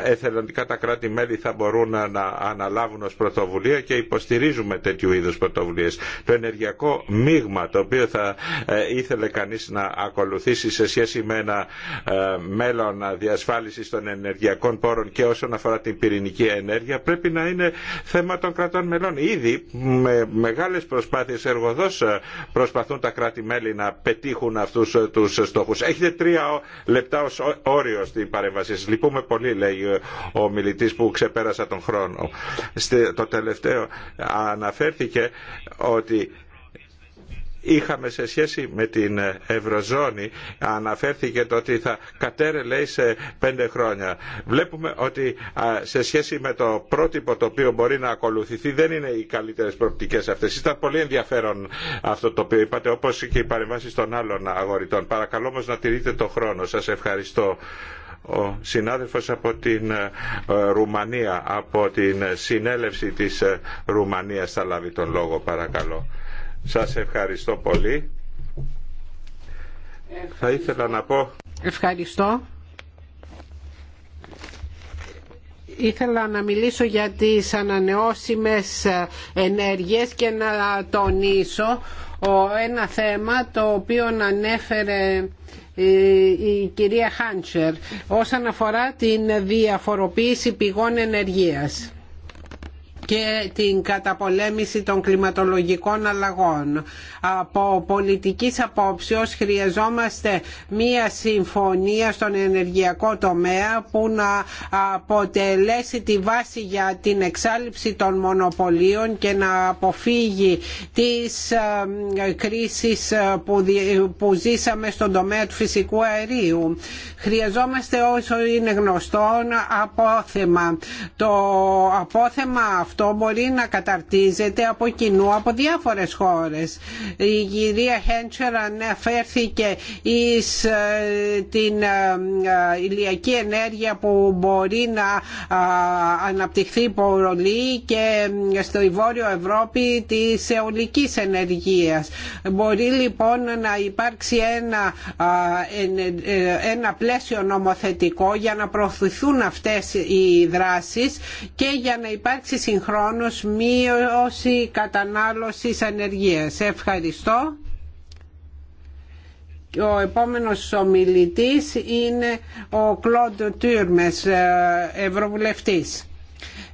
εθελοντικά τα κράτη μελη θα μπορούν να αναλάβουν ως πρωτοβουλία και υποστηρίζουμε τέτοιου είδους πρωτοβουλίες. Το ενεργειακό μείγμα το οποίο θα ε, ήθελε κανείς να ακολουθήσει σε σχέση με ένα ε, μέλλον διασφάλισης των ενεργειακών πόρων και όσον αφορά την πυρηνική ενέργεια πρέπει να είναι θέμα των κρατών μελών. Ήδη με μεγάλες προσπάθειες εργοδός ε, προσπαθούν τα κράτη-μέλη να πετύχουν αυτούς τους στόχους. Έχετε τρία λεπτά ως όριο στην παρέμβαση. Λυπούμε πολύ λέει ο μιλητή που ξεπέρασα τον χρόνο. Το τελευταίο αναφέρθηκε ότι είχαμε σε σχέση με την Ευρωζώνη αναφέρθηκε το ότι θα κατέρε λέει σε πέντε χρόνια. Βλέπουμε ότι σε σχέση με το πρότυπο το οποίο μπορεί να ακολουθηθεί δεν είναι οι καλύτερες προοπτικές αυτές. Ήταν πολύ ενδιαφέρον αυτό το οποίο είπατε όπως και οι παρεμβάσεις των άλλων αγοριτών. Παρακαλώ όμως να τηρείτε το χρόνο. Σας ευχαριστώ ο συνάδελφος από την ε, ε, Ρουμανία, από την συνέλευση της ε, Ρουμανίας θα λάβει τον λόγο παρακαλώ. Σας ευχαριστώ πολύ. Θα ήθελα να πω... Ευχαριστώ. ήθελα να μιλήσω για τις ανανεώσιμες ενέργειες και να τονίσω ένα θέμα το οποίο ανέφερε ε, η κυρία Χάντσερ όσον αφορά την διαφοροποίηση πηγών ενεργείας και την καταπολέμηση των κλιματολογικών αλλαγών. Από πολιτικής απόψεως χρειαζόμαστε μία συμφωνία στον ενεργειακό τομέα που να αποτελέσει τη βάση για την εξάλληψη των μονοπωλίων και να αποφύγει τις ε, κρίσεις ε, που ζήσαμε στον τομέα του φυσικού αερίου. Χρειαζόμαστε όσο είναι γνωστόν απόθεμα. Το απόθεμα αυτό μπορεί να καταρτίζεται από κοινού από διάφορες χώρες. Η κυρία Χέντσερ ανέφερθηκε εις ε, την ε, ε, ηλιακή ενέργεια που μπορεί να αναπτυχθεί πολύ και στο Βόρειο Ευρώπη της αιωλικής ενεργείας. Μπορεί λοιπόν να υπάρξει ένα, ένα πλαίσιο νομοθετικό για να προωθηθούν αυτές οι δράσεις και για να υπάρξει συγχρόνως μείωση κατανάλωσης ενέργειας Ευχαριστώ. Ο επόμενος ομιλητής είναι ο Κλοντ Τούρμες, ε, Ευρωβουλευτής.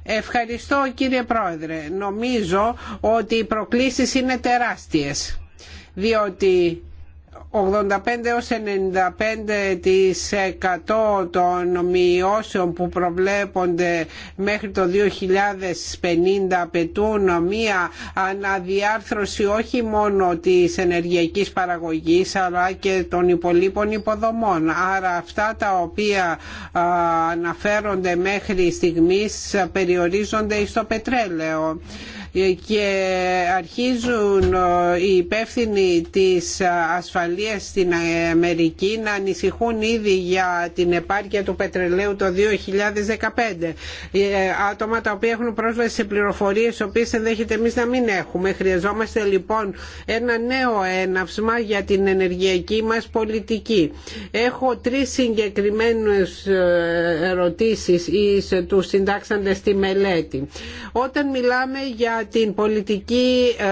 Ευχαριστώ κύριε Πρόεδρε. Νομίζω ότι οι προκλήσεις είναι τεράστιες, διότι 85 έως 95% των μειώσεων που προβλέπονται μέχρι το 2050 απαιτούν μία αναδιάρθρωση όχι μόνο της ενεργειακής παραγωγής αλλά και των υπολείπων υποδομών. Άρα αυτά τα οποία αναφέρονται μέχρι στιγμής περιορίζονται στο πετρέλαιο και αρχίζουν ε, οι υπεύθυνοι της ασφαλείας στην Αμερική να ανησυχούν ήδη για την επάρκεια του πετρελαίου το 2015. Ε, άτομα τα οποία έχουν πρόσβαση σε πληροφορίες, οποίες ενδέχεται εμείς να μην έχουμε. Χρειαζόμαστε λοιπόν ένα νέο έναυσμα για την ενεργειακή μας πολιτική. Έχω τρεις συγκεκριμένες ε, ερωτήσεις ή του συντάξαντες στη μελέτη. Όταν μιλάμε για την πολιτική ε,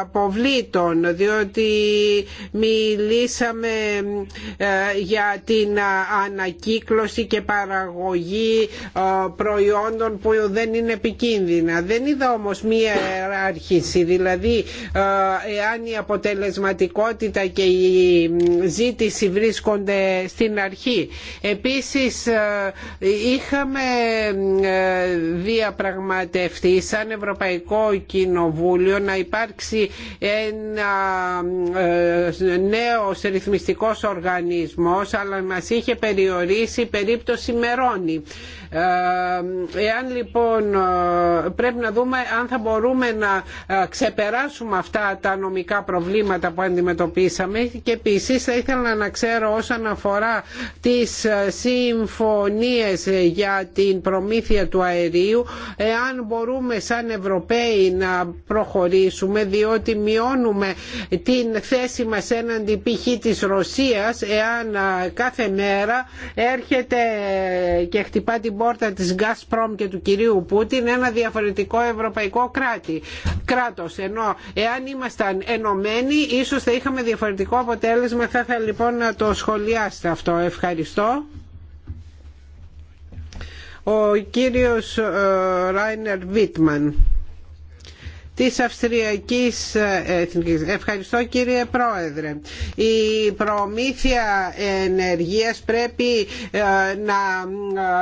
αποβλήτων διότι μιλήσαμε ε, για την ε, ανακύκλωση και παραγωγή προϊόντων που δεν είναι επικίνδυνα. Δεν είδα όμως μία αρχίση, δηλαδή εάν η αποτελεσματικότητα και η ζήτηση βρίσκονται στην αρχή. Επίσης είχαμε διαπραγματευτεί σαν Ευρωπαϊκό Κοινοβούλιο να υπάρξει ένα ε, νέο ρυθμιστικός οργανισμός αλλά μας είχε περιορίσει περίπτωση Μερώνη. Ε, εάν λοιπόν ε, πρέπει να δούμε αν θα μπορούμε να ε, ξεπεράσουμε αυτά τα νομικά προβλήματα που αντιμετωπίσαμε και επίσης θα ήθελα να ξέρω όσον αφορά τις συμφωνίες για την προμήθεια του αερίου εάν μπορούμε σαν Ευρωπαίοι να προχωρήσουμε διότι μειώνουμε την θέση μας έναντι π.χ. της Ρωσίας εάν κάθε μέρα έρχεται και χτυπά την πόρτα της Gazprom και του κυρίου Πούτιν ένα διαφορετικό ευρωπαϊκό κράτη, κράτος. Ενώ εάν ήμασταν ενωμένοι ίσως θα είχαμε διαφορετικό αποτέλεσμα. Θα ήθελα λοιπόν να το σχολιάσετε αυτό. Ευχαριστώ. Ο κύριος ε, Ράινερ Βίτμαν της Αυστριακής Εθνικής. Ευχαριστώ κύριε Πρόεδρε. Η προμήθεια ενεργείας πρέπει ε, να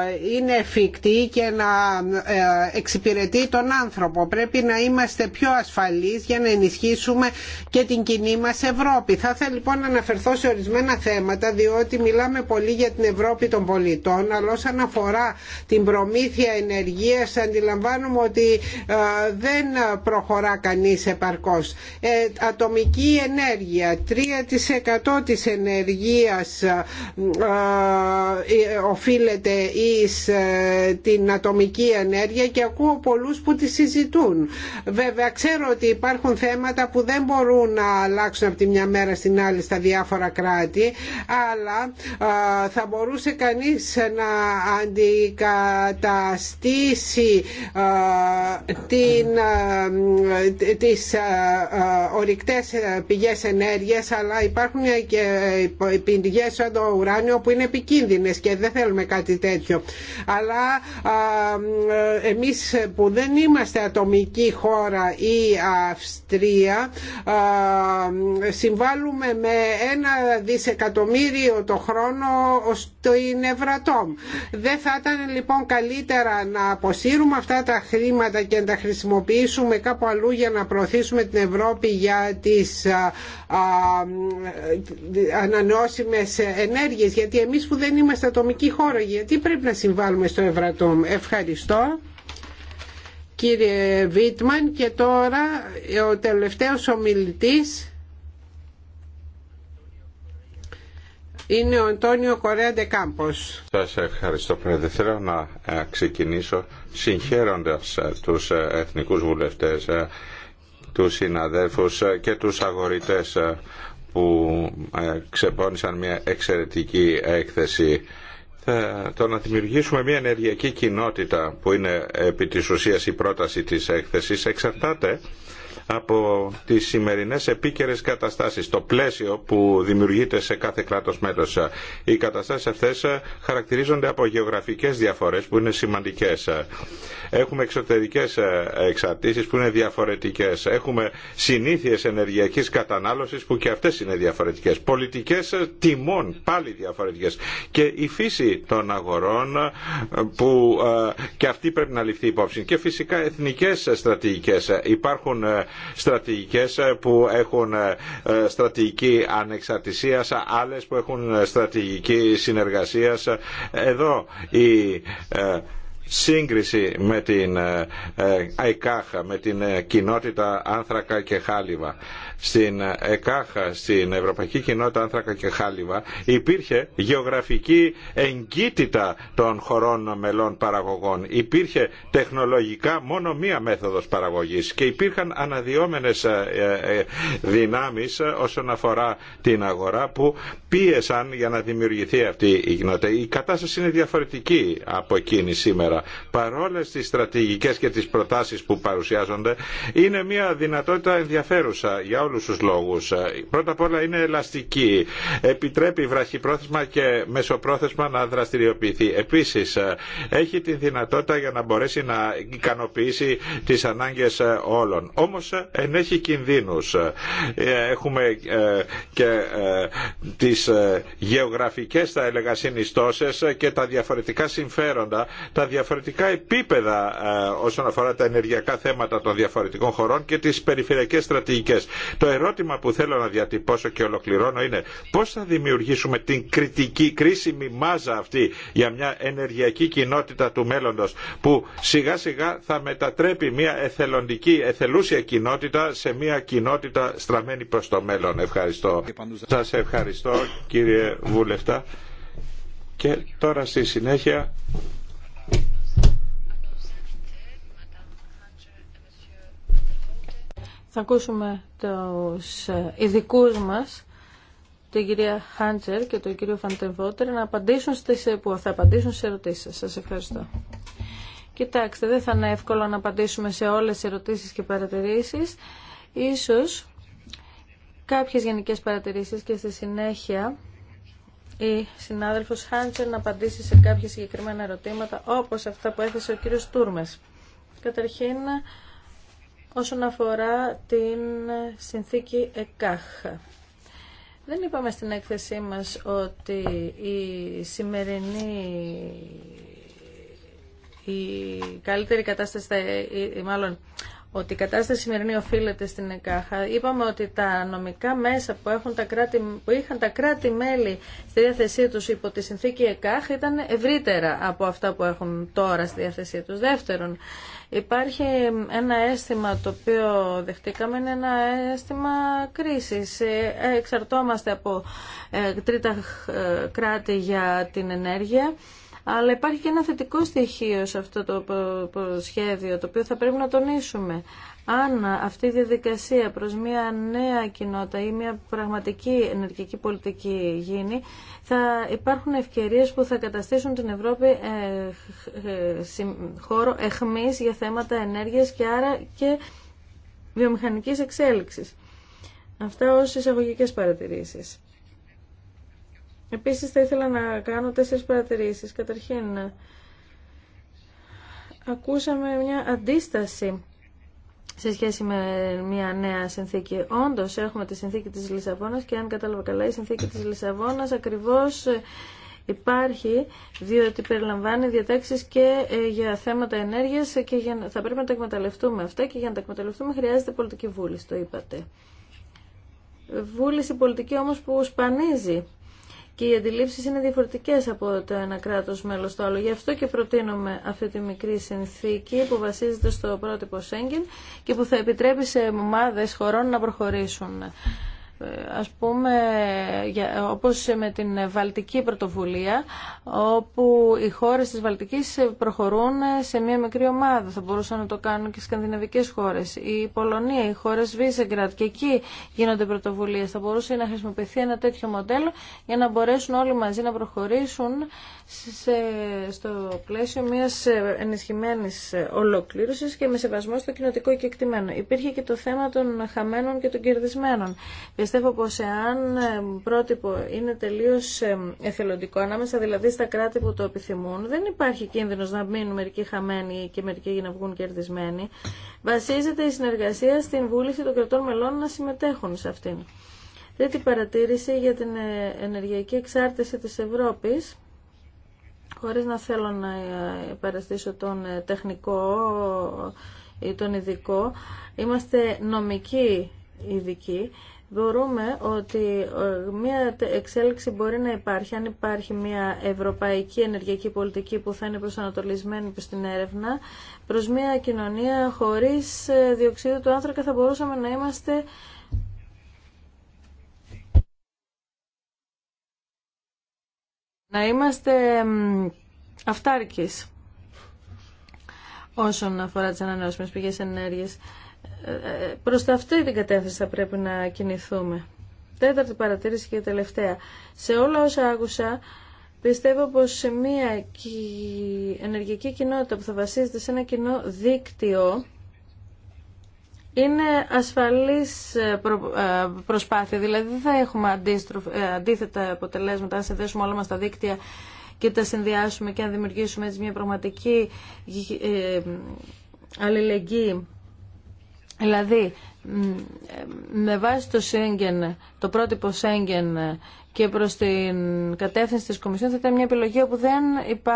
ε, είναι εφικτή και να ε, εξυπηρετεί τον άνθρωπο. Πρέπει να είμαστε πιο ασφαλείς για να ενισχύσουμε και την κοινή μας Ευρώπη. Θα ήθελα λοιπόν να αναφερθώ σε ορισμένα θέματα διότι μιλάμε πολύ για την Ευρώπη των πολιτών αλλά όσον αφορά την προμήθεια ενεργείας αντιλαμβάνομαι ότι δεν προχωράμε χωρά κανείς επαρκώς. Ε, ατομική ενέργεια, 3% της ενεργείας ε, ε οφείλεται εις ε, την ατομική ενέργεια και ακούω πολλούς που τη συζητούν. Βέβαια ξέρω ότι υπάρχουν θέματα που δεν μπορούν να αλλάξουν από τη μια μέρα στην άλλη στα διάφορα κράτη, αλλά θα μπορούσε κανείς να αντικαταστήσει την τις ορυκτές πηγές ενέργειας αλλά υπάρχουν και ε, πηγές σαν το ουράνιο που είναι επικίνδυνες και δεν θέλουμε κάτι τέτοιο. Αλλά ε, εμείς που δεν είμαστε ατομική χώρα ή Αυστρία συμβάλλουμε με ένα δισεκατομμύριο το χρόνο στο Ινευρατόμ Δεν θα ήταν λοιπόν καλύτερα να αποσύρουμε αυτά τα χρήματα και να τα χρησιμοποιήσουμε κάπου αλλού για να προωθήσουμε την Ευρώπη για τις ανανεώσιμες ενέργειες γιατί εμείς που δεν είμαστε ατομική χώρα γιατί πρέπει να συμβάλλουμε στο Ευρατόμ. Ευχαριστώ κύριε Βίτμαν και τώρα ο τελευταίος ομιλητής είναι ο Αντώνιο Κορέα Κάμπος. Σας ευχαριστώ πρόεδρε. Θέλω να ε, ξεκινήσω συγχαίροντας ε, τους ε, εθνικούς βουλευτές, τους συναδέλφους και τους αγορητές που ξεπώνησαν μια εξαιρετική έκθεση το να δημιουργήσουμε μια ενεργειακή κοινότητα που είναι επί της ουσίας η πρόταση της έκθεσης εξαρτάται από τις σημερινές επίκαιρες καταστάσεις, το πλαίσιο που δημιουργείται σε κάθε κράτος μέλος. Οι καταστάσεις αυτές χαρακτηρίζονται από γεωγραφικές διαφορές που είναι σημαντικές. Έχουμε εξωτερικές εξαρτήσεις που είναι διαφορετικές. Έχουμε συνήθειες ενεργειακής κατανάλωσης που και αυτές είναι διαφορετικές. Πολιτικές τιμών πάλι διαφορετικές. Και η φύση των αγορών που ε, και αυτή πρέπει να ληφθεί υπόψη. Και φυσικά εθνικές στρατηγικές. Υπάρχουν ε, στρατηγικές ε, που έχουν ε, ε, στρατηγική ανεξαρτησία, άλλες που έχουν στρατηγική συνεργασία. Εδώ η σύγκριση με την ΑΕΚΑΧ, με την κοινότητα Άνθρακα και Χάλιβα στην ΕΚΑΧΑ, στην Ευρωπαϊκή Κοινότητα Άνθρακα και Χάλιβα, υπήρχε γεωγραφική εγκύτητα των χωρών μελών παραγωγών. Υπήρχε τεχνολογικά μόνο μία μέθοδος παραγωγής και υπήρχαν αναδυόμενες ε, ε, δυνάμεις ε, όσον αφορά την αγορά που πίεσαν για να δημιουργηθεί αυτή η κοινότητα. Η κατάσταση είναι διαφορετική από εκείνη σήμερα. Παρόλες τις στρατηγικές και τις προτάσεις που παρουσιάζονται, είναι μια δυνατότητα ενδιαφέρουσα όλους τους λόγους. Πρώτα απ' όλα είναι ελαστική. Επιτρέπει βραχυπρόθεσμα και μεσοπρόθεσμα να δραστηριοποιηθεί. Επίσης έχει τη δυνατότητα για να μπορέσει να ικανοποιήσει τις ανάγκες όλων. Όμως ενέχει κινδύνους. Έχουμε ε, και ε, τις ε, γεωγραφικές θα έλεγα συνιστώσεις και τα διαφορετικά συμφέροντα, τα διαφορετικά επίπεδα όσον αφορά τα ενεργειακά θέματα των διαφορετικών χωρών και τις περιφερειακές στρατηγικές. Το ερώτημα που θέλω να διατυπώσω και ολοκληρώνω είναι πώς θα δημιουργήσουμε την κριτική, κρίσιμη μάζα αυτή για μια ενεργειακή κοινότητα του μέλλοντος που σιγά σιγά θα μετατρέπει μια εθελοντική, εθελούσια κοινότητα σε μια κοινότητα στραμμένη προς το μέλλον. Ευχαριστώ. Σας ευχαριστώ κύριε Βουλευτά. Και τώρα στη συνέχεια Θα ακούσουμε τους ε, ειδικού μας, την κυρία Χάντζερ και τον κύριο Φαντεβότερ, να απαντήσουν στις, ε, που θα απαντήσουν σε ερωτήσεις σας. Σας ευχαριστώ. Κοιτάξτε, δεν θα είναι εύκολο να απαντήσουμε σε όλες τις ερωτήσεις και παρατηρήσεις. Ίσως κάποιες γενικές παρατηρήσεις και στη συνέχεια η συνάδελφος Χάντσερ να απαντήσει σε κάποια συγκεκριμένα ερωτήματα όπως αυτά που έθεσε ο κύριος Τούρμες. Καταρχήν, όσον αφορά την συνθήκη ΕΚΑΧ. Δεν είπαμε στην έκθεσή μας ότι η σημερινή η καλύτερη κατάσταση, μάλλον ότι η κατάσταση σημερινή οφείλεται στην ΕΚΑΧΑ. Είπαμε ότι τα νομικά μέσα που, κράτη, που είχαν τα κράτη-μέλη στη διάθεσή τους υπό τη συνθήκη ΕΚΑΧ ήταν ευρύτερα από αυτά που έχουν τώρα στη διάθεσή τους. Δεύτερον, υπάρχει ένα αίσθημα το οποίο δεχτήκαμε, είναι ένα αίσθημα κρίσης. Ε, εξαρτώμαστε από ε, τρίτα ε, κράτη για την ενέργεια. Αλλά υπάρχει και ένα θετικό στοιχείο σε αυτό το σχέδιο, το οποίο θα πρέπει να τονίσουμε. Αν αυτή η διαδικασία προς μια νέα κοινότητα ή μια πραγματική ενεργική πολιτική γίνει, θα υπάρχουν ευκαιρίες που θα καταστήσουν την Ευρώπη ε, χώρο εχμής για θέματα ενέργειας και άρα και βιομηχανικής εξέλιξης. Αυτά ως εισαγωγικές παρατηρήσεις. Επίσης θα ήθελα να κάνω τέσσερις παρατηρήσεις. Καταρχήν, ακούσαμε μια αντίσταση σε σχέση με μια νέα συνθήκη. Όντως έχουμε τη συνθήκη της Λισαβόνας και αν κατάλαβα καλά η συνθήκη της Λισαβόνας ακριβώς υπάρχει διότι περιλαμβάνει διατάξεις και ε, για θέματα ενέργειας και για, θα πρέπει να τα εκμεταλλευτούμε αυτά και για να τα εκμεταλλευτούμε χρειάζεται πολιτική βούληση, το είπατε. Βούληση πολιτική όμως που σπανίζει και οι αντιλήψεις είναι διαφορετικές από το ένα κράτος μέλος στο άλλο. Γι' αυτό και προτείνουμε αυτή τη μικρή συνθήκη που βασίζεται στο πρότυπο Σέγγεν και που θα επιτρέπει σε ομάδες χωρών να προχωρήσουν ας πούμε όπως με την Βαλτική Πρωτοβουλία όπου οι χώρες της Βαλτικής προχωρούν σε μια μικρή ομάδα θα μπορούσαν να το κάνουν και οι σκανδιναβικές χώρες η Πολωνία, οι χώρες Βίσεγκρατ και εκεί γίνονται πρωτοβουλίες θα μπορούσε να χρησιμοποιηθεί ένα τέτοιο μοντέλο για να μπορέσουν όλοι μαζί να προχωρήσουν σε, στο πλαίσιο μιας ενισχυμένης ολοκλήρωσης και με σεβασμό στο κοινοτικό κεκτημένο υπήρχε και το θέμα των χαμένων και των κερδισμένων Πιστεύω πως εάν πρότυπο είναι τελείως εθελοντικό, ανάμεσα δηλαδή στα κράτη που το επιθυμούν, δεν υπάρχει κίνδυνος να μείνουν μερικοί χαμένοι και μερικοί να βγουν κερδισμένοι. Βασίζεται η συνεργασία στην βούληση των κρατών μελών να συμμετέχουν σε αυτήν. Τρίτη παρατήρηση για την ε, ενεργειακή εξάρτηση της Ευρώπης χωρίς να θέλω να ε, παραστήσω τον ε, τεχνικό ή τον ειδικό, είμαστε νομικοί ειδικοί Μπορούμε ότι ε, μια εξέλιξη μπορεί να υπάρχει αν υπάρχει μια ευρωπαϊκή ενεργειακή πολιτική που θα είναι προσανατολισμένη προς την έρευνα, προς μια κοινωνία χωρίς ε, διοξείδιο του άνθρακα θα μπορούσαμε να είμαστε να είμαστε αυτάρκεις όσον αφορά τις ανανεώσιμες πηγές ενέργειας. Προς τα αυτή την κατεύθυνση θα πρέπει να κινηθούμε. Τέταρτη παρατήρηση και τελευταία. Σε όλα όσα άκουσα, πιστεύω πως σε μια ενεργειακή κοινότητα που θα βασίζεται σε ένα κοινό δίκτυο, είναι ασφαλής ε, ε, προσπάθεια, δηλαδή δεν θα έχουμε ε, αντίθετα αποτελέσματα αν συνδέσουμε όλα μας τα δίκτυα και τα συνδυάσουμε και αν δημιουργήσουμε έτσι μια πραγματική αλληλεγγύη. Δηλαδή, με βάση το Σέγγεν, το πρότυπο Σέγγεν και προς την κατεύθυνση της Κομισιόν θα ήταν μια επιλογή όπου δεν, υπάρχει.